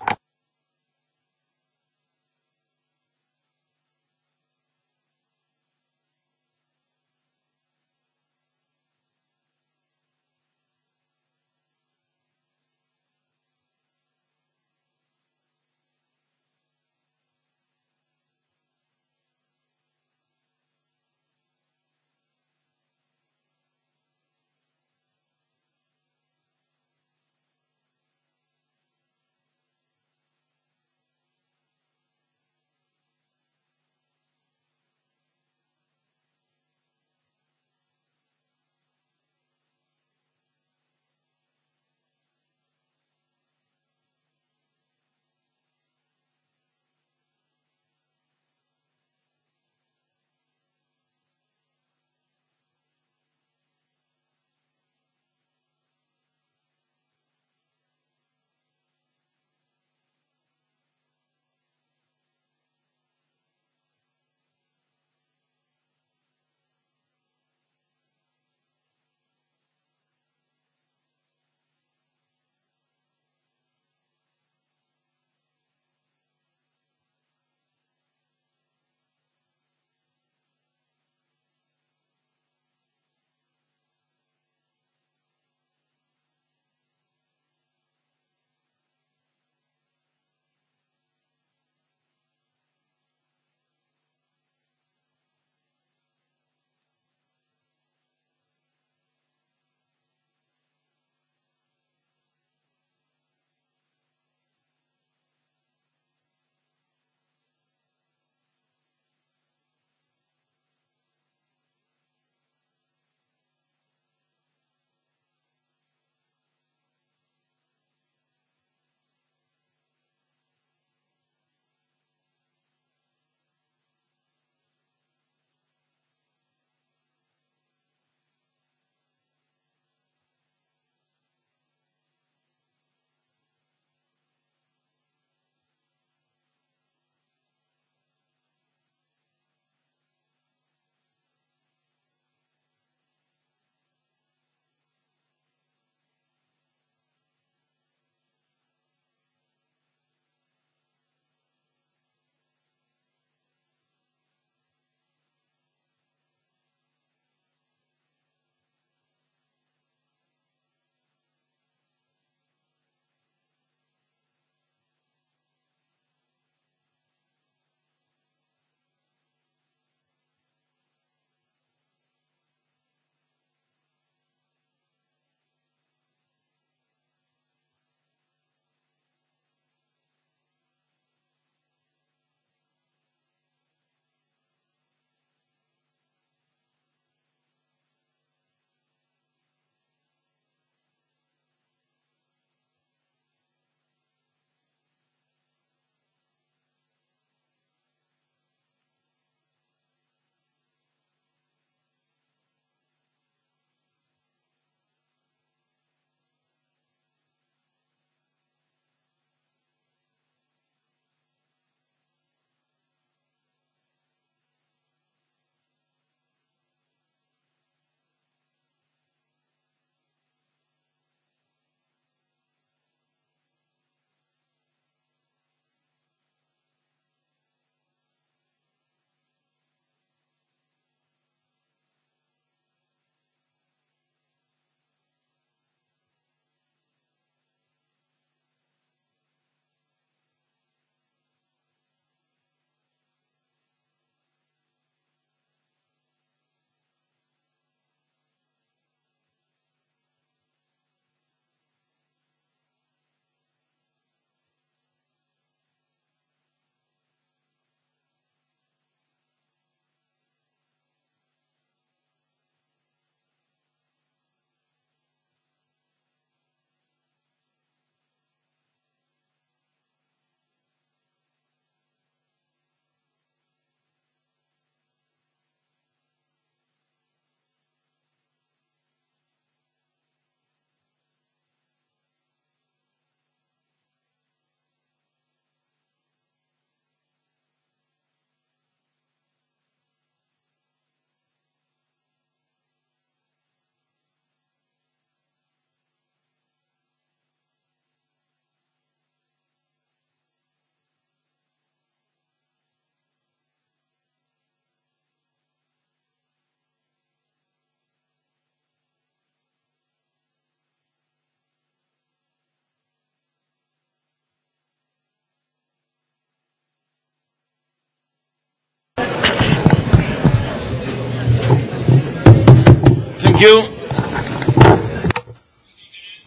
you.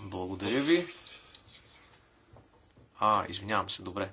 Благодаря ви. А, извинявам се, добре.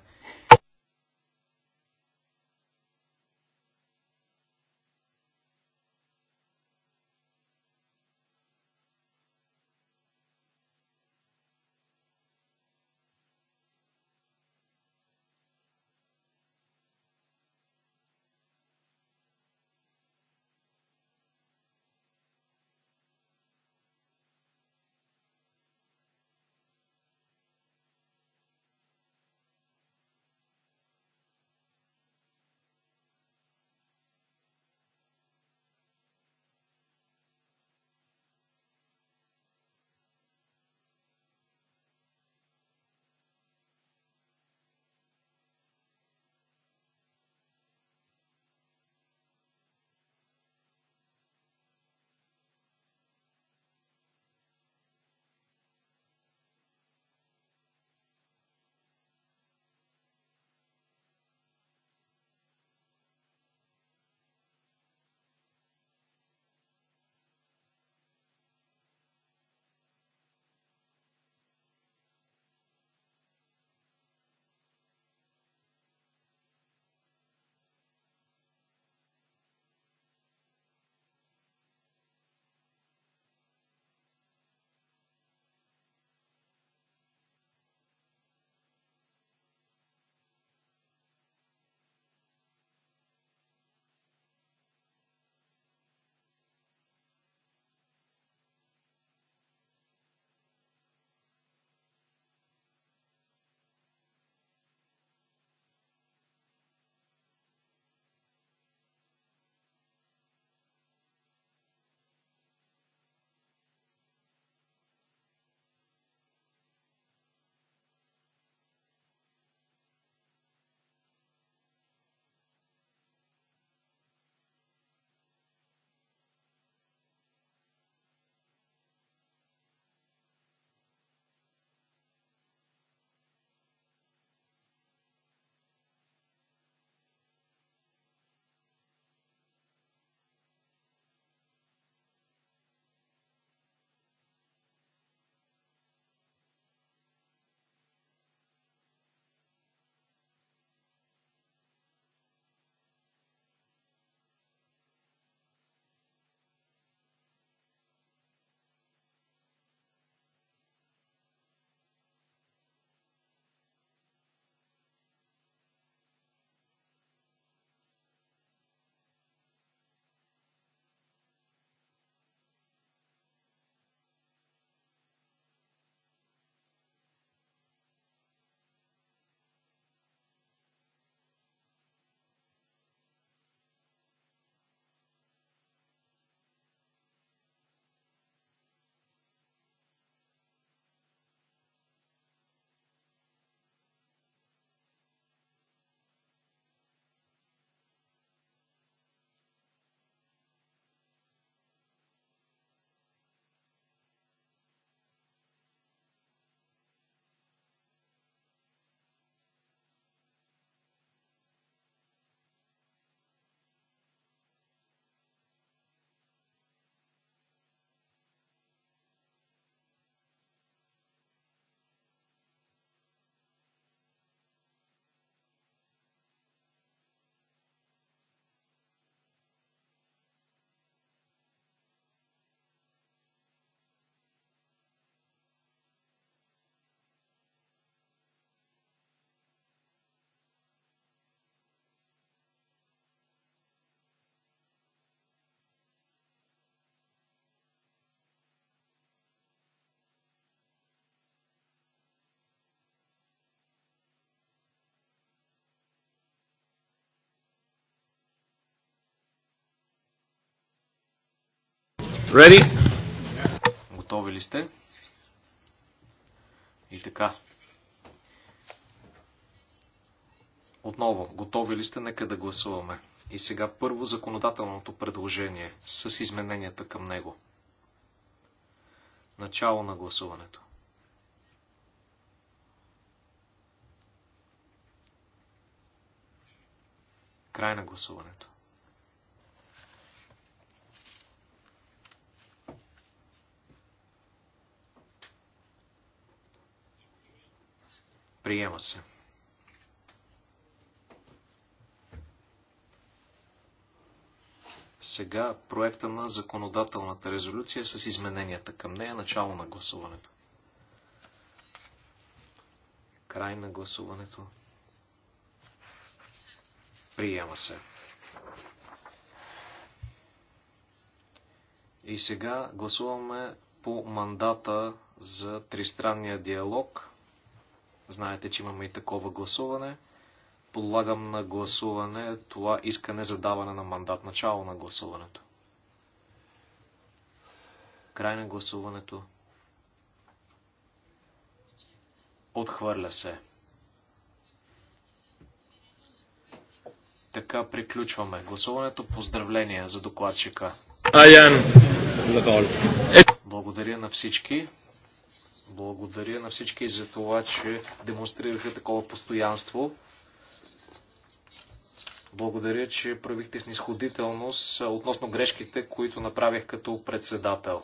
Ready? Готови ли сте? И така. Отново, готови ли сте? Нека да гласуваме. И сега първо законодателното предложение с измененията към него. Начало на гласуването. Край на гласуването. Приема се. Сега проекта на законодателната резолюция с измененията към нея, начало на гласуването. Край на гласуването. Приема се. И сега гласуваме по мандата за тристранния диалог Знаете, че имаме и такова гласуване. Подлагам на гласуване това искане за даване на мандат. Начало на гласуването. Край на гласуването. Отхвърля се. Така приключваме. Гласуването поздравления за докладчика. Аян. Благодаря на всички. Благодаря на всички за това, че демонстрираха такова постоянство. Благодаря, че правихте снисходителност относно грешките, които направих като председател.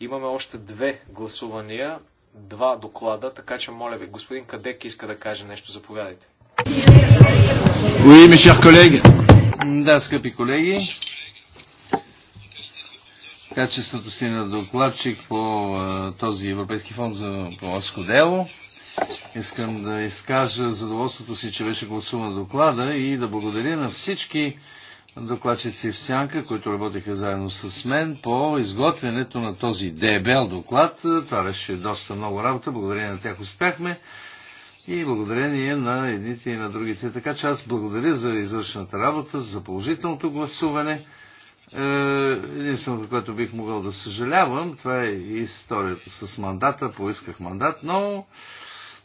Имаме още две гласувания, два доклада, така че моля ви, господин Кадек иска да каже нещо, заповядайте. Да, скъпи колеги, качеството си на докладчик по този Европейски фонд за поморско дело. Искам да изкажа задоволството си, че беше гласувана доклада и да благодаря на всички докладчици в Сянка, които работиха заедно с мен по изготвянето на този дебел доклад. Това беше доста много работа. Благодарение на тях успяхме и благодарение на едните и на другите. Така че аз благодаря за извършената работа, за положителното гласуване. Е, единственото, което бих могъл да съжалявам, това е и историята с мандата. Поисках мандат, но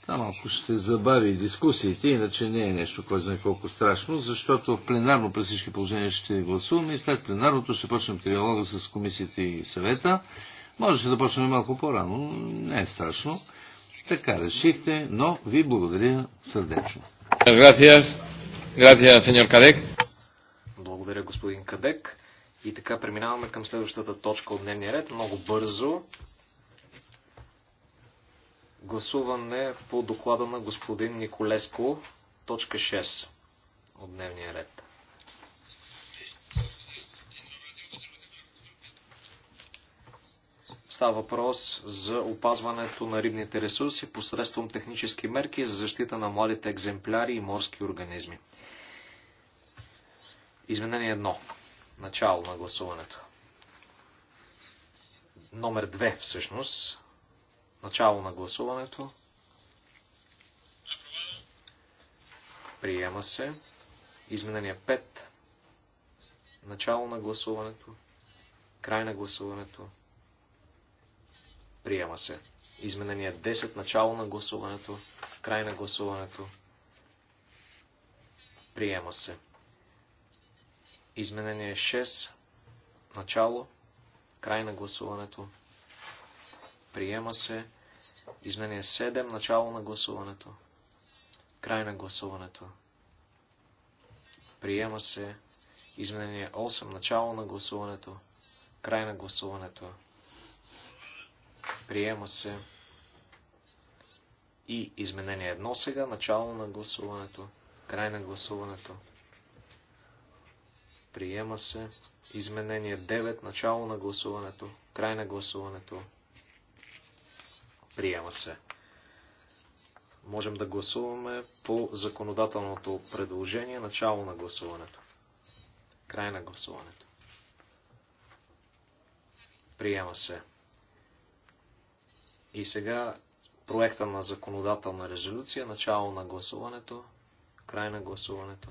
това малко ще забави дискусиите, иначе не е нещо, кой знае колко страшно, защото в пленарно при всички положения ще гласуваме и след пленарното ще почнем триалога с комисията и съвета. Можеше да почнем малко по-рано, не е страшно. Така решихте, но ви благодаря сърдечно. Благодаря, господин Кадек. И така преминаваме към следващата точка от дневния ред. Много бързо. Гласуване по доклада на господин Николеско, точка 6 от дневния ред. Става въпрос за опазването на рибните ресурси посредством технически мерки за защита на младите екземпляри и морски организми. Изменение 1. Начало на гласуването. Номер 2 всъщност. Начало на гласуването. Приема се. Изменение 5. Начало на гласуването. Край на гласуването. Приема се. Изменение 10. Начало на гласуването. Край на гласуването. Приема се. Изменение 6. Начало. Край на гласуването. Приема се. Изменение 7. Начало на гласуването. Край на гласуването. Приема се. Изменение 8. Начало на гласуването. Край на гласуването. Приема се. И изменение 1 сега. Начало на гласуването. Край на гласуването. Приема се. Изменение 9. Начало на гласуването. Край на гласуването. Приема се. Можем да гласуваме по законодателното предложение. Начало на гласуването. Край на гласуването. Приема се. И сега проекта на законодателна резолюция. Начало на гласуването. Край на гласуването.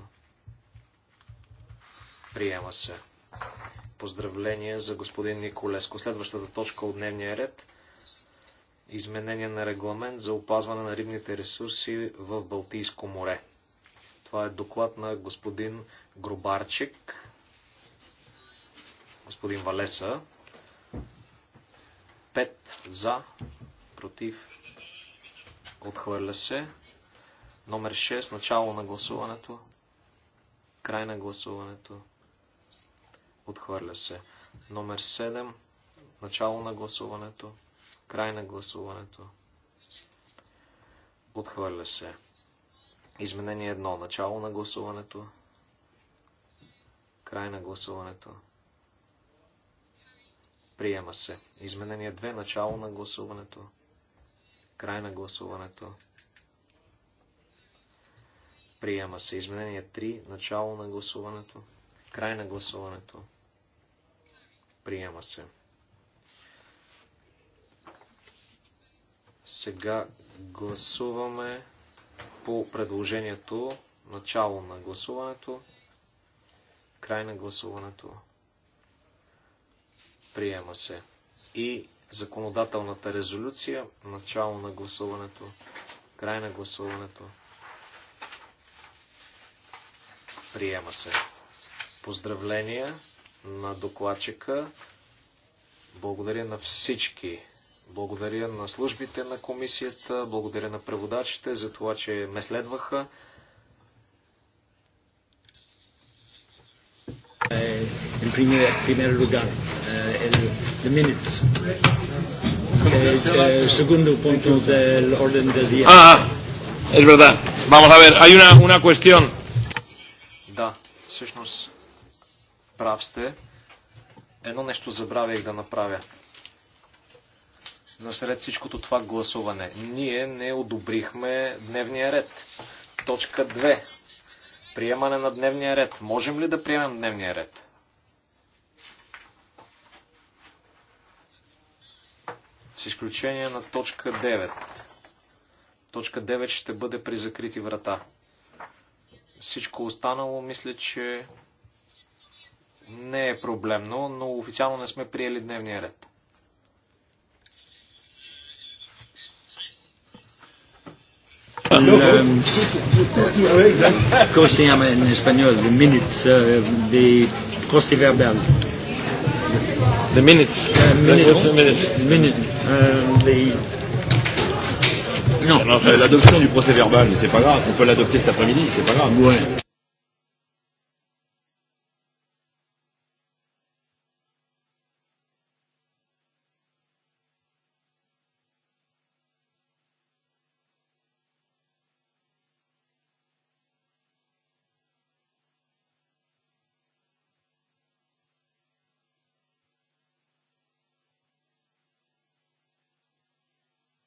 Приема се. Поздравление за господин Николеско. Следващата точка от дневния ред изменение на регламент за опазване на рибните ресурси в Балтийско море. Това е доклад на господин Грубарчик, господин Валеса. Пет за, против, отхвърля се. Номер 6, начало на гласуването, край на гласуването. Отхвърля се. Номер 7. Начало на гласуването. Край на гласуването. Отхвърля се. Изменение 1. Начало на гласуването. Край на гласуването. Приема се. Изменение 2. Начало на гласуването. Край на гласуването. Приема се. Изменение 3. Начало на гласуването. Край на гласуването. Приема се. Сега гласуваме по предложението начало на гласуването, край на гласуването. Приема се. И законодателната резолюция, начало на гласуването, край на гласуването. Приема се. Поздравления на докладчика. Благодаря на всички. Благодаря на службите на комисията, благодаря на преводачите за това, че ме следваха. En primer, primer lugar, el, the minutes. Е, е, segundo punto del orden del día. Ah, ah, es verdad. Vamos a ver, hay una, una cuestión. Да, всъщност Прав сте. Едно нещо забравих да направя. Насред всичкото това гласуване. Ние не одобрихме дневния ред. Точка 2. Приемане на дневния ред. Можем ли да приемем дневния ред? С изключение на точка 9. Точка 9 ще бъде при закрити врата. Всичко останало мисля, че не е проблемно, но официално не сме приели дневния ред. ¿Cómo se The minutes, coste verbal. The minutes. minutes. L'adoption du procès verbal, mais c'est pas grave. On peut l'adopter cet après-midi, c'est pas grave. Ouais.